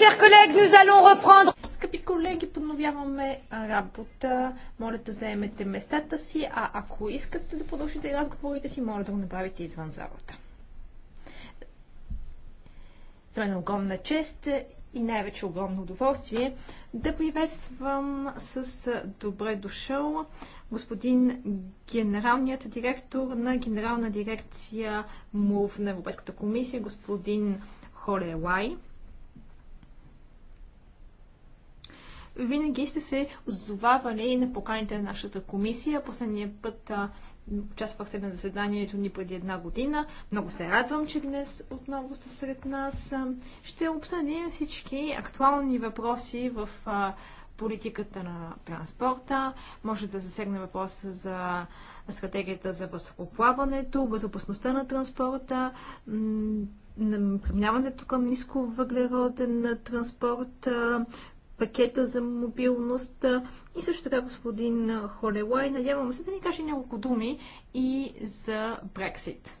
chers collègues, nous allons reprendre. Скъпи колеги, подновяваме работа. Моля да заемете местата си, а ако искате да продължите разговорите си, моля да го направите извън залата. За мен е огромна чест и най-вече огромно удоволствие да приветствам с добре дошъл господин генералният директор на Генерална дирекция МУВ на Европейската комисия, господин Холе Лай. винаги сте се озовавали на поканите на нашата комисия. Последния път а, участвахте на заседанието ни преди една година. Много се радвам, че днес отново сте сред нас. Ще обсъдим всички актуални въпроси в а, политиката на транспорта. Може да засегне въпроса за стратегията за въздухоплаването, безопасността на транспорта, преминаването към ниско въглероден транспорт, пакета за мобилност и също така господин Холелай, надявам се да ни каже няколко думи и за Брексит.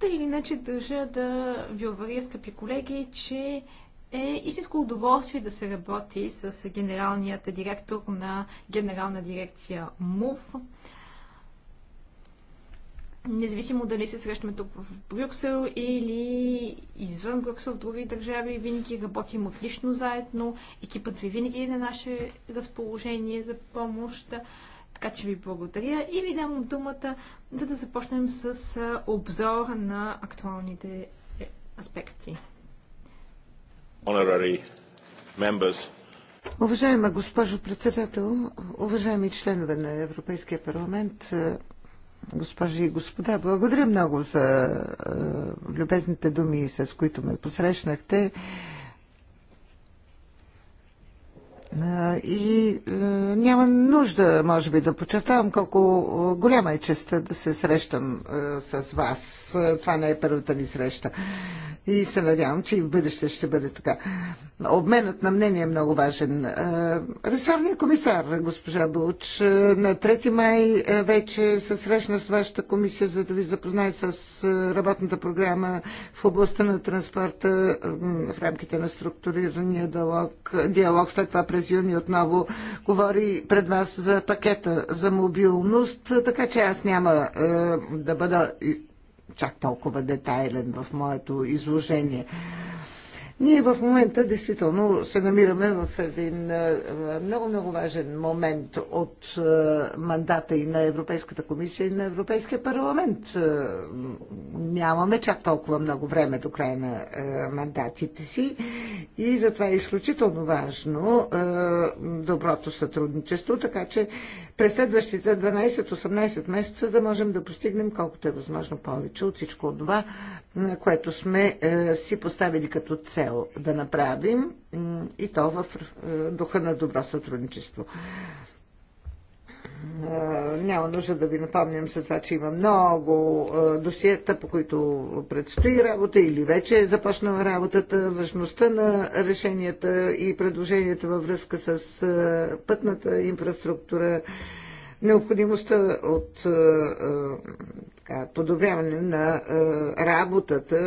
Та или иначе държа да ви уверя, скъпи колеги, че е истинско удоволствие да се работи с генералният директор на генерална дирекция МУВ независимо дали се срещаме тук в Брюксел или извън Брюксел в други държави, винаги работим отлично заедно. Екипът ви винаги е на наше разположение за помощ. Така че ви благодаря и ви давам думата, за да започнем с обзор на актуалните е, аспекти. Уважаема госпожо председател, уважаеми членове на Европейския парламент, госпожи и господа, благодаря много за е, любезните думи, с които ме посрещнахте. Е, и е, няма нужда, може би, да подчертавам колко голяма е честа да се срещам е, с вас. Е, това не е първата ми среща и се надявам, че и в бъдеще ще бъде така. Обменът на мнение е много важен. Е, ресорният комисар, госпожа Булч, е, на 3 май е, вече се срещна с вашата комисия, за да ви запознае с работната програма в областта на транспорта в рамките на структурирания диалог. диалог. След това през юни отново говори пред вас за пакета за мобилност, така че аз няма да бъда чак толкова детайлен в моето изложение. Ние в момента действително се намираме в един много-много важен момент от мандата и на Европейската комисия и на Европейския парламент. Нямаме чак толкова много време до края на мандатите си и затова е изключително важно доброто сътрудничество, така че през следващите 12-18 месеца да можем да постигнем колкото е възможно повече от всичко това, което сме е, си поставили като цел да направим и то в е, духа на добро сътрудничество. Е, няма нужда да ви напомням за това, че има много е, досиета, по които предстои работа или вече е започнала работата. Важността на решенията и предложенията във връзка с е, пътната инфраструктура необходимостта от е, е, така, подобряване на е, работата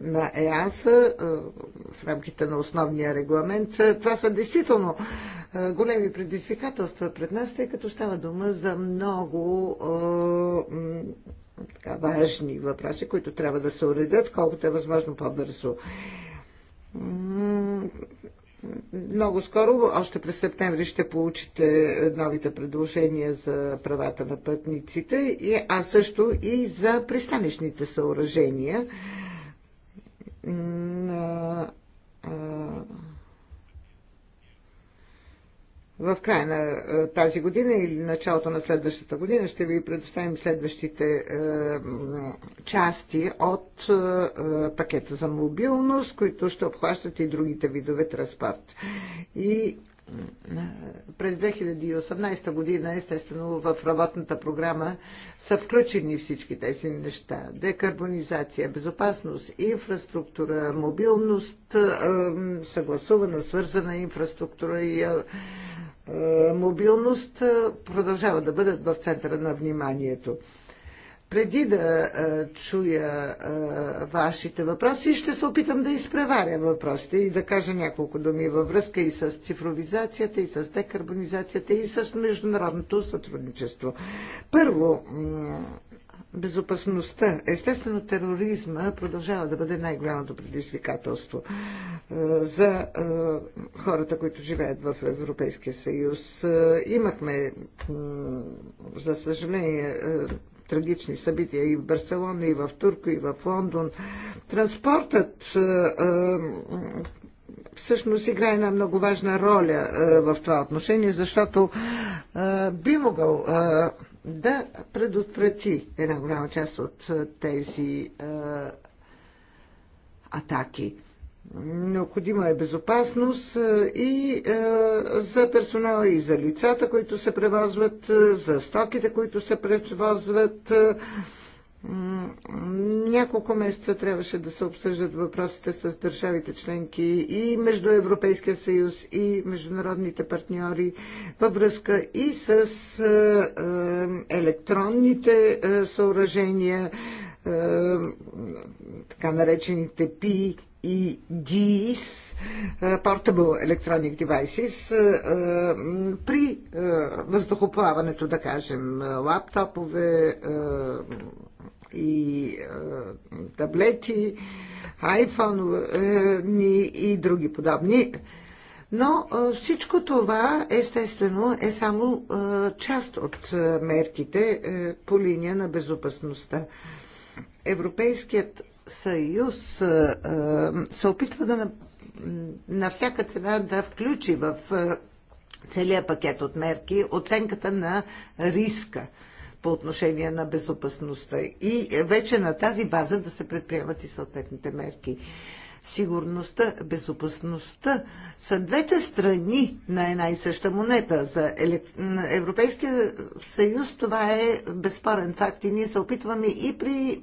на ЕАСА в рамките на основния регламент. Това са действително големи предизвикателства пред нас, тъй като става дума за много така, важни въпроси, които трябва да се уредят колкото е възможно по-бързо много скоро, още през септември, ще получите новите предложения за правата на пътниците, а също и за пристанищните съоръжения в края на е, тази година или началото на следващата година ще ви предоставим следващите е, части от е, пакета за мобилност, които ще обхващат и другите видове транспорт. И през 2018 година, естествено, в работната програма са включени всички тези неща. Декарбонизация, безопасност, инфраструктура, мобилност, съгласувана, свързана инфраструктура и е, мобилност е, продължава да бъдат в центъра на вниманието. Преди да е, чуя вашите въпроси, ще се опитам да изпреваря въпросите и да кажа няколко думи във връзка и с цифровизацията, и с декарбонизацията, и с международното сътрудничество. Първо, безопасността. Естествено, тероризма продължава да бъде най-голямото предизвикателство е, за е, хората, които живеят в Европейския съюз. Е, имахме, за съжаление, трагични събития и в Барселона, и в Турко, и в Лондон. Транспортът всъщност играе една много важна роля в това отношение, защото би могъл да предотврати една голяма част от тези а, атаки. Необходима е безопасност и а, за персонала, и за лицата, които се превозват, за стоките, които се превозват. А, няколко месеца трябваше да се обсъждат въпросите с държавите членки и между Европейския съюз и международните партньори във връзка и с е, е, електронните е, съоръжения, така наречените ПИ и DIS, Portable Electronic Devices, при въздухоплаването, да кажем, лаптопове, и таблети, айфони и други подобни. Но всичко това, естествено, е само част от мерките по линия на безопасността. Европейският съюз се опитва да на всяка цена да включи в целият пакет от мерки оценката на риска по отношение на безопасността и вече на тази база да се предприемат и съответните мерки. Сигурността, безопасността са двете страни на една и съща монета. За Европейския съюз това е безспорен факт и ние се опитваме и при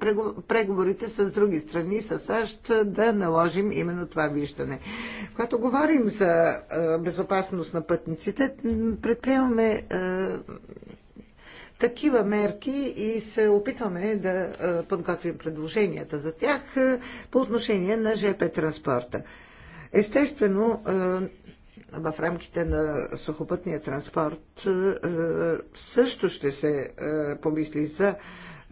преговорите с други страни, с САЩ, да наложим именно това виждане. Когато говорим за безопасност на пътниците, предприемаме такива мерки и се опитваме да подготвим предложенията за тях по отношение на ЖП транспорта. Естествено, в рамките на сухопътния транспорт също ще се помисли за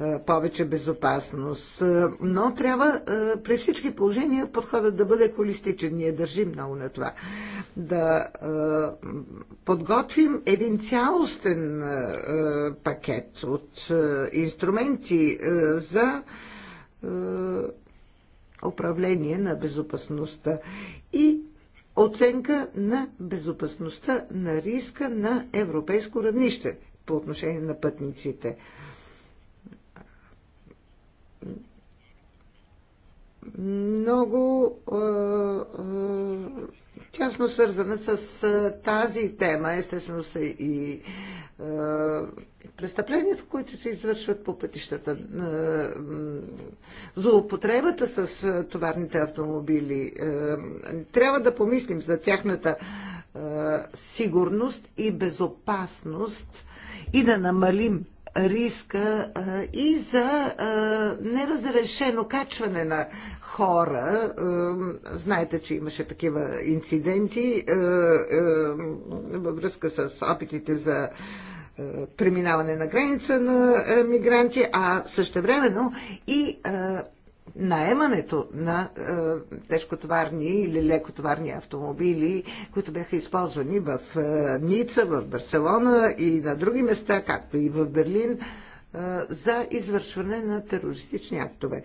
е, повече безопасност. Е, но трябва е, при всички положения подходът да бъде холистичен. Ние държим много на това. Да подготвим един цялостен пакет от инструменти за управление на безопасността и оценка на безопасността на риска на европейско равнище по отношение на пътниците много тясно свързана с тази тема. Естествено са и престъпленията, които се извършват по пътищата, злоупотребата с товарните автомобили. Трябва да помислим за тяхната сигурност и безопасност и да намалим риска и за неразрешено качване на хора. Знаете, че имаше такива инциденти във връзка с опитите за преминаване на граница на мигранти, а същевременно и наемането на е, тежкотоварни или лекотоварни автомобили, които бяха използвани в е, Ница, в Барселона и на други места, както и в Берлин, е, за извършване на терористични актове.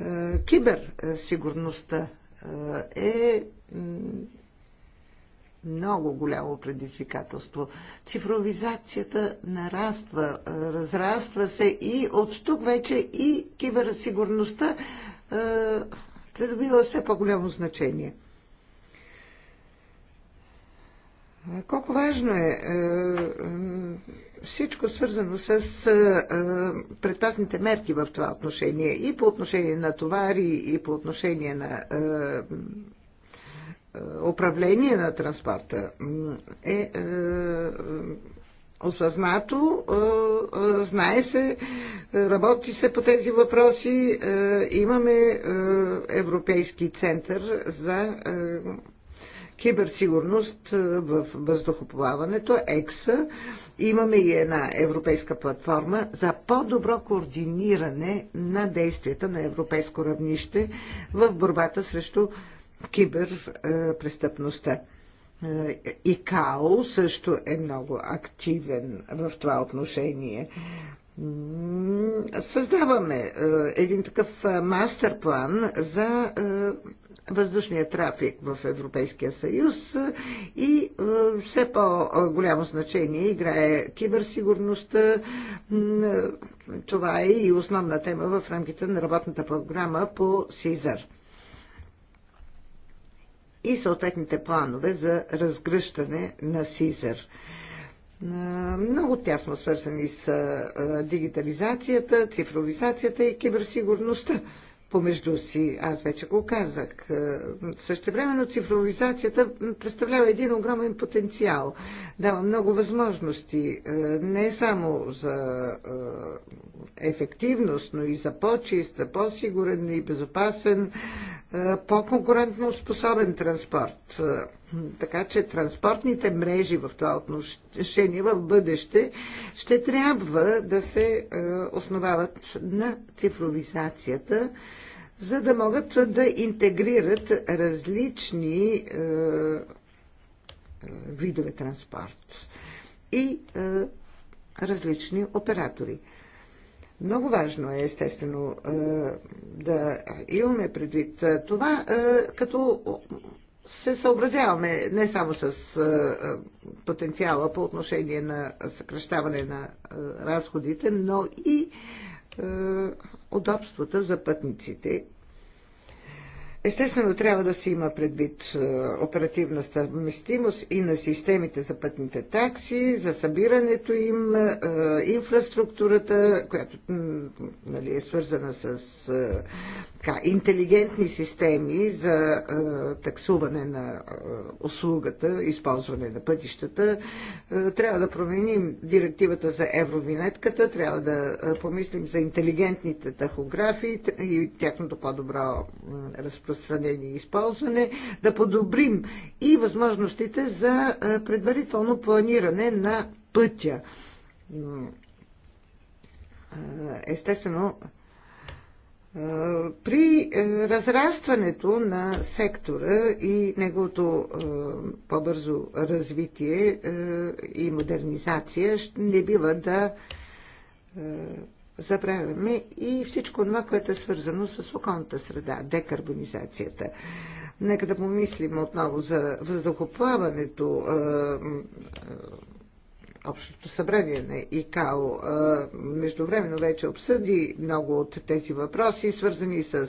Е, киберсигурността е, е много голямо предизвикателство. Цифровизацията нараства, разраства се и от тук вече и киберсигурността е, придобива все по-голямо значение. Колко важно е, е, е всичко свързано с е, предпазните мерки в това отношение и по отношение на товари, и по отношение на е, управление на транспорта е, е осъзнато, е, е, знае се, работи се по тези въпроси. Е, имаме е, Европейски център за киберсигурност в въздухоплаването, ЕКСА. Имаме и една европейска платформа за по-добро координиране на действията на европейско равнище в борбата срещу киберпрестъпността. Е, ИКАО също е много активен в това отношение. Създаваме е, един такъв е, мастер план за въздушния трафик в Европейския съюз и все по-голямо значение играе киберсигурността. Това е и основна тема в рамките на работната програма по СИЗАР и съответните планове за разгръщане на СИЗЕР. Много тясно свързани с дигитализацията, цифровизацията и киберсигурността помежду си. Аз вече го казах. Е, същевременно цифровизацията представлява един огромен потенциал. Дава много възможности. Е, не само за е, ефективност, но и за по-чист, по-сигурен и безопасен, по-конкурентно способен транспорт. Така че транспортните мрежи в това отношение в бъдеще ще трябва да се е, основават на цифровизацията, за да могат да интегрират различни е, е, видове транспорт и различни оператори. Много важно е, естествено, да имаме предвид това като се съобразяваме не само с потенциала по отношение на съкръщаване на разходите, но и удобствата за пътниците. Естествено, трябва да се има предвид оперативна съвместимост и на системите за пътните такси, за събирането им, инфраструктурата, която нали, е свързана с така, интелигентни системи за а, е, таксуване на а, е, услугата, използване на пътищата. А, е, трябва да променим директивата за евровинетката, трябва да а, помислим за интелигентните тахографии и тяхното по-добро разпространение и използване, да подобрим и възможностите за а, предварително планиране на пътя. Естествено, при е, разрастването на сектора и неговото по-бързо развитие е, и модернизация не бива да е, забравяме и всичко това, което е свързано с околната среда, декарбонизацията. Нека да помислим отново за въздухоплаването, Общото събрание на ИКАО междувременно вече обсъди много от тези въпроси, свързани с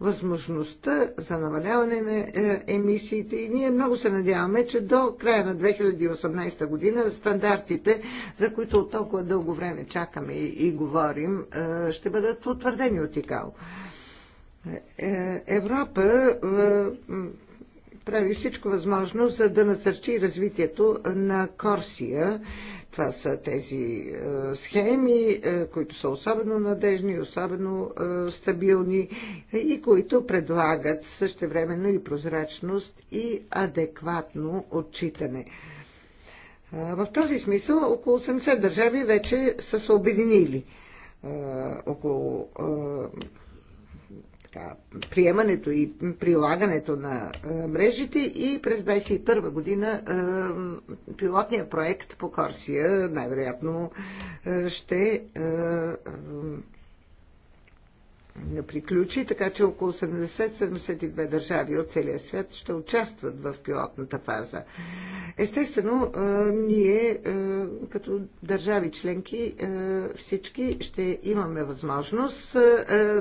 възможността за намаляване на е, емисиите и ние много се надяваме, че до края на 2018 година стандартите, за които от толкова дълго време чакаме и, и говорим, ще бъдат утвърдени от ИКАО. Е, Европа прави всичко възможно, за да насърчи развитието на Корсия. Това са тези е, схеми, е, които са особено надежни, особено е, стабилни и които предлагат същевременно и прозрачност и адекватно отчитане. Е, в този смисъл около 80 държави вече са се обединили е, около е, така, приемането и прилагането на е, мрежите и през 2021 година е, пилотният проект по Корсия най-вероятно е, ще приключи, така че около 80 72 държави от целия свят ще участват в пилотната фаза. Естествено, ние като държави членки всички ще имаме възможност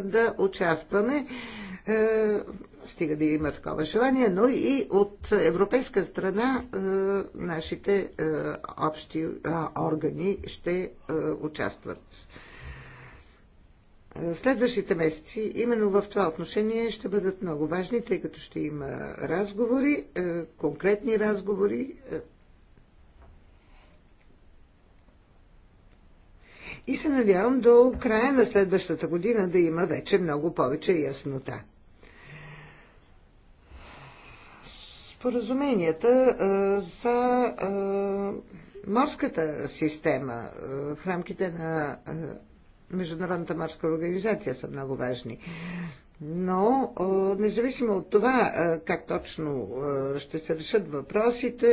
да участваме стига да има такова желание, но и от европейска страна нашите общи органи ще участват. Следващите месеци, именно в това отношение, ще бъдат много важни, тъй като ще има разговори, е, конкретни разговори. Е. И се надявам до края на следващата година да има вече много повече яснота. Споразуменията е, за морската система в рамките на Международната морска организация са много важни. Но, независимо от това, как точно ще се решат въпросите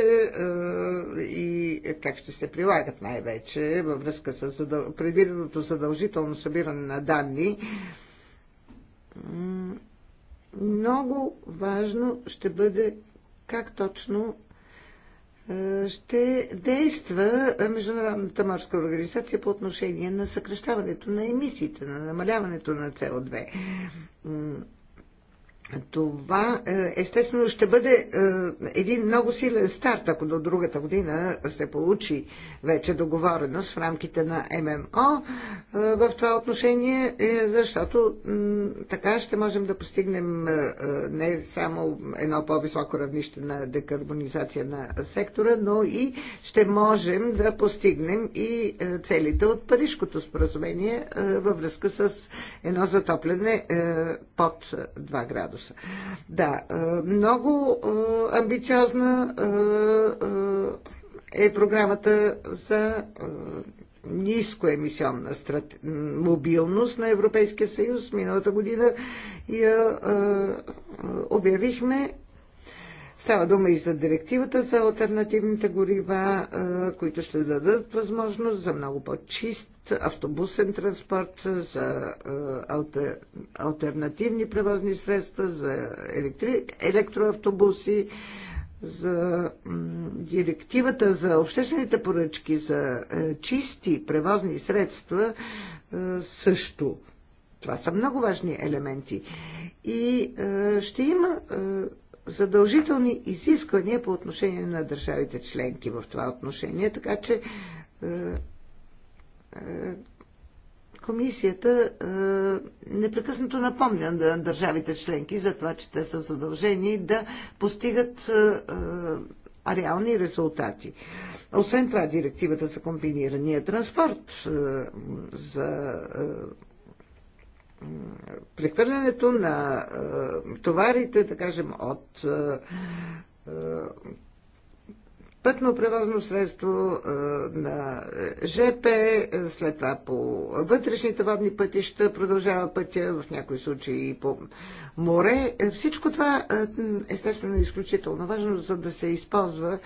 и как ще се прилагат най-вече във връзка с предвиденото задължително събиране на данни, много важно ще бъде как точно е, ще действа Международната морска организация по отношение на съкрещаването на емисиите, на намаляването на СО2 това е, естествено ще бъде е, един много силен старт, ако до другата година се получи вече договореност в рамките на ММО е, в това отношение, защото така ще можем да постигнем не само едно по-високо равнище на декарбонизация на сектора, но и ще можем да постигнем и целите от Парижкото споразумение във връзка с едно затопляне под 2 града градуса. Да, много амбициозна е програмата за нискоемисионна страт... мобилност на Европейския съюз. Миналата година я е, обявихме Става дума и за директивата за альтернативните горива, които ще дадат възможност за много по-чист автобусен транспорт, за альтернативни превозни средства, за електри... електроавтобуси, за директивата за обществените поръчки, за чисти превозни средства също. Това са много важни елементи. И ще има задължителни изисквания по отношение на държавите членки в това отношение, така че е, е, комисията е, непрекъснато напомня на държавите членки за това, че те са задължени да постигат реални резултати. Освен това, директивата за комбинирания транспорт, за прехвърлянето на е, товарите, да кажем, от е, е, пътно превозно средство на ЖП, след това по вътрешните водни пътища, продължава пътя, в някои случаи и по море. Всичко това естествено е изключително важно, за да се използва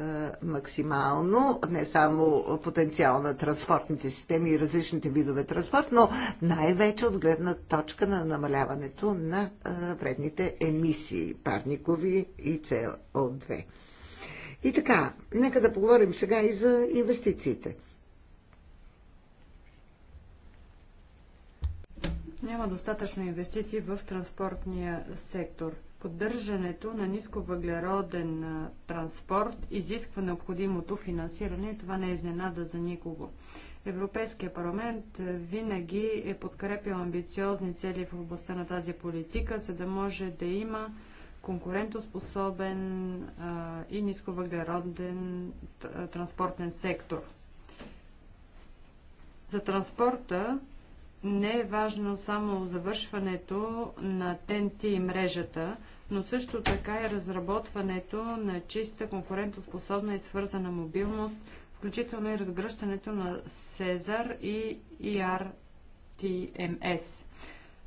е, максимално не само потенциал на транспортните системи и различните видове транспорт, но най-вече от гледна точка на намаляването на е, вредните емисии, парникови и CO2. И така, нека да поговорим сега и за инвестициите. Няма достатъчно инвестиции в транспортния сектор – Поддържането на нисковъглероден транспорт изисква необходимото финансиране и това не е изненада за никого. Европейския парламент винаги е подкрепил амбициозни цели в областта на тази политика, за да може да има конкурентоспособен а, и нисковъглероден транспортен сектор. За транспорта не е важно само завършването на ТНТ и мрежата, но също така и е разработването на чиста, конкурентоспособна и свързана мобилност, включително и разгръщането на Сезар и ERTMS.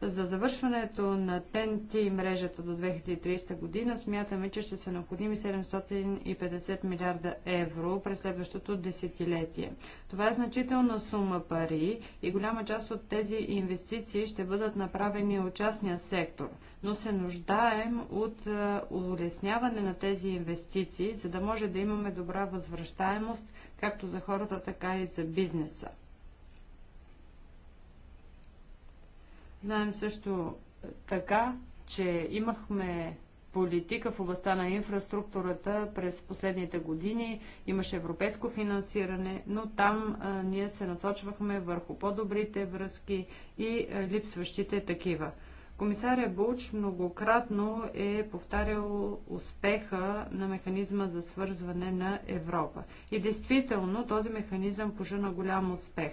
За завършването на ТНТ мрежата до 2030 година смятаме, че ще са необходими 750 милиарда евро през следващото десетилетие. Това е значителна сума пари и голяма част от тези инвестиции ще бъдат направени от частния сектор – но се нуждаем от е, улесняване на тези инвестиции, за да може да имаме добра възвръщаемост, както за хората, така и за бизнеса. Знаем също е, така, че имахме политика в областта на инфраструктурата през последните години. Имаше европейско финансиране, но там а, е, ние се насочвахме върху по-добрите връзки и а, липсващите такива. Комисаря Буч многократно е повтарял успеха на механизма за свързване на Европа. И действително този механизъм пожена голям успех.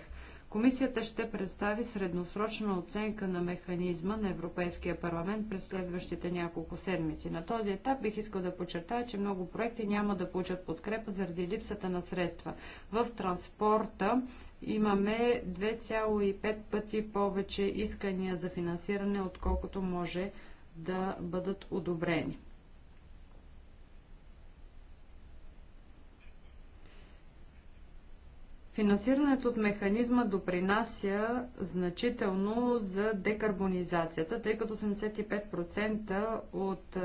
Комисията ще представи средносрочна оценка на механизма на Европейския парламент през следващите няколко седмици. На този етап бих искал да подчертая, че много проекти няма да получат подкрепа заради липсата на средства. В транспорта имаме 2,5 пъти повече искания за финансиране, отколкото може да бъдат одобрени. Финансирането от механизма допринася значително за декарбонизацията, тъй като 85% от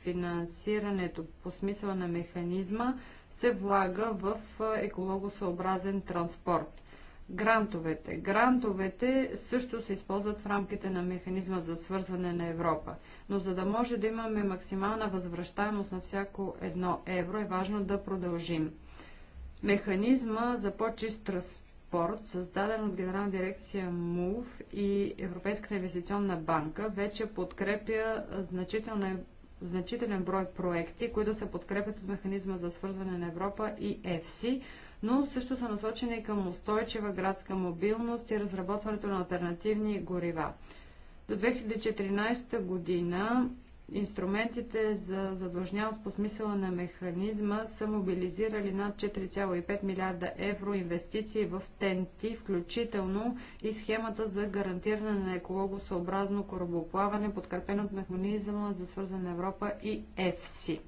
финансирането по смисъла на механизма се влага в екологосъобразен транспорт. Грантовете. Грантовете също се използват в рамките на механизма за свързване на Европа. Но за да може да имаме максимална възвръщаемост на всяко едно евро, е важно да продължим. Механизма за по-чист транспорт, създаден от Генерална дирекция МУВ и Европейската инвестиционна банка, вече подкрепя значителна значителен брой проекти, които се подкрепят от механизма за свързване на Европа и ЕФСИ, но също са насочени към устойчива градска мобилност и разработването на альтернативни горива. До 2014 година Инструментите за задлъжнялост по смисъла на механизма са мобилизирали над 4,5 милиарда евро инвестиции в ТЕНТИ, включително и схемата за гарантиране на екологосъобразно корабоплаване, подкрепен от механизма за свързана Европа и ЕФСИ.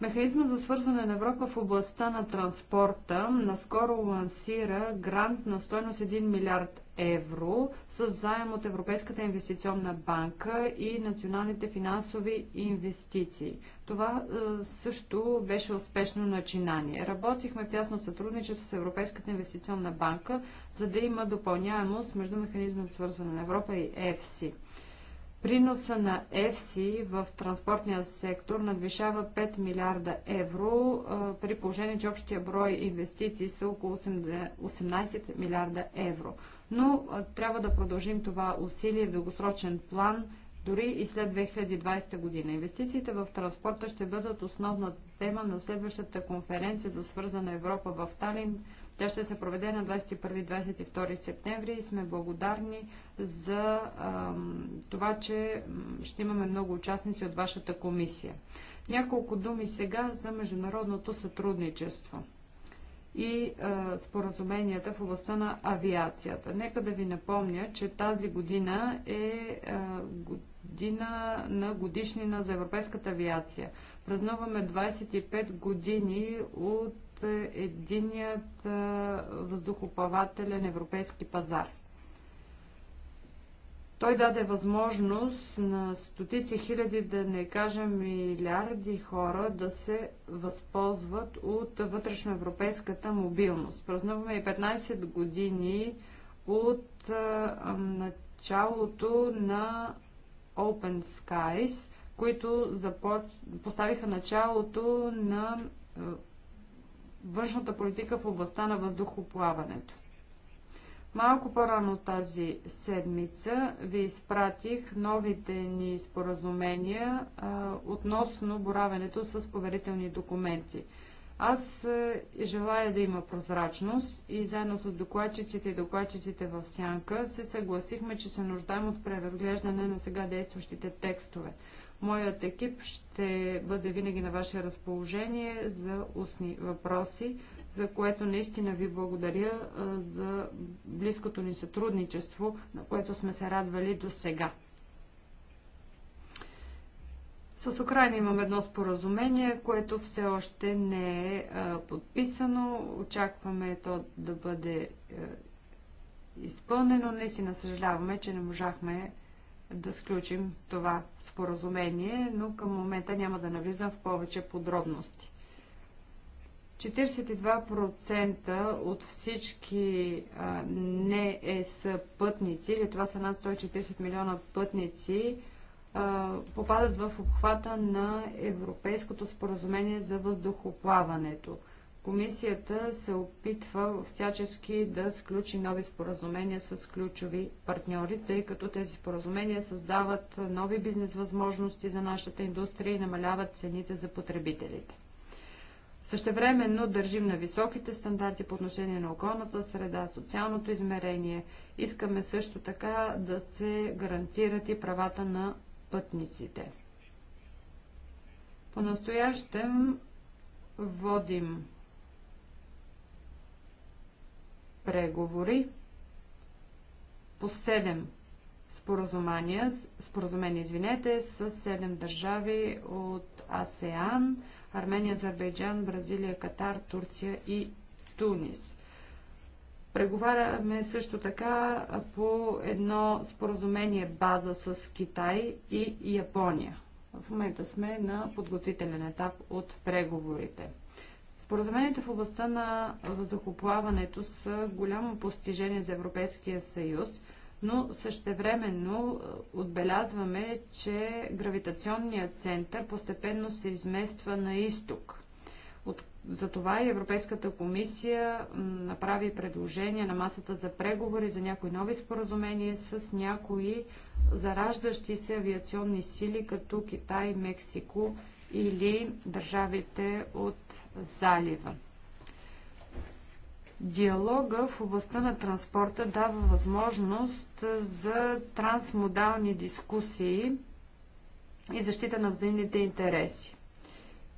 Механизма за свързване на Европа в областта на транспорта наскоро лансира грант на стойност 1 милиард евро с заем от Европейската инвестиционна банка и националните финансови инвестиции. Това е, също беше успешно начинание. Работихме в тясно сътрудничество с Европейската инвестиционна банка, за да има допълняемост между механизма за свързване на Европа и ЕФСИ. Приноса на ЕФСИ в транспортния сектор надвишава 5 милиарда евро, при положение, че общия брой инвестиции са около 18 милиарда евро. Но трябва да продължим това усилие в дългосрочен план, дори и след 2020 година. Инвестициите в транспорта ще бъдат основна тема на следващата конференция за свързана Европа в Талин тя ще се проведе на 21-22 септември и сме благодарни за а, това, че ще имаме много участници от вашата комисия. Няколко думи сега за международното сътрудничество и а, споразуменията в областта на авиацията. Нека да ви напомня, че тази година е а, година на годишнина за европейската авиация. Празнуваме 25 години от е единият въздухоплавателен европейски пазар. Той даде възможност на стотици хиляди, да не кажем милиарди хора, да се възползват от вътрешноевропейската мобилност. Празнуваме и 15 години от началото на Open Skies, които поставиха началото на външната политика в областта на въздухоплаването. Малко по-рано тази седмица ви изпратих новите ни споразумения а, относно боравенето с поверителни документи. Аз е, желая да има прозрачност и заедно с докладчиците и докладчиците в Сянка се съгласихме, че се нуждаем от преразглеждане на сега действащите текстове. Моят екип ще бъде винаги на ваше разположение за устни въпроси, за което наистина ви благодаря за близкото ни сътрудничество, на което сме се радвали до сега. С Украина имам едно споразумение, което все още не е подписано. Очакваме то да бъде е, изпълнено. Не си насъжаляваме, че не можахме да сключим това споразумение, но към момента няма да навлизам в повече подробности. 42% от всички а, не ЕС пътници, или това са над 140 милиона пътници, а, попадат в обхвата на Европейското споразумение за въздухоплаването. Комисията се опитва всячески да сключи нови споразумения с ключови партньори, тъй като тези споразумения създават нови бизнес възможности за нашата индустрия и намаляват цените за потребителите. Същевременно държим на високите стандарти по отношение на околната среда, социалното измерение. Искаме също така да се гарантират и правата на пътниците. По-настоящем водим преговори по 7 споразумения, споразумение, извинете, с 7 държави от АСЕАН, Армения, Азербайджан, Бразилия, Катар, Турция и Тунис. Преговаряме също така по едно споразумение база с Китай и Япония. В момента сме на подготвителен етап от преговорите. Споразуменията в областта на въздухоплаването са голямо постижение за Европейския съюз, но същевременно е, отбелязваме, че гравитационният център постепенно се измества на изток. затова и Европейската комисия направи предложение на масата за преговори за някои нови споразумения с някои зараждащи се авиационни сили, като Китай, Мексико или държавите от залива. Диалога в областта на транспорта дава възможност за трансмодални дискусии и защита на взаимните интереси.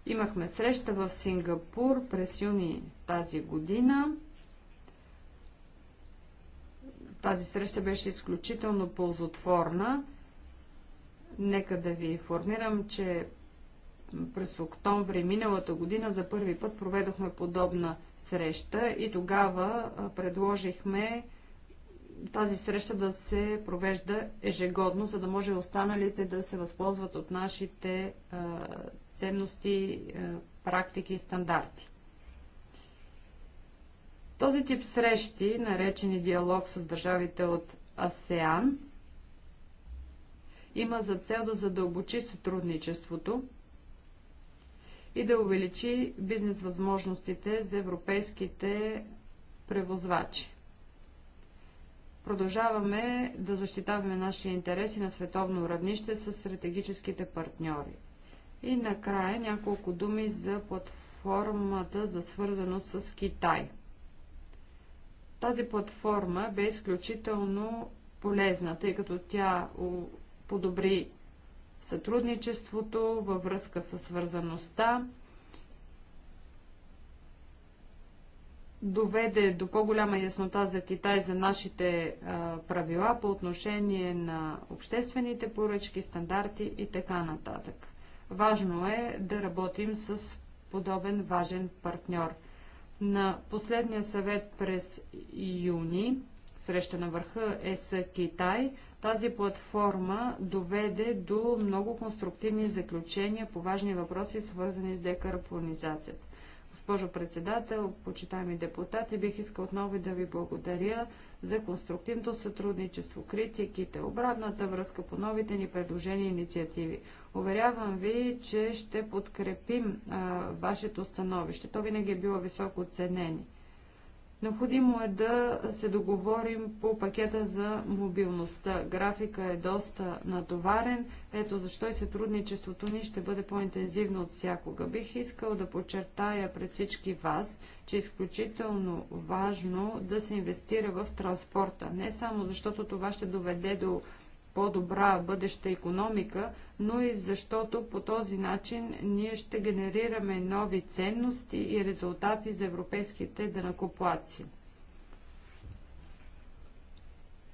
Имахме среща в Сингапур през юни тази година. Тази среща беше изключително ползотворна. Нека да ви информирам, че през октомври миналата година за първи път проведохме подобна среща и тогава предложихме тази среща да се провежда ежегодно, за да може останалите да се възползват от нашите ценности, практики и стандарти. Този тип срещи, наречени диалог с държавите от АСЕАН, има за цел да задълбочи сътрудничеството, и да увеличи бизнес възможностите за европейските превозвачи. Продължаваме да защитаваме наши интереси на световно равнище с стратегическите партньори. И накрая няколко думи за платформата за свързаност с Китай. Тази платформа бе изключително полезна, тъй като тя подобри сътрудничеството във връзка с свързаността. доведе до по-голяма яснота за Китай за нашите а, правила по отношение на обществените поръчки, стандарти и така нататък. Важно е да работим с подобен важен партньор. На последния съвет през юни, среща на върха ЕС Китай, тази платформа доведе до много конструктивни заключения по важни въпроси, свързани с декарбонизацията. Госпожо председател, почитаеми депутати, бих искал отново да ви благодаря за конструктивното сътрудничество, критиките, обратната връзка по новите ни предложения и инициативи. Уверявам ви, че ще подкрепим а, вашето становище. То винаги е било високо оценени. Необходимо е да се договорим по пакета за мобилността. Графика е доста натоварен, ето защо и сътрудничеството ни ще бъде по-интензивно от всякога. Бих искал да подчертая пред всички вас, че е изключително важно да се инвестира в транспорта. Не само защото това ще доведе до по-добра бъдеща економика, но и защото по този начин ние ще генерираме нови ценности и резултати за европейските дънакоплаци.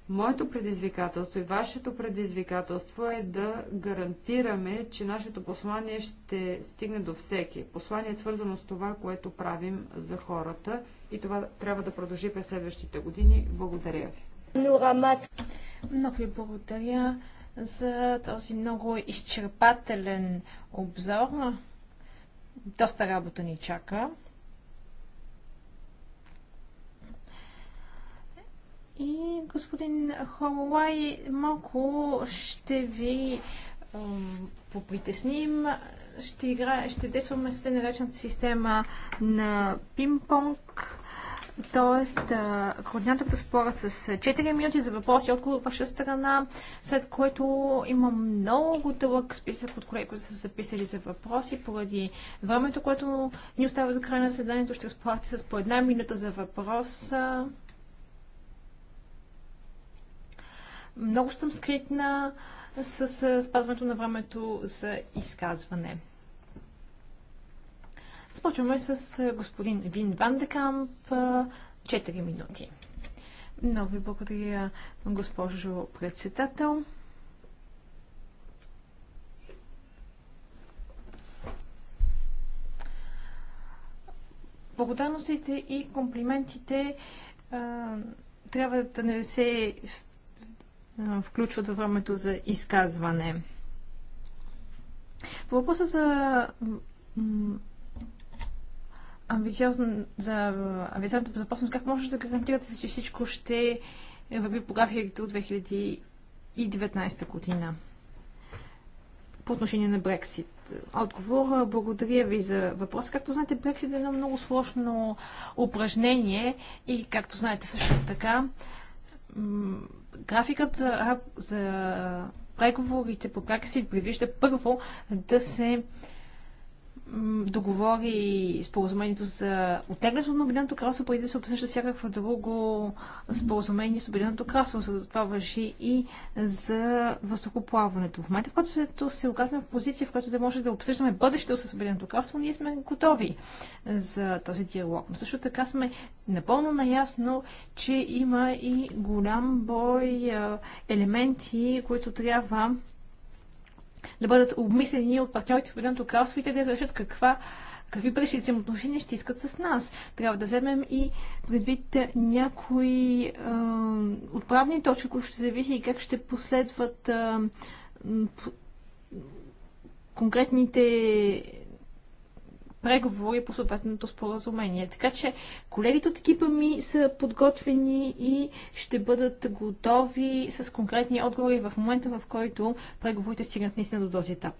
Моето предизвикателство и вашето предизвикателство е да гарантираме, че нашето послание ще стигне до всеки. Послание е свързано с това, което правим за хората и това трябва да продължи през следващите години. Благодаря ви. Много ви благодаря за този много изчерпателен обзор. Доста работа ни чака. И господин Холуай, малко ще ви попритесним. Ще, игра, ще действаме с наречената система на пинг-понг Тоест, координаторите спорят с 4 минути за въпроси от ваша страна, след което има много дълъг списък от колеги, които са записали за въпроси. Поради времето, което ни остава до края на съданието, ще разполагате с по една минута за въпрос. Много съм скритна с спазването на времето за изказване. Започваме с е, господин Вин Вандекамп. Е, четири минути. Много ви благодаря, госпожо председател. благодарностите и комплиментите а, е, трябва да не се включват във времето за изказване. По въпроса за амбициозна, за амбициозната безопасност, как може да гарантирате, че всичко ще върви по графиките от 2019 година? По отношение на Брексит. Отговор, благодаря ви за въпроса. Както знаете, Брексит е едно много сложно упражнение и както знаете също така, графикът за, за преговорите по Брексит предвижда първо да се договори споразумението за оттеглянето на Обединеното кралство, преди да се обсъжда всякакво друго споразумение с Обединеното кралство. За това върши и за въздухоплаването. В момента, в който се оказваме в позиция, в която да може да обсъждаме бъдещето с Обединеното кралство, ние сме готови за този диалог. Но също така сме напълно наясно, че има и голям бой елементи, които трябва да бъдат обмислени от партньорите в Обединеното кралство и те да решат каква какви бъдещи взаимоотношения ще искат с нас. Трябва да вземем и предвид някои е, отправни точки, които ще зависи и как ще последват е, конкретните преговори по съответното споразумение. Така че колегите от екипа ми са подготвени и ще бъдат готови с конкретни отговори в момента, в който преговорите стигнат наистина до този етап.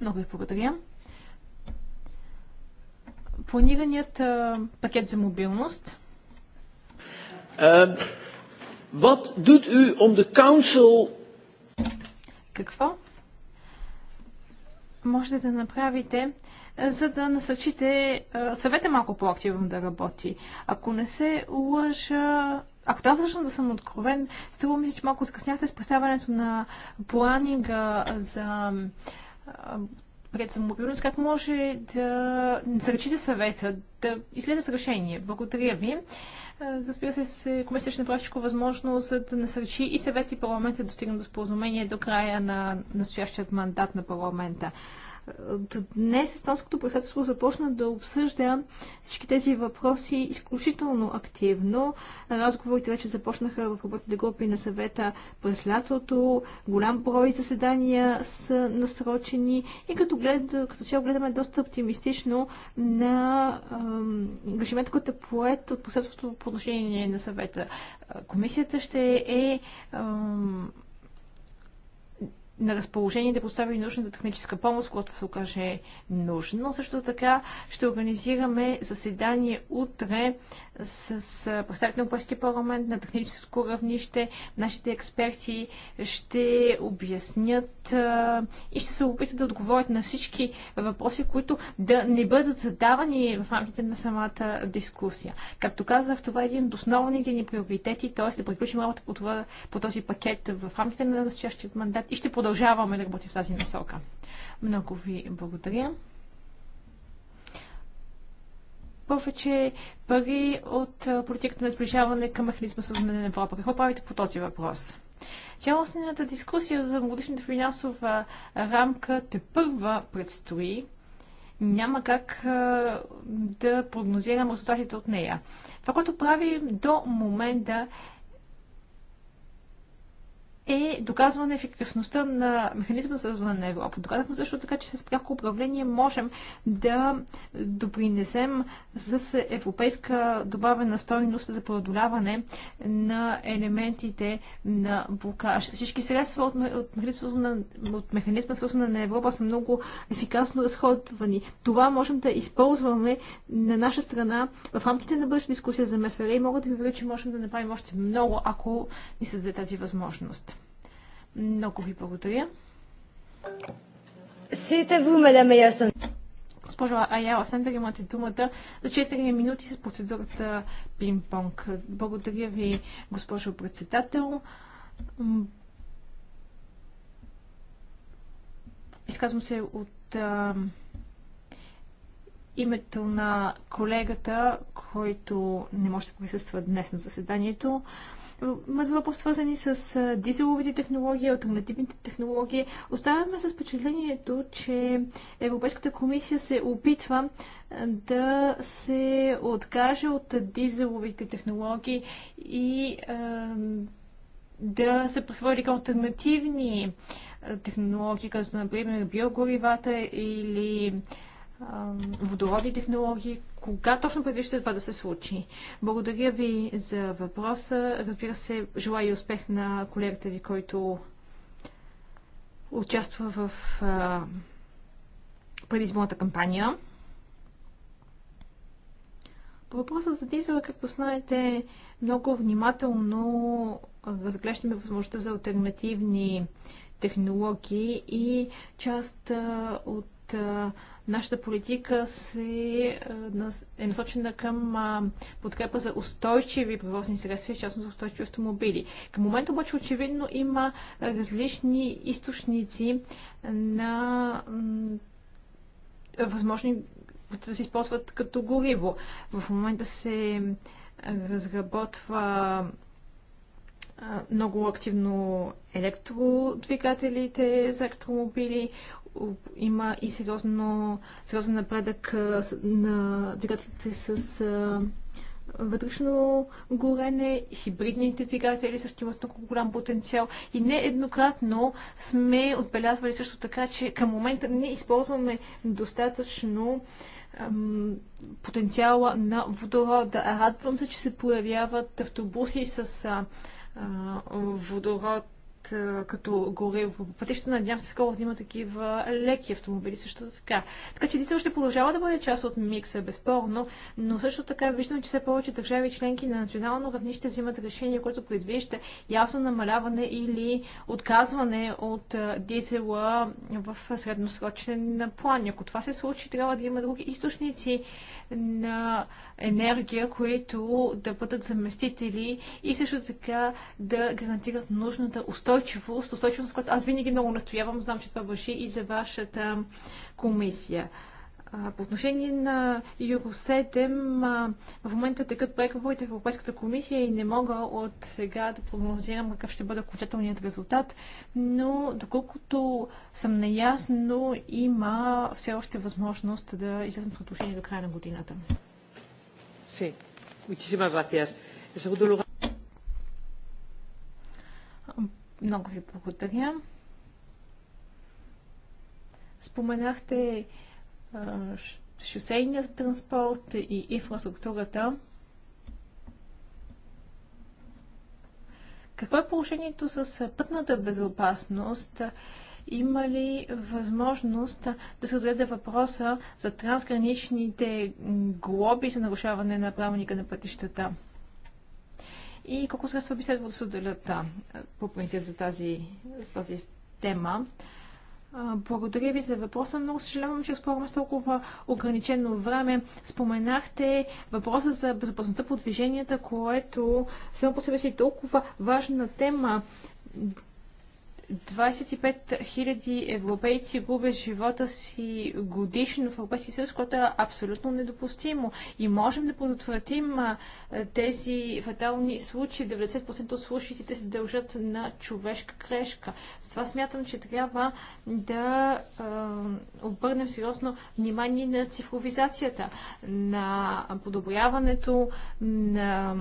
Много ви благодаря. Планираният а, пакет за мобилност. Uh, what doet u om council... Какво можете да направите, за да насърчите съвета малко по-активно да работи. Ако не се лъжа, ако трябва да, да съм откровен, струва ми се, че малко скъсняхте с представянето на планинга за пред за как може да заречите съвета, да излезе с решение. Благодаря ви. Разбира се, се комисия ще направи всичко възможно, за да насърчи и съвет и парламента да достигнат до споразумение до края на настоящият мандат на парламента. Днес естонското председателство започна да обсъжда всички тези въпроси изключително активно. Разговорите вече започнаха в работните групи на съвета през лятото. Голям брой заседания са насрочени и като, глед, като цяло гледаме доста оптимистично на ангажимент, който е поет от председателството по отношение на съвета. Комисията ще е ам, на разположение да постави нужната техническа помощ, когато се окаже нужно. Също така ще организираме заседание утре с представител на Европейския парламент на техническо равнище. Нашите експерти ще обяснят а, и ще се опитат да отговорят на всички въпроси, които да не бъдат задавани в рамките на самата дискусия. Както казах, това е един от основните ни приоритети, т.е. да приключим работа по, това, по този пакет в рамките на настоящия мандат и ще продължаваме да работим в тази насока. Много ви благодаря повече пари от политиката на сближаване към механизма с на Европа. Какво правите по този въпрос? Цялостната дискусия за годишната финансова рамка те първа предстои. Няма как да прогнозирам резултатите от нея. Това, което правим до момента е доказване ефективността на механизма за развиване на Европа. Доказахме също така, че с пряко управление можем да допринесем с европейска добавена стойност за преодоляване на елементите на блокаж. Всички средства от, от, механизма, за механизма на Европа са много ефикасно разходвани. Това можем да използваме на наша страна в рамките на бъдеща дискусия за МФР и мога да ви уверя, че можем да направим още много, ако ни се даде тази възможност. Много ви благодаря. Сите ву, мадам Ясен. Госпожо Аяла Сендър, имате думата за 4 минути с процедурата пинг-понг. Благодаря ви, госпожо председател. Изказвам се от а, името на колегата, който не може да присъства днес на заседанието. А, имат въпроси свързани с дизеловите технологии, альтернативните технологии. Оставяме с впечатлението, че Европейската комисия се опитва да се откаже от дизеловите технологии и да се прехвърли към альтернативни технологии, като например биогоривата или водородни технологии. Кога точно предвиждате това да се случи? Благодаря ви за въпроса. Разбира се, желая и успех на колегата ви, който участва в предизборната кампания. По въпроса за дизела, както знаете, много внимателно разглеждаме възможността за альтернативни технологии и част от а, Нашата политика се, е, е насочена към подкрепа за устойчиви превозни средства, частно за устойчиви автомобили. Към момента обаче очевидно има различни източници на възможни да се използват като гориво. В момента се разработва много активно електродвигателите за електромобили има и сериозно, сериозен напредък на двигателите с вътрешно горене, хибридните двигатели също имат много голям потенциал и нееднократно сме отбелязвали също така, че към момента не използваме достатъчно потенциала на водорода. Радвам се, че се появяват автобуси с водород като гориво. По пътища надявам се скоро да има такива леки автомобили също така. Така че дизел ще продължава да бъде част от микса, безспорно, но също така виждам, че все повече държави членки на национално равнище взимат решение, което предвижда ясно намаляване или отказване от дизела в средносрочен план. Ако това се случи, трябва да има други източници на енергия, които да бъдат заместители и също така да гарантират нужната устойчивост, устойчивост, която аз винаги много настоявам, знам, че това върши и за вашата комисия. По отношение на Юро 7, в момента тъкат преговорите в Европейската комисия и не мога от сега да прогнозирам какъв ще бъде окончателният резултат, но доколкото съм наясно, има все още възможност да излезем с отношение до края на годината. Muchísimas gracias. En segundo lugar... Много ви благодаря. Споменахте шосейният транспорт и инфраструктурата. Какво е положението с пътната безопасност? Има ли възможност да се разгледа въпроса за трансграничните глоби за нарушаване на правилника на пътищата? И колко средства би следвало да се отделят по принцип за тази, за тази тема? Благодаря ви за въпроса. Много съжалявам, че спорвам с толкова ограничено време. Споменахте въпроса за безопасността по движенията, което само по себе си е толкова важна тема 25 000 европейци губят живота си годишно в Европейския съюз, което е абсолютно недопустимо. И можем да предотвратим тези фатални случаи. 90% от случаите се дължат на човешка грешка. Затова смятам, че трябва да е, обърнем сериозно внимание на цифровизацията, на подобряването на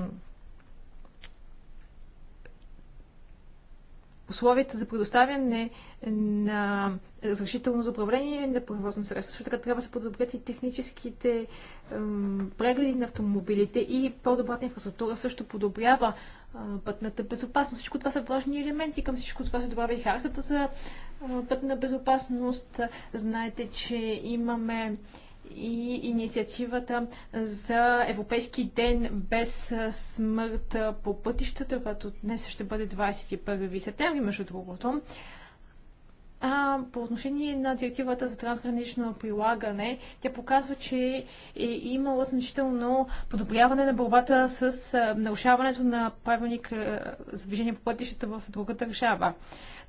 условията за предоставяне на разрешително за управление на превозно средство. Също така трябва да се подобрят и техническите прегледи на автомобилите и по-добрата инфраструктура също подобрява е, пътната безопасност. Всичко това са важни елементи. Към всичко това се добавя и хартата за е, пътна безопасност. Знаете, че имаме и инициативата за Европейски ден без смърт по пътищата, която днес ще бъде 21 септември, между другото. А, по отношение на директивата за трансгранично прилагане, тя показва, че е имало значително подобряване на борбата с нарушаването на правилник за движение по пътищата в друга държава.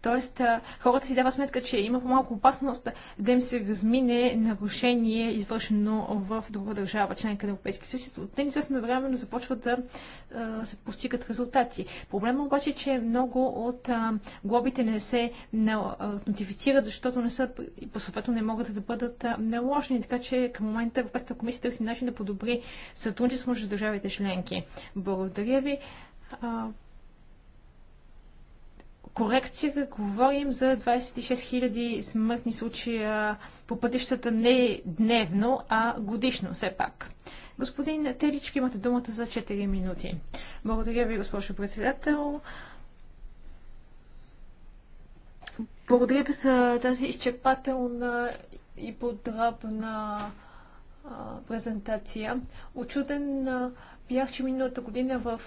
Тоест, хората си дават сметка, че има по-малко опасност да им се размине нарушение, извършено в друга държава, членка на Европейския съюз. От тези известно време започват да се постигат резултати. Проблема обаче е, че много от глобите не се нотифицират, защото не са и по съответно не могат да бъдат наложени. Така че към момента Европейската комисия търси начин да подобри сътрудничество между държавите членки. Благодаря ви корекция, говорим за 26 000 смъртни случая по пътищата не дневно, а годишно все пак. Господин Телички, имате думата за 4 минути. Благодаря ви, госпожо председател. Благодаря ви за тази изчерпателна и подробна презентация. Очуден Бях, че миналата година в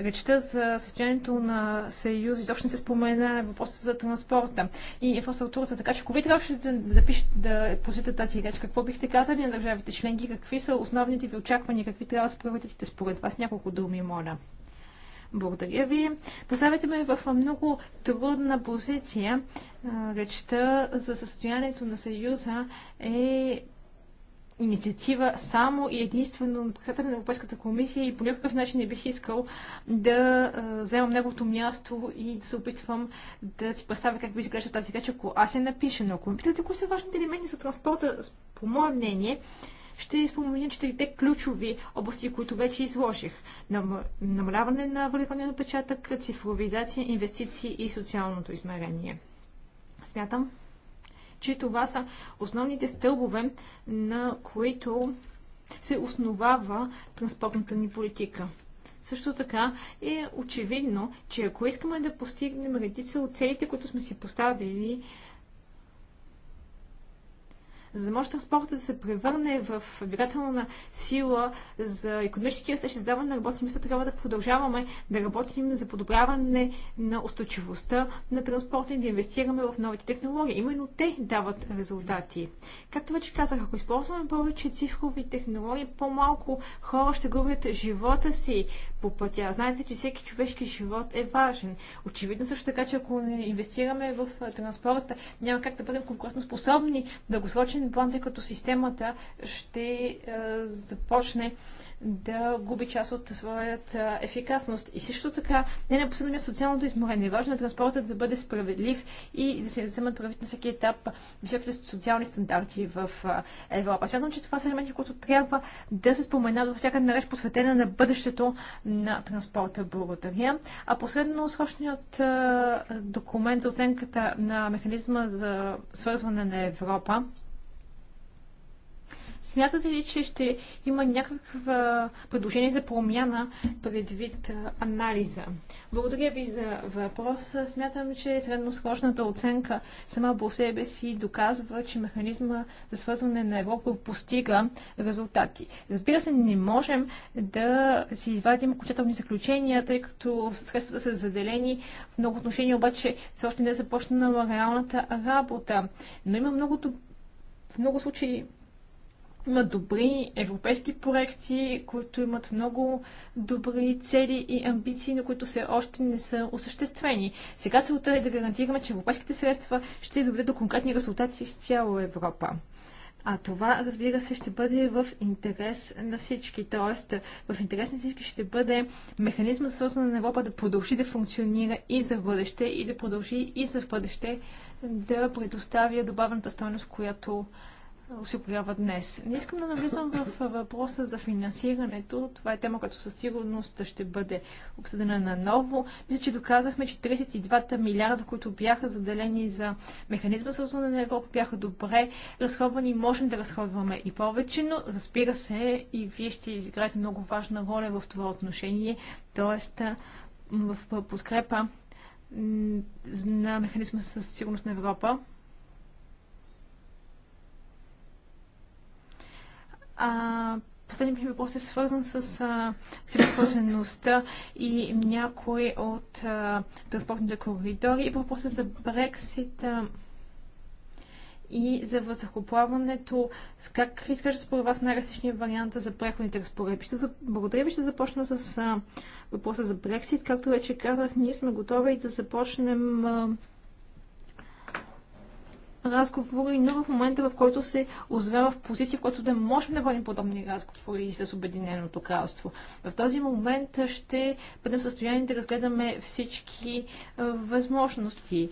речта за състоянието на Съюз изобщо не се спомена въпроса за транспорта и инфраструктурата. Така че, ако ви трябваше да, да, пишете, да позитате тази реч, какво бихте казали на държавите членки? Какви са основните ви очаквания? Какви трябва да са според вас? Няколко думи, моля. Благодаря ви. Поставяте ме в много трудна позиция. Речта за състоянието на Съюза е инициатива само и единствено на председателя на Европейската комисия и по някакъв начин не бих искал да вземам неговото място и да се опитвам да си представя как би изглежда тази реч, ако аз я напиша. Но ако ме питате кои са важните елементи за транспорта, по мое мнение, ще спомена четирите ключови области, които вече изложих. Нам... Намаляване на въглеродния напечатък, цифровизация, инвестиции и социалното измерение. Смятам, че това са основните стълбове, на които се основава транспортната ни политика. Също така е очевидно, че ако искаме да постигнем редица от целите, които сме си поставили, за да може транспорта да се превърне в двигателна сила за економическия растеж, създаване на работни места, трябва да продължаваме да работим за подобряване на устойчивостта на транспорта и да инвестираме в новите технологии. Именно те дават резултати. Както вече казах, ако използваме повече цифрови технологии, по-малко хора ще губят живота си по пътя. Знаете, че всеки човешки живот е важен. Очевидно също така, че ако не инвестираме в транспорта, няма как да бъдем конкурентоспособни го дългосрочен дългосрочен план, тъй като системата ще е, започне да губи част от своята е, ефикасност. И също така, не на последно място, социалното изморение. Важно е транспортът да бъде справедлив и да се вземат правит на всеки етап високите социални стандарти в е, Европа. Смятам, че това са елементи, които трябва да се споменат във всяка нареч, посветена на бъдещето на транспорта. Благодаря. А последно, срочният документ за оценката на механизма за свързване на Европа Смятате ли, че ще има някаква предложение за промяна предвид анализа? Благодаря ви за въпроса. Смятам, че средносрочната оценка сама по себе си доказва, че механизма за свързване на Европа постига резултати. Разбира се, не можем да си извадим окончателни заключения, тъй като средствата са заделени в много отношения, обаче все още не е започнала реалната работа. Но има многото в много случаи има добри европейски проекти, които имат много добри цели и амбиции, но които все още не са осъществени. Сега целта е да гарантираме, че европейските средства ще доведат до конкретни резултати в цяла Европа. А това, разбира се, ще бъде в интерес на всички. Тоест, в интерес на всички ще бъде механизма за свързване на Европа да продължи да функционира и за бъдеще, и да продължи и за в бъдеще да предоставя добавената стойност, която появява днес. Не искам да навлизам в въпроса за финансирането. Това е тема, която със сигурност ще бъде обсъдена наново. Мисля, че доказахме, че 32 милиарда, които бяха заделени за механизма за на Европа, бяха добре разходвани. Можем да разходваме и повече, но разбира се, и вие ще изиграете много важна роля в това отношение, т.е. в подкрепа на механизма със сигурност на Европа. А, последният ми въпрос е свързан с сериозността и някои от а, транспортните коридори. И въпроса е за Брексит и за въздухоплаването. Как изглежда според вас най-различния вариант за преходните разпоредби? Ще за... Благодаря ви, ще започна с а, въпроса за Брексит. Както вече казах, ние сме готови да започнем а, разговори, но в момента, в който се озвява в позиция, в която да можем да водим подобни разговори с Обединеното кралство. В този момент ще бъдем в състояние да разгледаме всички възможности.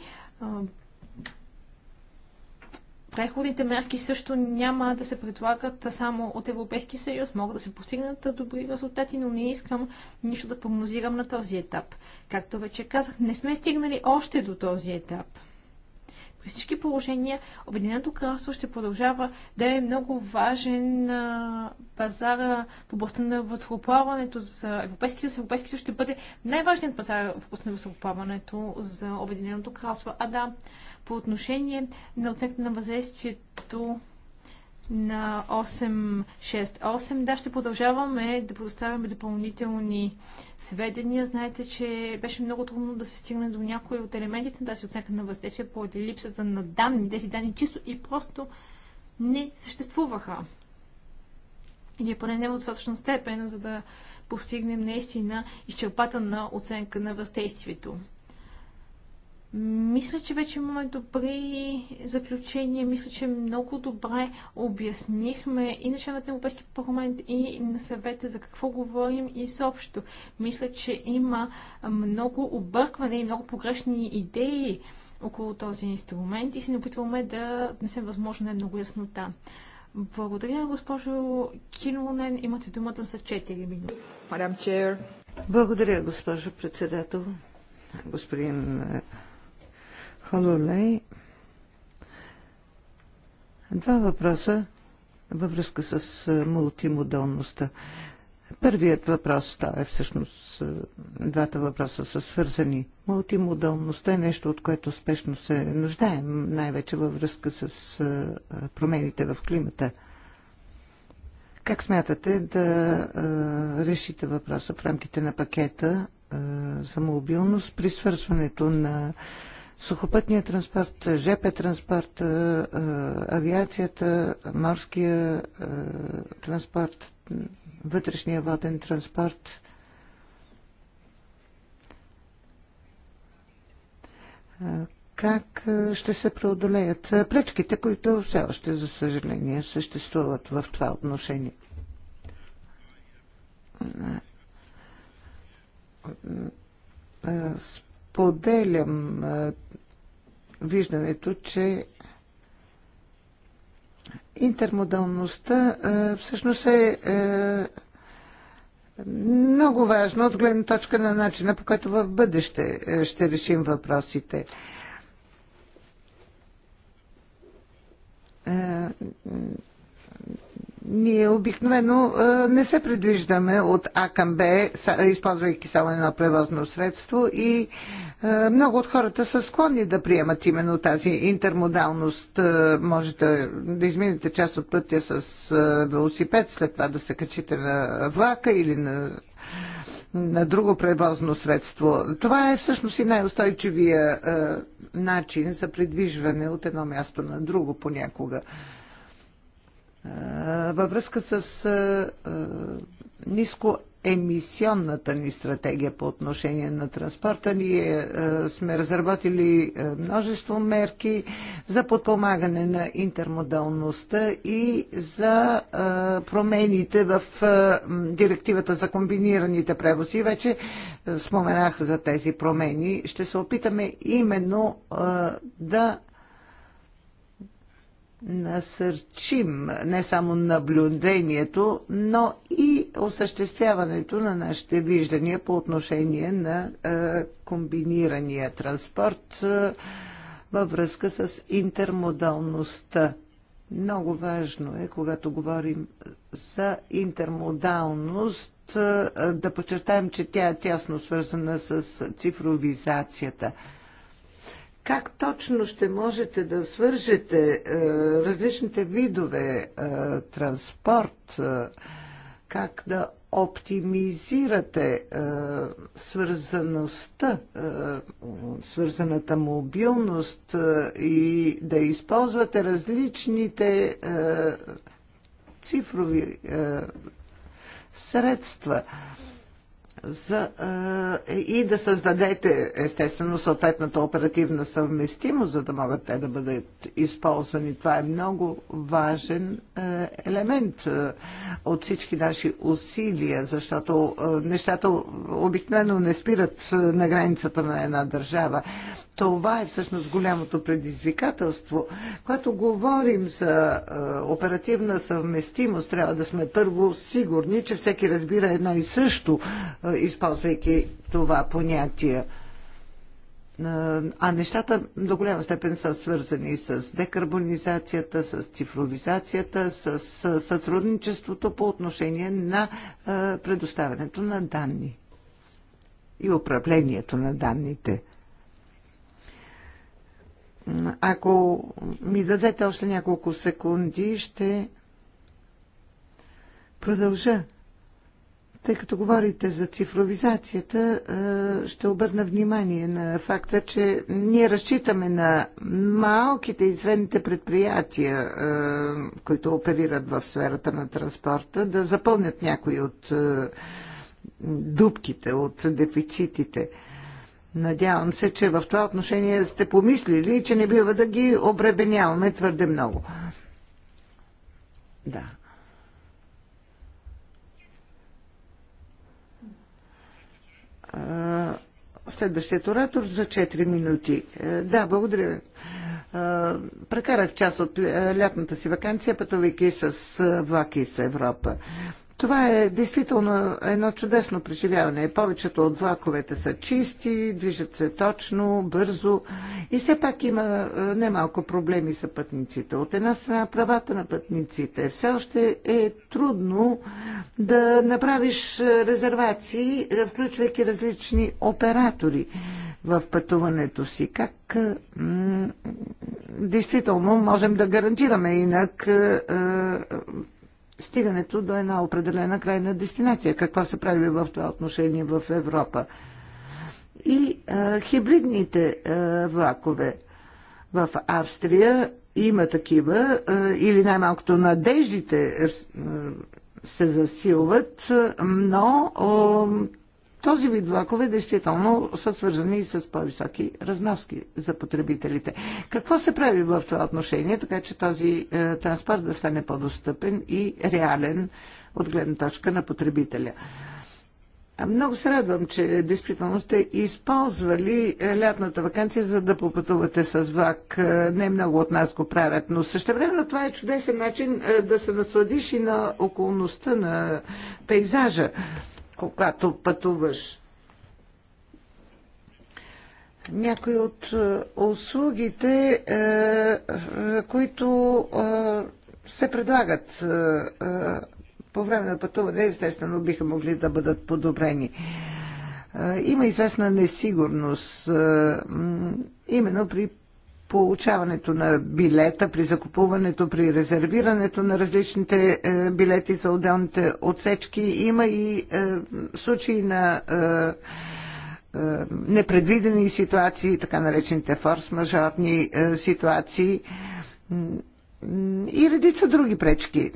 Преходните мерки също няма да се предлагат само от Европейски съюз. Могат да се постигнат добри резултати, но не искам нищо да прогнозирам на този етап. Както вече казах, не сме стигнали още до този етап. При всички положения Обединеното кралство ще продължава да е много важен пазар в областта на въздухоплаването за Европейския съюз. Европейския съюз ще бъде най-важният пазар в областта на въздухоплаването за Обединеното кралство. А да, по отношение на оценката на въздействието на 868. Да, ще продължаваме да предоставяме допълнителни сведения. Знаете, че беше много трудно да се стигне до някои от елементите на да тази оценка на въздействие поради липсата на данни. Тези данни чисто и просто не съществуваха. Или поне не в достатъчна степен, за да постигнем наистина изчерпателна оценка на въздействието. Мисля, че вече имаме добри заключения. Мисля, че много добре обяснихме и на членовете на европейски парламент, и на съвета за какво говорим изобщо. Мисля, че има много объркване и много погрешни идеи около този инструмент и се опитваме да внесем възможно най-много яснота. Благодаря, госпожо Кинолонен. Имате думата за 4 минути. Благодаря, госпожо председател. Господин Хололей. Два въпроса във връзка с мултимодалността. Първият въпрос, това е всъщност двата въпроса са свързани. Мултимодалността е нещо, от което спешно се нуждаем, най-вече във връзка с промените в климата. Как смятате да а, решите въпроса в рамките на пакета а, за мобилност при свързването на сухопътния транспорт, ЖП транспорт, е, е, авиацията, морския е, транспорт, вътрешния воден транспорт. Как ще се преодолеят пречките, които все още, за съжаление, съществуват в това отношение? С поделям виждането, че интермодалността всъщност е, е много важно от гледна точка на начина, по който в бъдеще е, ще решим въпросите. Ние обикновено не се предвиждаме от А към Б, използвайки само едно превозно средство и много от хората са склонни да приемат именно тази интермодалност. Можете да изминете част от пътя с велосипед, след това да се качите на влака или на на друго превозно средство. Това е всъщност и най-устойчивия начин за придвижване от едно място на друго понякога във връзка с нискоемисионната ни стратегия по отношение на транспорта. Ние сме разработили множество мерки за подпомагане на интермодалността и за промените в директивата за комбинираните превози. Вече споменах за тези промени. Ще се опитаме именно да насърчим не само наблюдението, но и осъществяването на нашите виждания по отношение на е, комбинирания транспорт е, във връзка с интермодалността. Много важно е, когато говорим за интермодалност, е, да подчертаем, че тя е тясно свързана с цифровизацията – как точно ще можете да свържете е, различните видове е, транспорт? Е, как да оптимизирате е, свързаността, е, свързаната мобилност е, и да използвате различните е, цифрови е, средства? Е, за, е, и да създадете естествено съответната оперативна съвместимост, за да могат те да бъдат използвани. Това е много важен е, елемент е, от всички наши усилия, защото е, нещата обикновено не спират на границата на една държава това е всъщност голямото предизвикателство. Когато говорим за е, оперативна съвместимост, трябва да сме първо сигурни, че всеки разбира едно и също, е, използвайки това понятие. Е, а нещата до голяма степен са свързани с декарбонизацията, с цифровизацията, с сътрудничеството по отношение на предоставянето на данни и управлението на данните – ако ми дадете още няколко секунди, ще продължа. Тъй като говорите за цифровизацията, ще обърна внимание на факта, че ние разчитаме на малките и средните предприятия, които оперират в сферата на транспорта, да запълнят някои от дубките, от дефицитите. Надявам се, че в това отношение сте помислили и че не бива да ги обребеняваме твърде много. Да. Следващият оратор за 4 минути. Е, да, благодаря. Е, прекарах част от е, лятната си вакансия, пътувайки с влаки с Европа. Това е действително едно чудесно преживяване. Повечето от влаковете са чисти, движат се точно, бързо и все пак има е, немалко проблеми с пътниците. От една страна правата на пътниците. Все още е трудно да направиш е, резервации, е, включвайки различни оператори в пътуването си. Как действително можем да гарантираме инак стигането до една определена крайна дестинация. Какво се прави в това отношение в Европа? И а, хибридните а, влакове в Австрия има такива, а, или най-малкото надеждите се засилват, но този вид влакове действително са свързани и с по-високи разноски за потребителите. Какво се прави в това отношение, така че този е, транспорт да стане по-достъпен и реален от гледна точка на потребителя? Много се радвам, че действително сте използвали е, лятната вакансия, за да попътувате с влак. Е, не много от нас го правят, но време това е чудесен начин е, да се насладиш и на околността, на пейзажа когато пътуваш. Някои от е, услугите, е, е, които се предлагат по време на пътуване, естествено биха могли да бъдат подобрени. Има известна несигурност именно при получаването на билета, при закупуването, при резервирането на различните е, билети за отделните отсечки. Има и е, случаи на е, непредвидени ситуации, така наречените форс-мажорни ситуации и редица други пречки.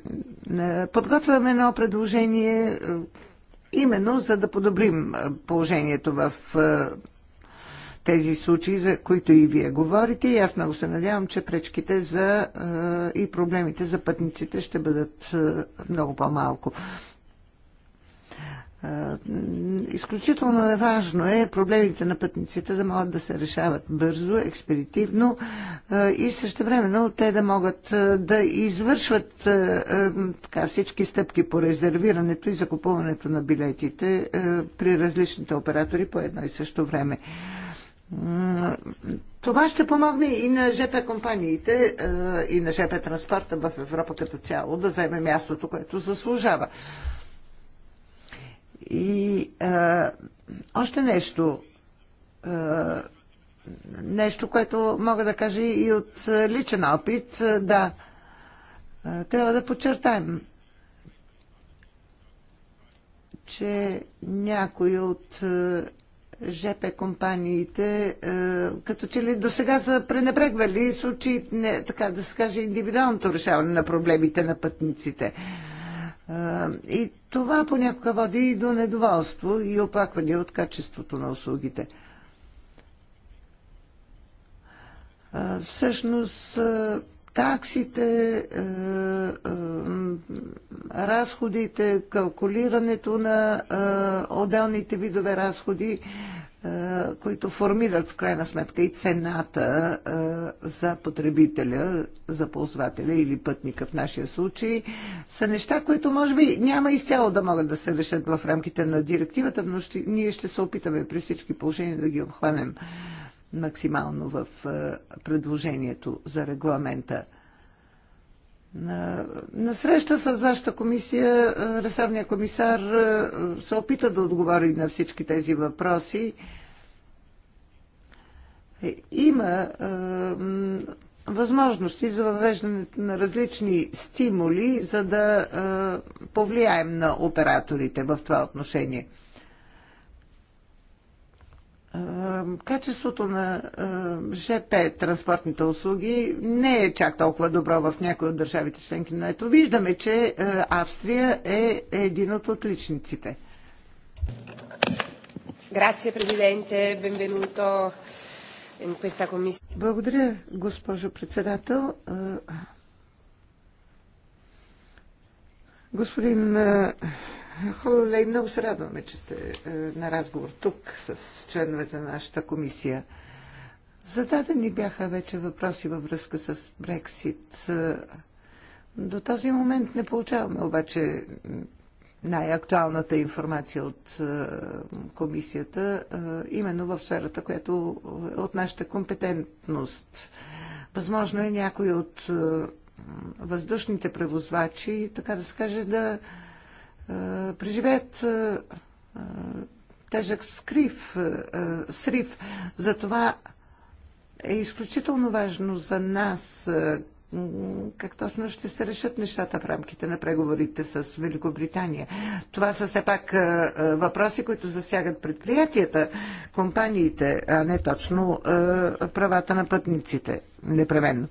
Подготвяме едно предложение именно за да подобрим положението в тези случаи, за които и вие говорите. И аз много се надявам, че пречките за, е, и проблемите за пътниците ще бъдат е, много по-малко. Е, изключително е важно е проблемите на пътниците да могат да се решават бързо, експедитивно и същевременно те да могат да извършват така, всички стъпки по резервирането и закупуването на билетите при различните оператори по едно и също време. Това ще помогне и на ЖП компаниите, е, и на ЖП транспорта в Европа като цяло да вземе мястото, което заслужава. И а, е, още нещо. А, е, нещо, което мога да кажа и от личен опит. Да, трябва да подчертаем, че някои от ЖП компаниите е, като че ли до сега са пренебрегвали случаи, не, така да се каже, индивидуалното решаване на проблемите на пътниците. Е, и това понякога води и до недоволство и оплакване от качеството на услугите. Е, всъщност таксите, е, е, разходите, калкулирането на е, отделните видове разходи, които формират в крайна сметка и цената за потребителя, за ползвателя или пътника в нашия случай, са неща, които може би няма изцяло да могат да се решат в рамките на директивата, но ще, ние ще се опитаме при всички положения да ги обхванем максимално в предложението за регламента. На, на среща с вашата комисия ресърния комисар се опита да отговори на всички тези въпроси. Е, има е, възможности за въвеждането на различни стимули, за да е, повлияем на операторите в това отношение качеството на ЖП транспортните услуги не е чак толкова добро в някои от държавите членки, но ето виждаме, че Австрия е един от отличниците. Grazie Presidente, benvenuto in questa commissione. Благодаря, госпожо председател. Господин Хололей, много се радваме, че сте е, на разговор тук с членовете на нашата комисия. Зададени бяха вече въпроси във връзка с Брексит. Е, до този момент не получаваме обаче най-актуалната информация от е, комисията, именно в сферата, която е от нашата компетентност. Възможно е някой от въздушните превозвачи, така да се каже, да е, преживеят е, е, тежък скрив, срив. Затова е изключително важно за нас как точно ще се решат нещата в рамките на преговорите с Великобритания. Това са все пак въпроси, които засягат предприятията, компаниите, а не точно правата на пътниците непременно.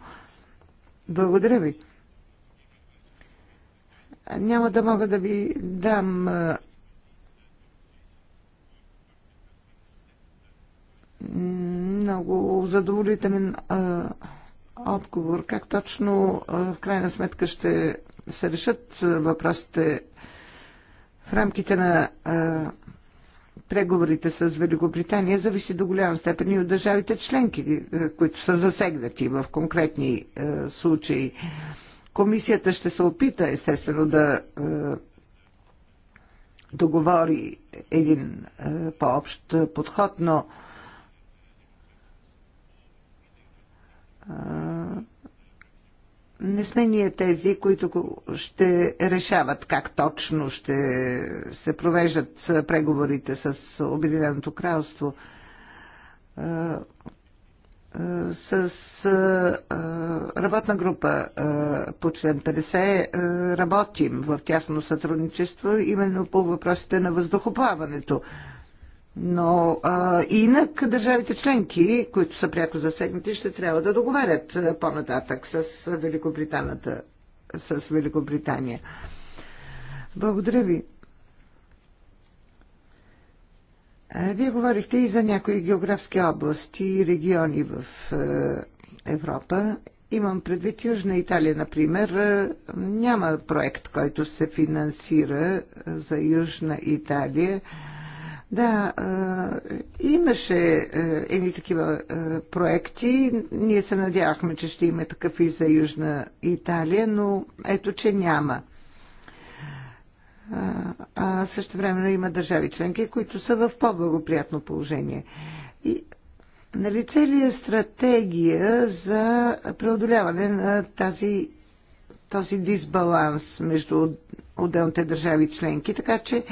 Благодаря ви. Няма да мога да ви дам много задоволителен а, отговор. Как точно а, в крайна сметка ще се решат въпросите в рамките на а, преговорите с Великобритания, зависи до голяма степен и от държавите членки, които са засегнати в конкретни а, случаи. А, Комисията ще се опита, естествено, да е, договори един е, по-общ подход, но е, не сме ние тези, които ще решават как точно ще се провеждат преговорите с Обединеното кралство с работна група по член 50 работим в тясно сътрудничество именно по въпросите на въздухоплаването. Но а, инак държавите членки, които са пряко засегнати, ще трябва да договарят по-нататък с С Великобритания. Благодаря ви. Вие говорихте и за някои географски области и региони в Европа. Имам предвид Южна Италия, например. Няма проект, който се финансира за Южна Италия. Да, имаше едни такива проекти. Ние се надявахме, че ще има такъв и за Южна Италия, но ето, че няма а също време има държави членки, които са в по-благоприятно положение. И лице ли е стратегия за преодоляване на тази, този дисбаланс между отделните държави членки, така че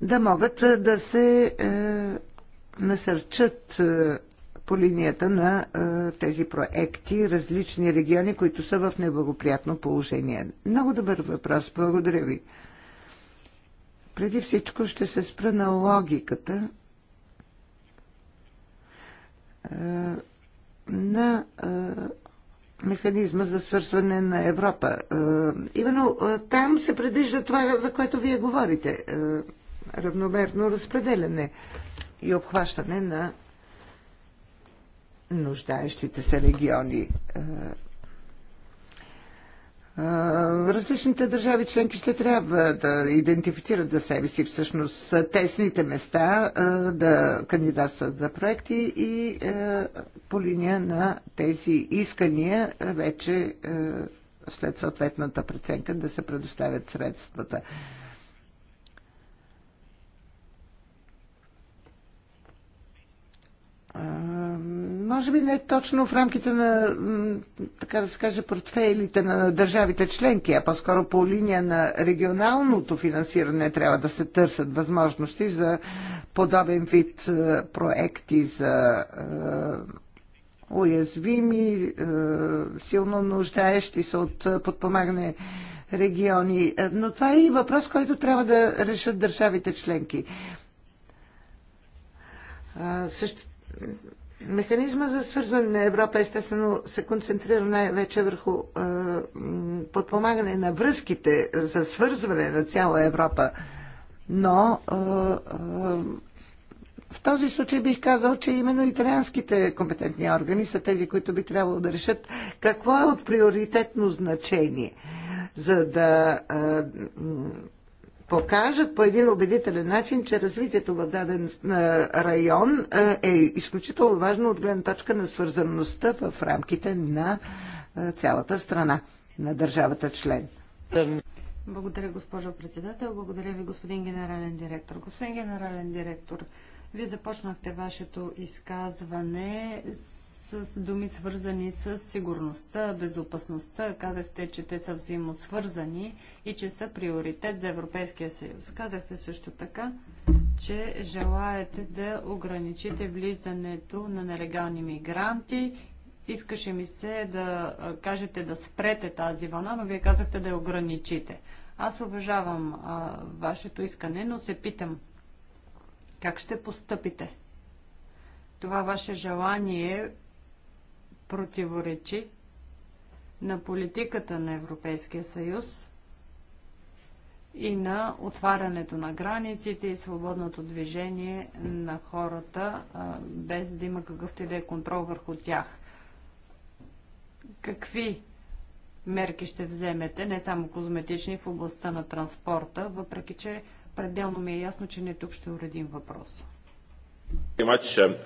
да могат да се е, насърчат е, по линията на тези проекти различни региони, които са в неблагоприятно положение? Много добър въпрос. Благодаря ви. Преди всичко ще се спра на логиката на механизма за свързване на Европа. Именно там се предвижда това, за което вие говорите. Равномерно разпределяне и обхващане на нуждаещите се региони. Е, е, различните държави членки ще трябва да идентифицират за себе си всъщност тесните места, е, да кандидатстват за проекти и по линия на тези искания вече след съответната преценка да се предоставят средствата. може би не точно в рамките на, така да се каже, портфейлите на държавите членки, а по-скоро по линия на регионалното финансиране трябва да се търсят възможности за подобен вид проекти за уязвими, силно нуждаещи се от подпомагане региони. Но това е и въпрос, който трябва да решат държавите членки. Също Механизма за свързване на Европа естествено се концентрира най-вече върху е, подпомагане на връзките за свързване на цяла Европа. Но е, е, в този случай бих казал, че именно италианските компетентни органи са тези, които би трябвало да решат какво е от приоритетно значение, за да е, покажат по един убедителен начин, че развитието в даден район е, е изключително важно от гледна точка на свързаността в рамките на е, цялата страна на държавата член. Благодаря, госпожо председател. Благодаря ви, господин генерален директор. Господин генерален директор, вие започнахте вашето изказване с с думи свързани с сигурността, безопасността. Казахте, че те са взаимосвързани и че са приоритет за Европейския съюз. Казахте също така, че желаете да ограничите влизането на нелегални мигранти. Искаше ми се да кажете да спрете тази вълна, но вие казахте да я ограничите. Аз уважавам а, вашето искане, но се питам как ще постъпите. Това ваше желание противоречи на политиката на Европейския съюз и на отварянето на границите и свободното движение на хората, без да има какъвто и да е контрол върху тях. Какви мерки ще вземете, не само козметични, в областта на транспорта, въпреки че пределно ми е ясно, че не тук ще уредим въпроса. Um,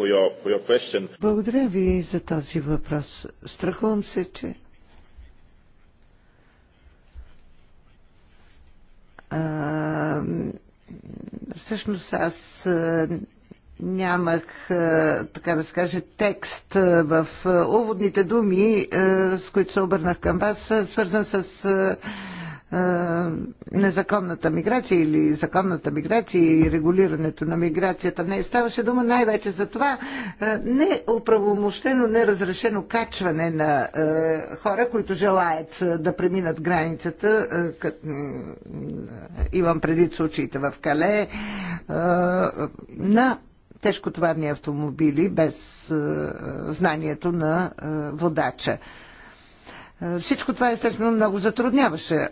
uh, Благодаря ви за този въпрос. Страхувам се, че а, всъщност аз нямах, така да се каже, текст в уводните думи, с които се обърнах към вас, свързан с е, незаконната миграция или законната миграция и регулирането на миграцията. Не ставаше дума най-вече за това е, неоправомощено, неразрешено качване на е, хора, които желаят да преминат границата. Имам предвид случаите в Кале на тежкотоварни автомобили без знанието на водача. Е, всичко това естествено много затрудняваше е,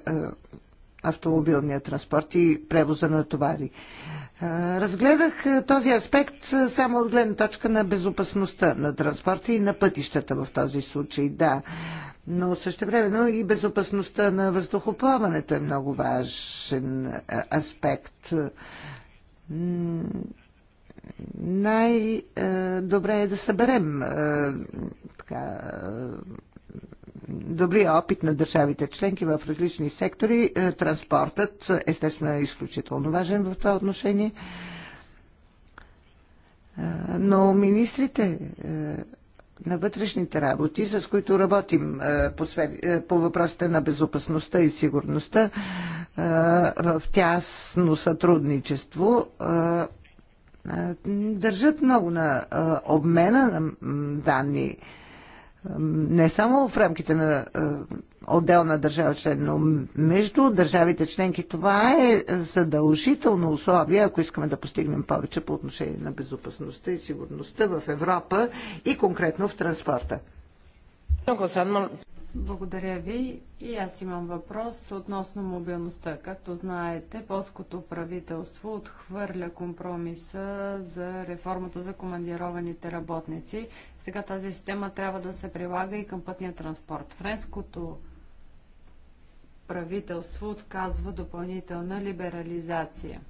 автомобилния транспорт и превоза на товари. Е, разгледах този аспект само от гледна точка на безопасността на транспорта и на пътищата в този случай, да. Но същевременно и безопасността на въздухоплаването е много важен аспект. Най-добре е да съберем така, добрия опит на държавите членки в различни сектори. Е, транспортът естествено е изключително важен в това отношение. Е, но министрите е, на вътрешните работи, с които работим по, сфер... по въпросите на безопасността и сигурността в тясно сътрудничество, държат много на обмена на данни не само в рамките на отделна държава член, но между държавите членки това е задължително условие, ако искаме да постигнем повече по отношение на безопасността и сигурността в Европа и конкретно в транспорта. Благодаря ви. И аз имам въпрос относно мобилността. Както знаете, полското правителство отхвърля компромиса за реформата за командированите работници. Сега тази система трябва да се прилага и към пътния транспорт. Френското правителство отказва допълнителна либерализация.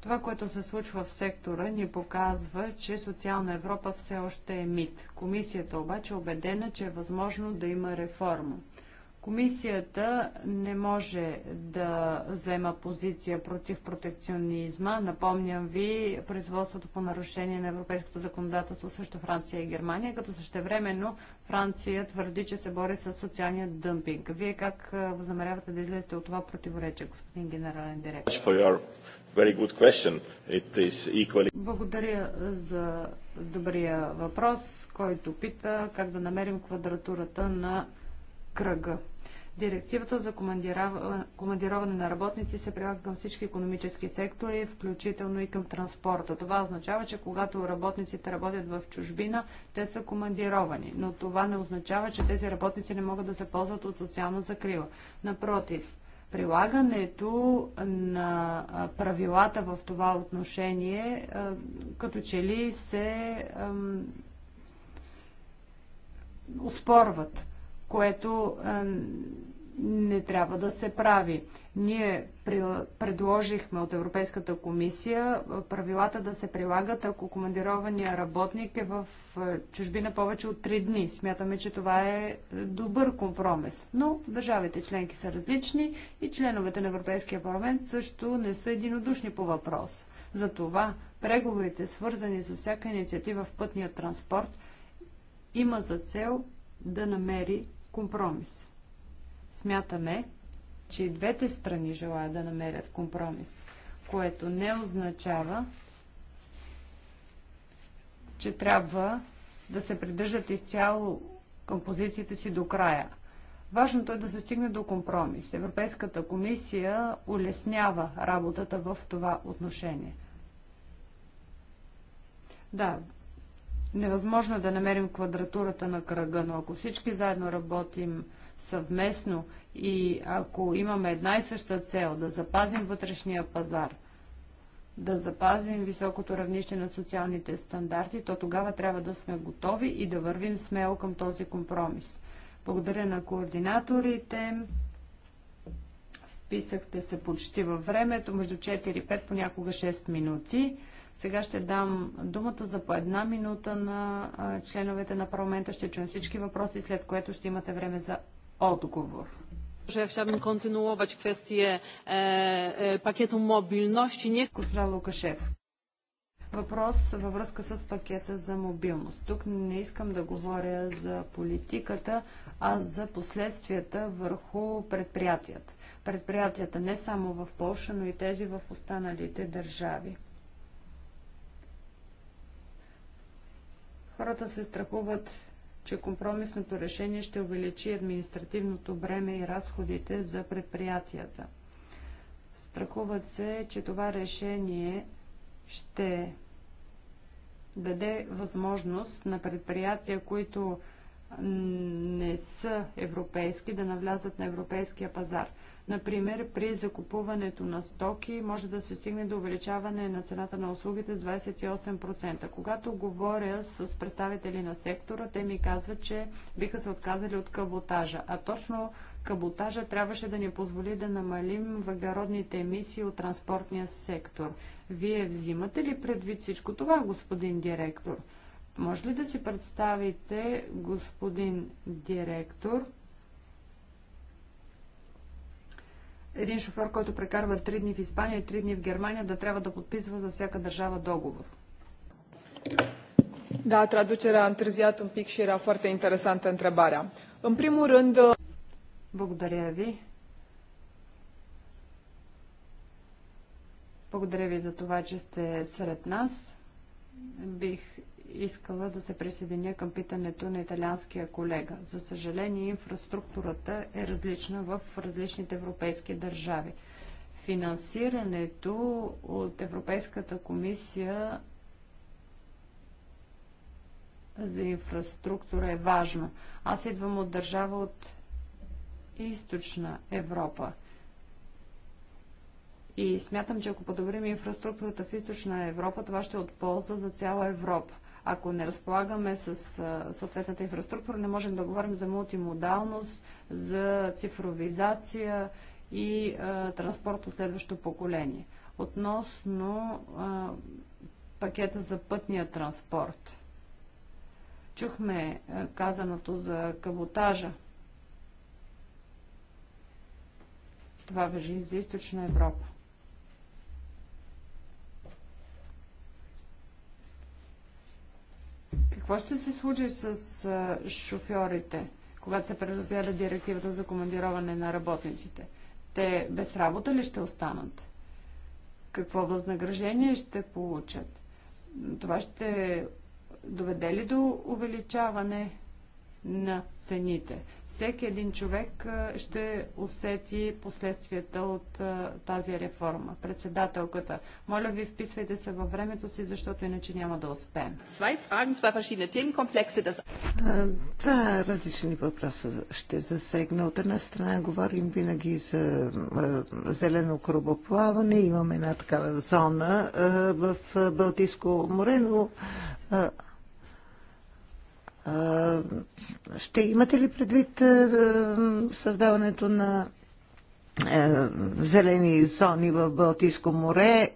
Това, което се случва в сектора, ни показва, че социална Европа все още е мит. Комисията обаче е убедена, че е възможно да има реформа. Комисията не може да взема позиция против протекционизма. Напомням ви производството по нарушение на европейското законодателство срещу Франция и Германия, като същевременно Франция твърди, че се бори с социалния дъмпинг. Вие как възнамерявате да излезете от това противоречие, господин генерален директор? Very good question. It is equally... Благодаря за добрия въпрос, който пита как да намерим квадратурата на кръга. Директивата за командироване на работници се прилага към всички економически сектори, включително и към транспорта. Това означава, че когато работниците работят в чужбина, те са командировани. Но това не означава, че тези работници не могат да се ползват от социална закрила. Напротив, прилагането на правилата в това отношение като че ли се успорват, което не трябва да се прави. Ние предложихме от Европейската комисия правилата да се прилагат, ако командирования работник е в чужбина повече от 3 дни. Смятаме, че това е, е добър компромис. Но държавите членки са различни и членовете на Европейския парламент също не са единодушни по въпрос. Затова преговорите, свързани с всяка инициатива в пътния транспорт, има за цел да намери компромис. Смятаме, че и двете страни желаят да намерят компромис, което не означава, че трябва да се придържат изцяло към позициите си до края. Важното е да се стигне до компромис. Европейската комисия улеснява работата в това отношение. Да, невъзможно е да намерим квадратурата на кръга, но ако всички заедно работим съвместно и ако имаме една и съща цел да запазим вътрешния пазар, да запазим високото равнище на социалните стандарти, то тогава трябва да сме готови и да вървим смело към този компромис. Благодаря на координаторите. Вписахте се почти във времето, между 4 и 5, понякога 6 минути. Сега ще дам думата за по една минута на членовете на парламента. Ще чуем всички въпроси, след което ще имате време за odgovor. Że ja chciałabym kontynuować kwestię e, e, pakietu mobilności. Nie... Госпожа Łukaszewska. Въпрос във връзка с пакета за мобилност. Тук не искам да говоря за политиката, а за последствията върху предприятията. Предприятията не само в Польша, но и тези в останалите държави. Хората се страхуват че компромисното решение ще увеличи административното бреме и разходите за предприятията. Страхуват се, че това решение ще даде възможност на предприятия, които не са европейски, да навлязат на европейския пазар. Например, при закупуването на стоки може да се стигне до увеличаване на цената на услугите с 28%. Когато говоря с представители на сектора, те ми казват, че биха се отказали от каботажа. А точно каботажа трябваше да ни позволи да намалим въглеродните емисии от транспортния сектор. Вие взимате ли предвид всичко това, господин директор? Може ли да си представите, господин директор, един шофьор, който прекарва 3 дни в Испания и 3 дни в Германия, да трябва да подписва за всяка държава договор. Da, traducerea a întârziat un pic și era foarte interesantă întrebarea. În primul rând... Благодаря ви. Благодаря ви за това, че сте сред нас. Бих искала да се присъединя към питането на италианския колега. За съжаление, инфраструктурата е различна в различните европейски държави. Финансирането от Европейската комисия за инфраструктура е важно. Аз идвам от държава от източна Европа. И смятам, че ако подобрим инфраструктурата в източна Европа, това ще е от полза за цяла Европа. Ако не разполагаме с съответната инфраструктура, не можем да говорим за мултимодалност, за цифровизация и а, транспорт от следващото поколение. Относно а, пакета за пътния транспорт. Чухме а, казаното за каботажа. Това въжи и за източна Европа. Какво ще се случи с шофьорите, когато се преразгледа директивата за командироване на работниците? Те без работа ли ще останат? Какво възнаграждение ще получат? Това ще доведе ли до увеличаване на цените. Всеки един човек ще усети последствията от тази реформа. Председателката, моля ви, вписвайте се във времето си, защото иначе няма да успеем. Два различни въпроса ще засегна. От една страна говорим винаги за зелено кръбоплаване. Имаме една такава зона в Балтийско море, но ще имате ли предвид създаването на зелени зони в Балтийско море,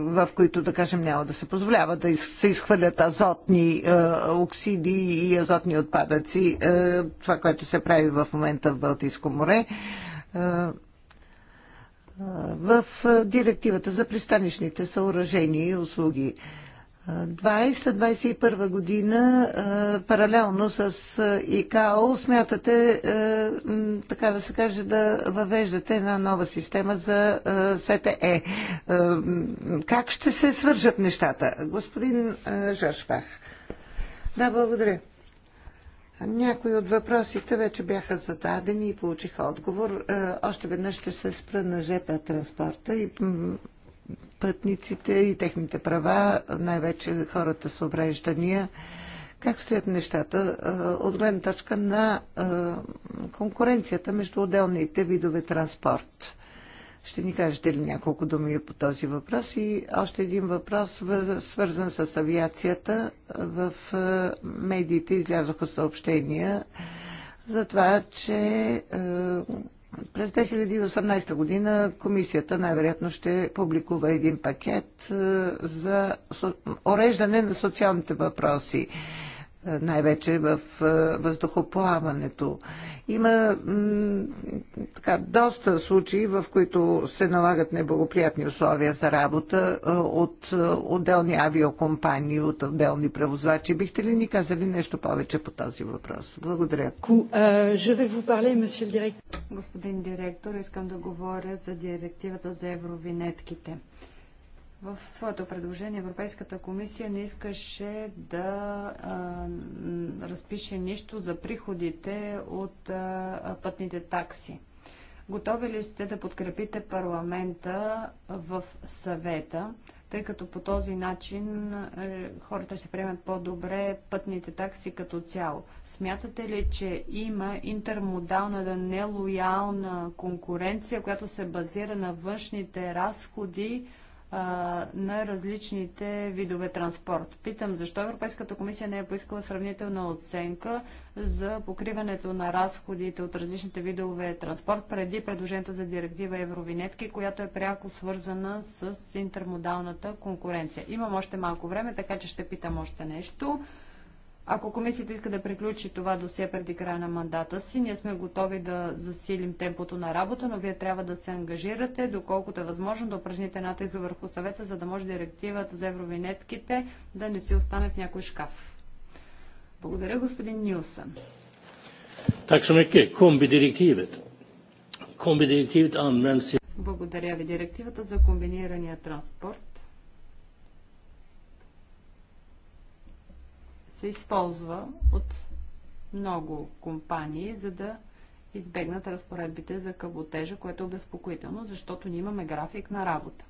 в които, да кажем, няма да се позволява да се изхвърлят азотни оксиди и азотни отпадъци, това, което се прави в момента в Балтийско море. В директивата за пристанищните съоръжения и услуги 2021 година, паралелно с ИКАО, смятате, така да се каже, да въвеждате една нова система за СТЕ. Как ще се свържат нещата? Господин Жоршбах. Да, благодаря. Някои от въпросите вече бяха зададени и получиха отговор. Още веднъж ще се спра на ЖП транспорта и пътниците и техните права, най-вече хората с обреждания. Как стоят нещата от гледна точка на конкуренцията между отделните видове транспорт? Ще ни кажете ли няколко думи по този въпрос? И още един въпрос, свързан с авиацията. В медиите излязоха съобщения за това, че през 2018 година комисията най-вероятно ще публикува един пакет е, за ореждане на социалните въпроси най-вече в въздухоплаването. Има така, доста случаи, в които се налагат неблагоприятни условия за работа от отделни авиокомпании, от отделни превозвачи. Бихте ли ни казали нещо повече по този въпрос? Благодаря. Господин директор, искам да говоря за директивата за евровинетките. В своето предложение Европейската комисия не искаше да а, разпише нищо за приходите от а, пътните такси. Готови ли сте да подкрепите парламента в съвета, тъй като по този начин е, хората ще приемат по-добре пътните такси като цяло? Смятате ли, че има интермодална да нелоялна конкуренция, която се базира на външните разходи? на различните видове транспорт. Питам, защо Европейската комисия не е поискала сравнителна оценка за покриването на разходите от различните видове транспорт преди предложението за директива Евровинетки, която е пряко свързана с интермодалната конкуренция. Имам още малко време, така че ще питам още нещо. Ако комисията иска да приключи това досие преди края на мандата си, ние сме готови да засилим темпото на работа, но вие трябва да се ангажирате, доколкото е възможно да упражните натиск върху съвета, за да може директивата за евровинетките да не си остане в някой шкаф. Благодаря, господин Нилсън. Так så mycket. Kombidirektivet. Благодаря ви. Директивата за комбинирания транспорт се използва от много компании, за да избегнат разпоредбите за каботежа, което е обезпокоително, защото ние имаме график на работа.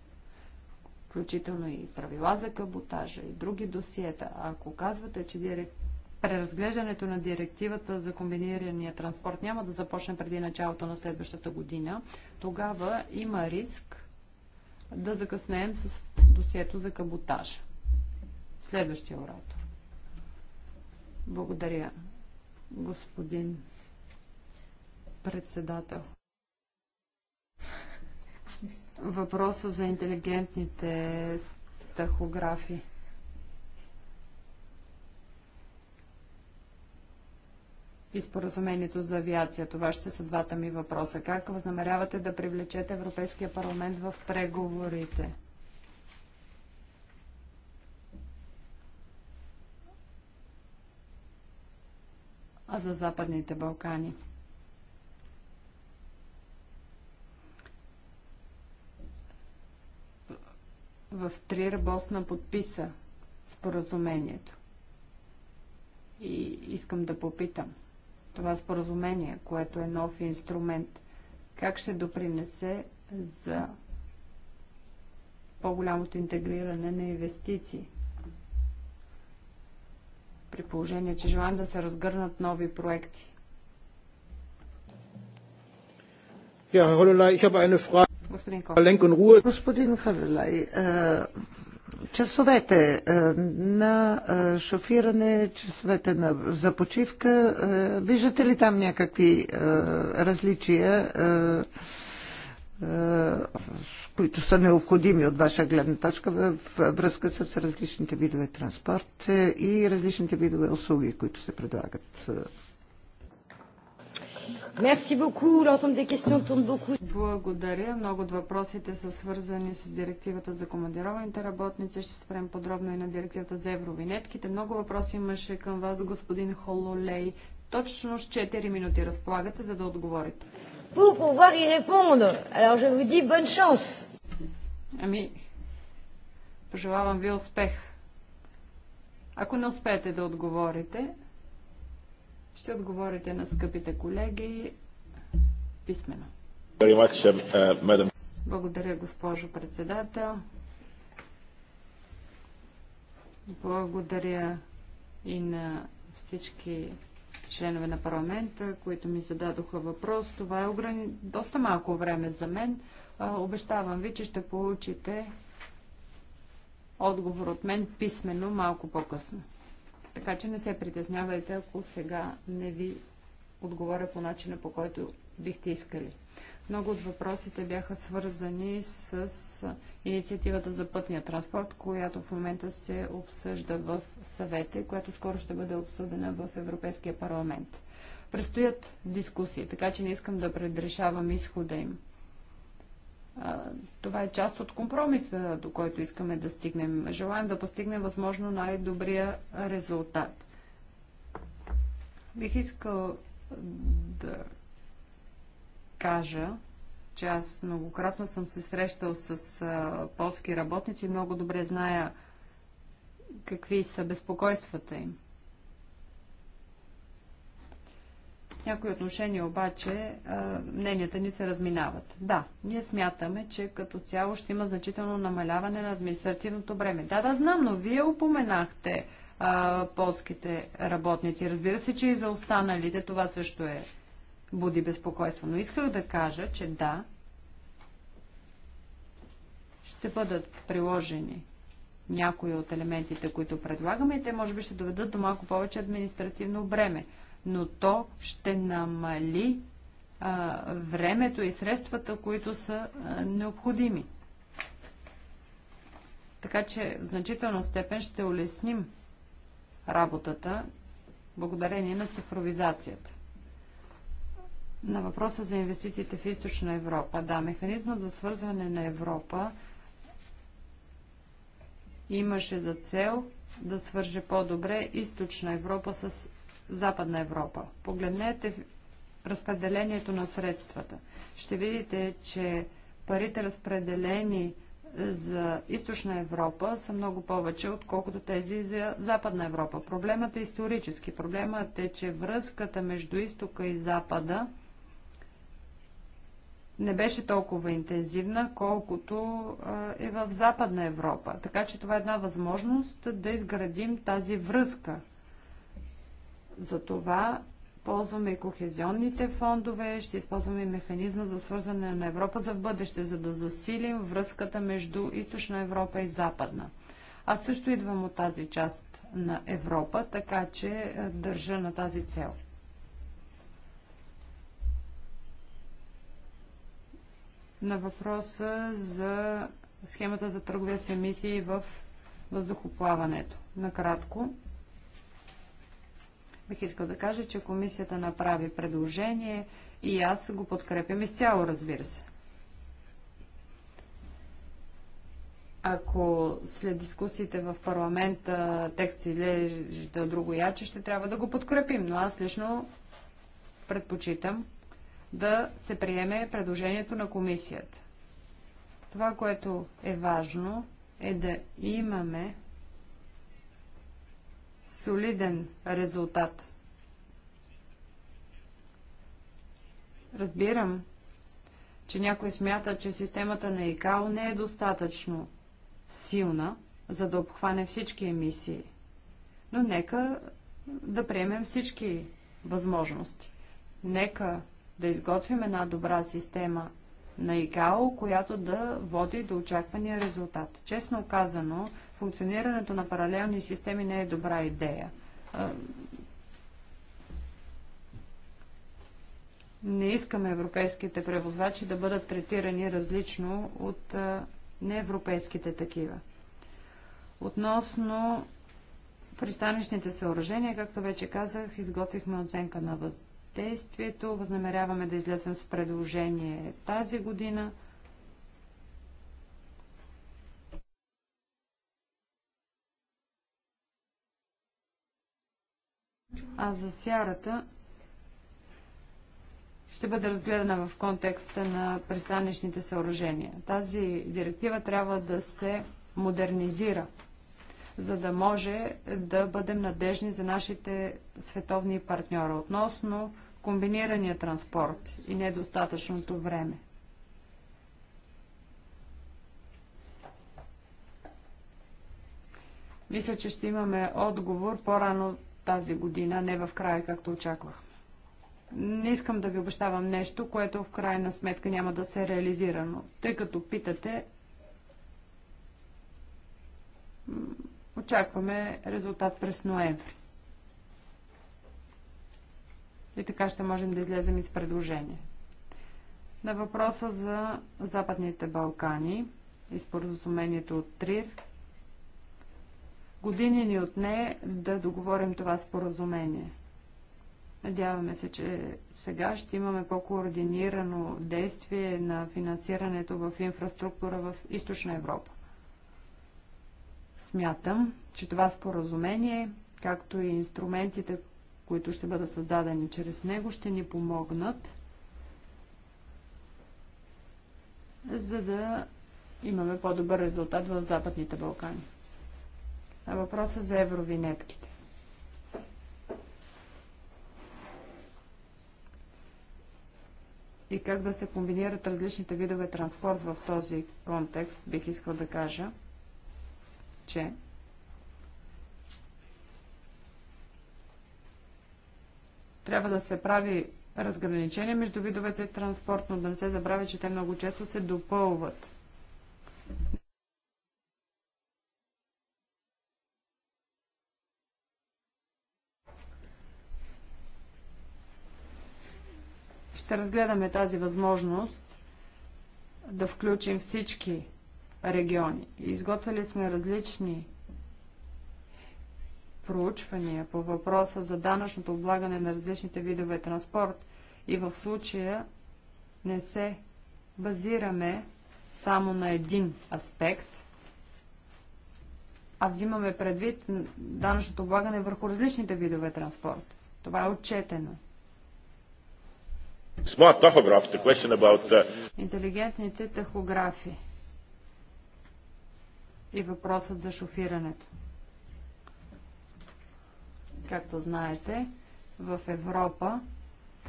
Включително и правила за каботажа и други досиета. ако казвате, че директ... преразглеждането на директивата за комбинирания транспорт няма да започне преди началото на следващата година, тогава има риск да закъснеем с досието за каботажа. Следващия оратор. Благодаря, господин председател. Въпроса за интелигентните тахографи. и споразумението за авиация. Това ще са двата ми въпроса. Как възнамерявате да привлечете Европейския парламент в преговорите? А за Западните Балкани. В Трир Босна подписа споразумението. И искам да попитам това споразумение, което е нов инструмент, как ще допринесе за по-голямото интегриране на инвестиции при положение, че желаем да се разгърнат нови проекти. Господин Господин Хавелай, часовете е, на е, шофиране, часовете на, за почивка, е, виждате ли там някакви различия? Е, които са необходими от ваша гледна точка в връзка с различните видове транспорт е, и различните видове услуги, които се предлагат. Благодаря. Много от въпросите са свързани с директивата за командированите работници. Ще спрем подробно и на директивата за евровинетките. Много въпроси имаше към вас, господин Хололей. Точно с 4 минути разполагате, за да отговорите pour pouvoir y répondre. Alors je vous dis bonne chance. Ами, пожелавам ви успех. Ако не успеете да отговорите, ще отговорите на скъпите колеги писменно. Um, uh, Благодаря, госпожо председател. Благодаря и на всички членове на парламента, които ми зададоха въпрос. Това е ограни... доста малко време за мен. Обещавам ви, че ще получите отговор от мен писменно малко по-късно. Така че не се притеснявайте, ако сега не ви отговоря по начина, по който бихте искали. Много от въпросите бяха свързани с инициативата за пътния транспорт, която в момента се обсъжда в съвета и която скоро ще бъде обсъдена в Европейския парламент. Престоят дискусии, така че не искам да предрешавам изхода им. Това е част от компромиса, до който искаме да стигнем. Желаем да постигнем възможно най-добрия резултат. Бих искал да кажа, че аз многократно съм се срещал с а, полски работници, и много добре зная какви са безпокойствата им. В някои отношения обаче а, мненията ни се разминават. Да, ние смятаме, че като цяло ще има значително намаляване на административното бреме. Да, да, знам, но вие упоменахте а, полските работници. Разбира се, че и за останалите това също е буди безпокойство. Но исках да кажа, че да, ще бъдат приложени някои от елементите, които предлагаме и те може би ще доведат до малко повече административно бреме, но то ще намали а, времето и средствата, които са а, необходими. Така че в значителна степен ще улесним работата благодарение на цифровизацията. На въпроса за инвестициите в източна Европа. Да, механизма за свързване на Европа имаше за цел да свърже по-добре източна Европа с западна Европа. Погледнете разпределението на средствата. Ще видите, че парите разпределени за източна Европа са много повече, отколкото тези за западна Европа. Проблемът е исторически. Проблемът е, че връзката между изтока и запада не беше толкова интензивна, колкото е в Западна Европа. Така че това е една възможност да изградим тази връзка. Затова ползваме и кохезионните фондове, ще използваме и механизма за свързване на Европа за в бъдеще, за да засилим връзката между Източна Европа и Западна. Аз също идвам от тази част на Европа, така че държа на тази цел. на въпроса за схемата за търговия с емисии в въздухоплаването. Накратко, бих искал да кажа, че комисията направи предложение и аз го подкрепям изцяло, разбира се. Ако след дискусиите в парламента текст изглежда друго яче, ще трябва да го подкрепим, но аз лично предпочитам да се приеме предложението на комисията. Това, което е важно, е да имаме солиден резултат. Разбирам, че някой смята, че системата на ИКАО не е достатъчно силна, за да обхване всички емисии. Но нека да приемем всички възможности. Нека да изготвим една добра система на ИКАО, която да води до очаквания резултат. Честно казано, функционирането на паралелни системи не е добра идея. Не искаме европейските превозвачи да бъдат третирани различно от неевропейските такива. Относно пристанищните съоръжения, както вече казах, изготвихме оценка на въз действието. Възнамеряваме да излезем с предложение тази година. А за сярата ще бъде разгледана в контекста на пристанищните съоръжения. Тази директива трябва да се модернизира, за да може да бъдем надежни за нашите световни партньори. Относно комбинирания транспорт и недостатъчното време. Мисля, че ще имаме отговор по-рано тази година, не в края, както очаквахме. Не искам да ви обещавам нещо, което в крайна сметка няма да се реализира, но тъй като питате, очакваме резултат през ноември и така ще можем да излезем из предложение. На въпроса за Западните Балкани и споразумението от Трир. Години ни от не да договорим това споразумение. Надяваме се, че сега ще имаме по-координирано действие на финансирането в инфраструктура в Източна Европа. Смятам, че това споразумение, както и инструментите, които ще бъдат създадени чрез него, ще ни помогнат, за да имаме по-добър резултат в Западните Балкани. А въпросът за евровинетките. и как да се комбинират различните видове транспорт в този контекст, бих искал да кажа, че Трябва да се прави разграничение между видовете транспорт, но да не се забравя, че те много често се допълват. Ще разгледаме тази възможност да включим всички региони. Изготвили сме различни проучвания по въпроса за данъчното облагане на различните видове транспорт и в случая не се базираме само на един аспект, а взимаме предвид данъчното облагане върху различните видове транспорт. Това е отчетено. Uh, Интелигентните тахографи и въпросът за шофирането. Както знаете, в Европа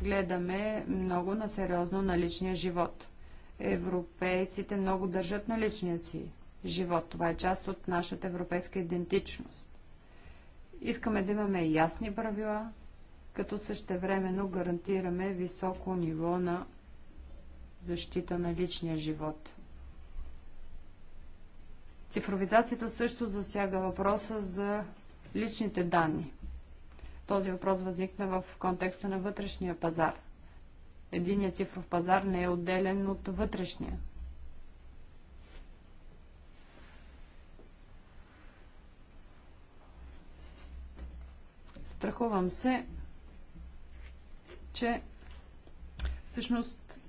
гледаме много на сериозно на личния живот. Европейците много държат на личния си живот. Това е част от нашата европейска идентичност. Искаме да имаме ясни правила, като същевременно гарантираме високо ниво на защита на личния живот. Цифровизацията също засяга въпроса за личните данни. Този въпрос възникна в контекста на вътрешния пазар. Единият цифров пазар не е отделен от вътрешния. Страхувам се, че всъщност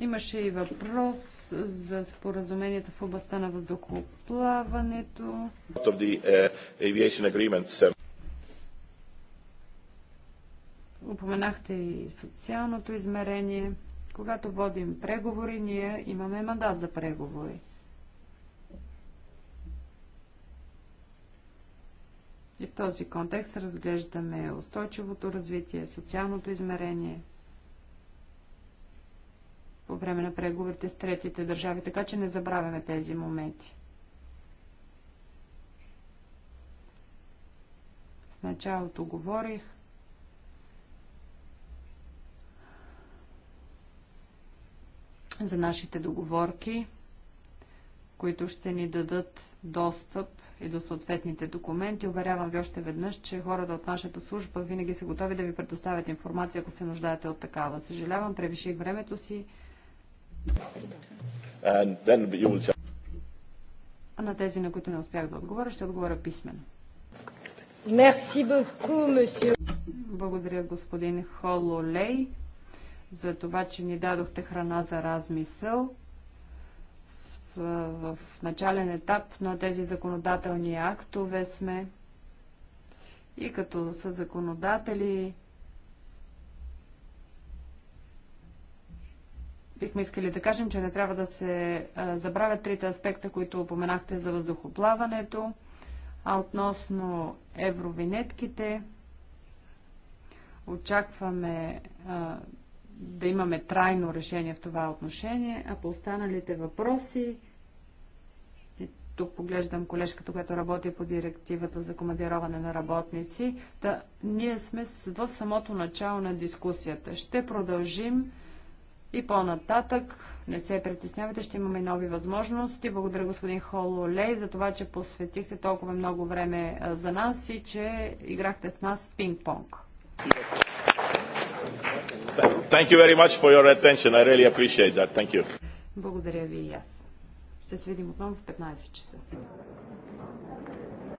имаше и въпрос за споразуменията в областта на въздухоплаването. Uh, Упоменахте и социалното измерение. Когато водим преговори, ние имаме мандат за преговори. И в този контекст разглеждаме устойчивото развитие, социалното измерение по време на преговорите с третите държави, така че не забравяме тези моменти. В началото говорих за нашите договорки, които ще ни дадат достъп и до съответните документи. Уверявам ви още веднъж, че хората от нашата служба винаги са готови да ви предоставят информация, ако се нуждаете от такава. Съжалявам, превиших времето си. А на тези, на които не успях да отговоря, ще отговоря писменно. Благодаря, господин Хололей за това, че ни дадохте храна за размисъл в начален етап на тези законодателни актове сме и като са законодатели бихме искали да кажем, че не трябва да се забравят трите аспекта, които упоменахте за въздухоплаването, а относно евровинетките очакваме да имаме трайно решение в това отношение, а по останалите въпроси, и тук поглеждам колежката, която работи по директивата за командироване на работници, да, ние сме в самото начало на дискусията. Ще продължим и по-нататък. Не се притеснявайте, ще имаме нови възможности. Благодаря господин Хололей за това, че посветихте толкова много време за нас и че играхте с нас пинг-понг. Thank you very much for your attention. I really appreciate that. Thank you. Благодаря ви и аз. Ще се видим отново в 15 часа.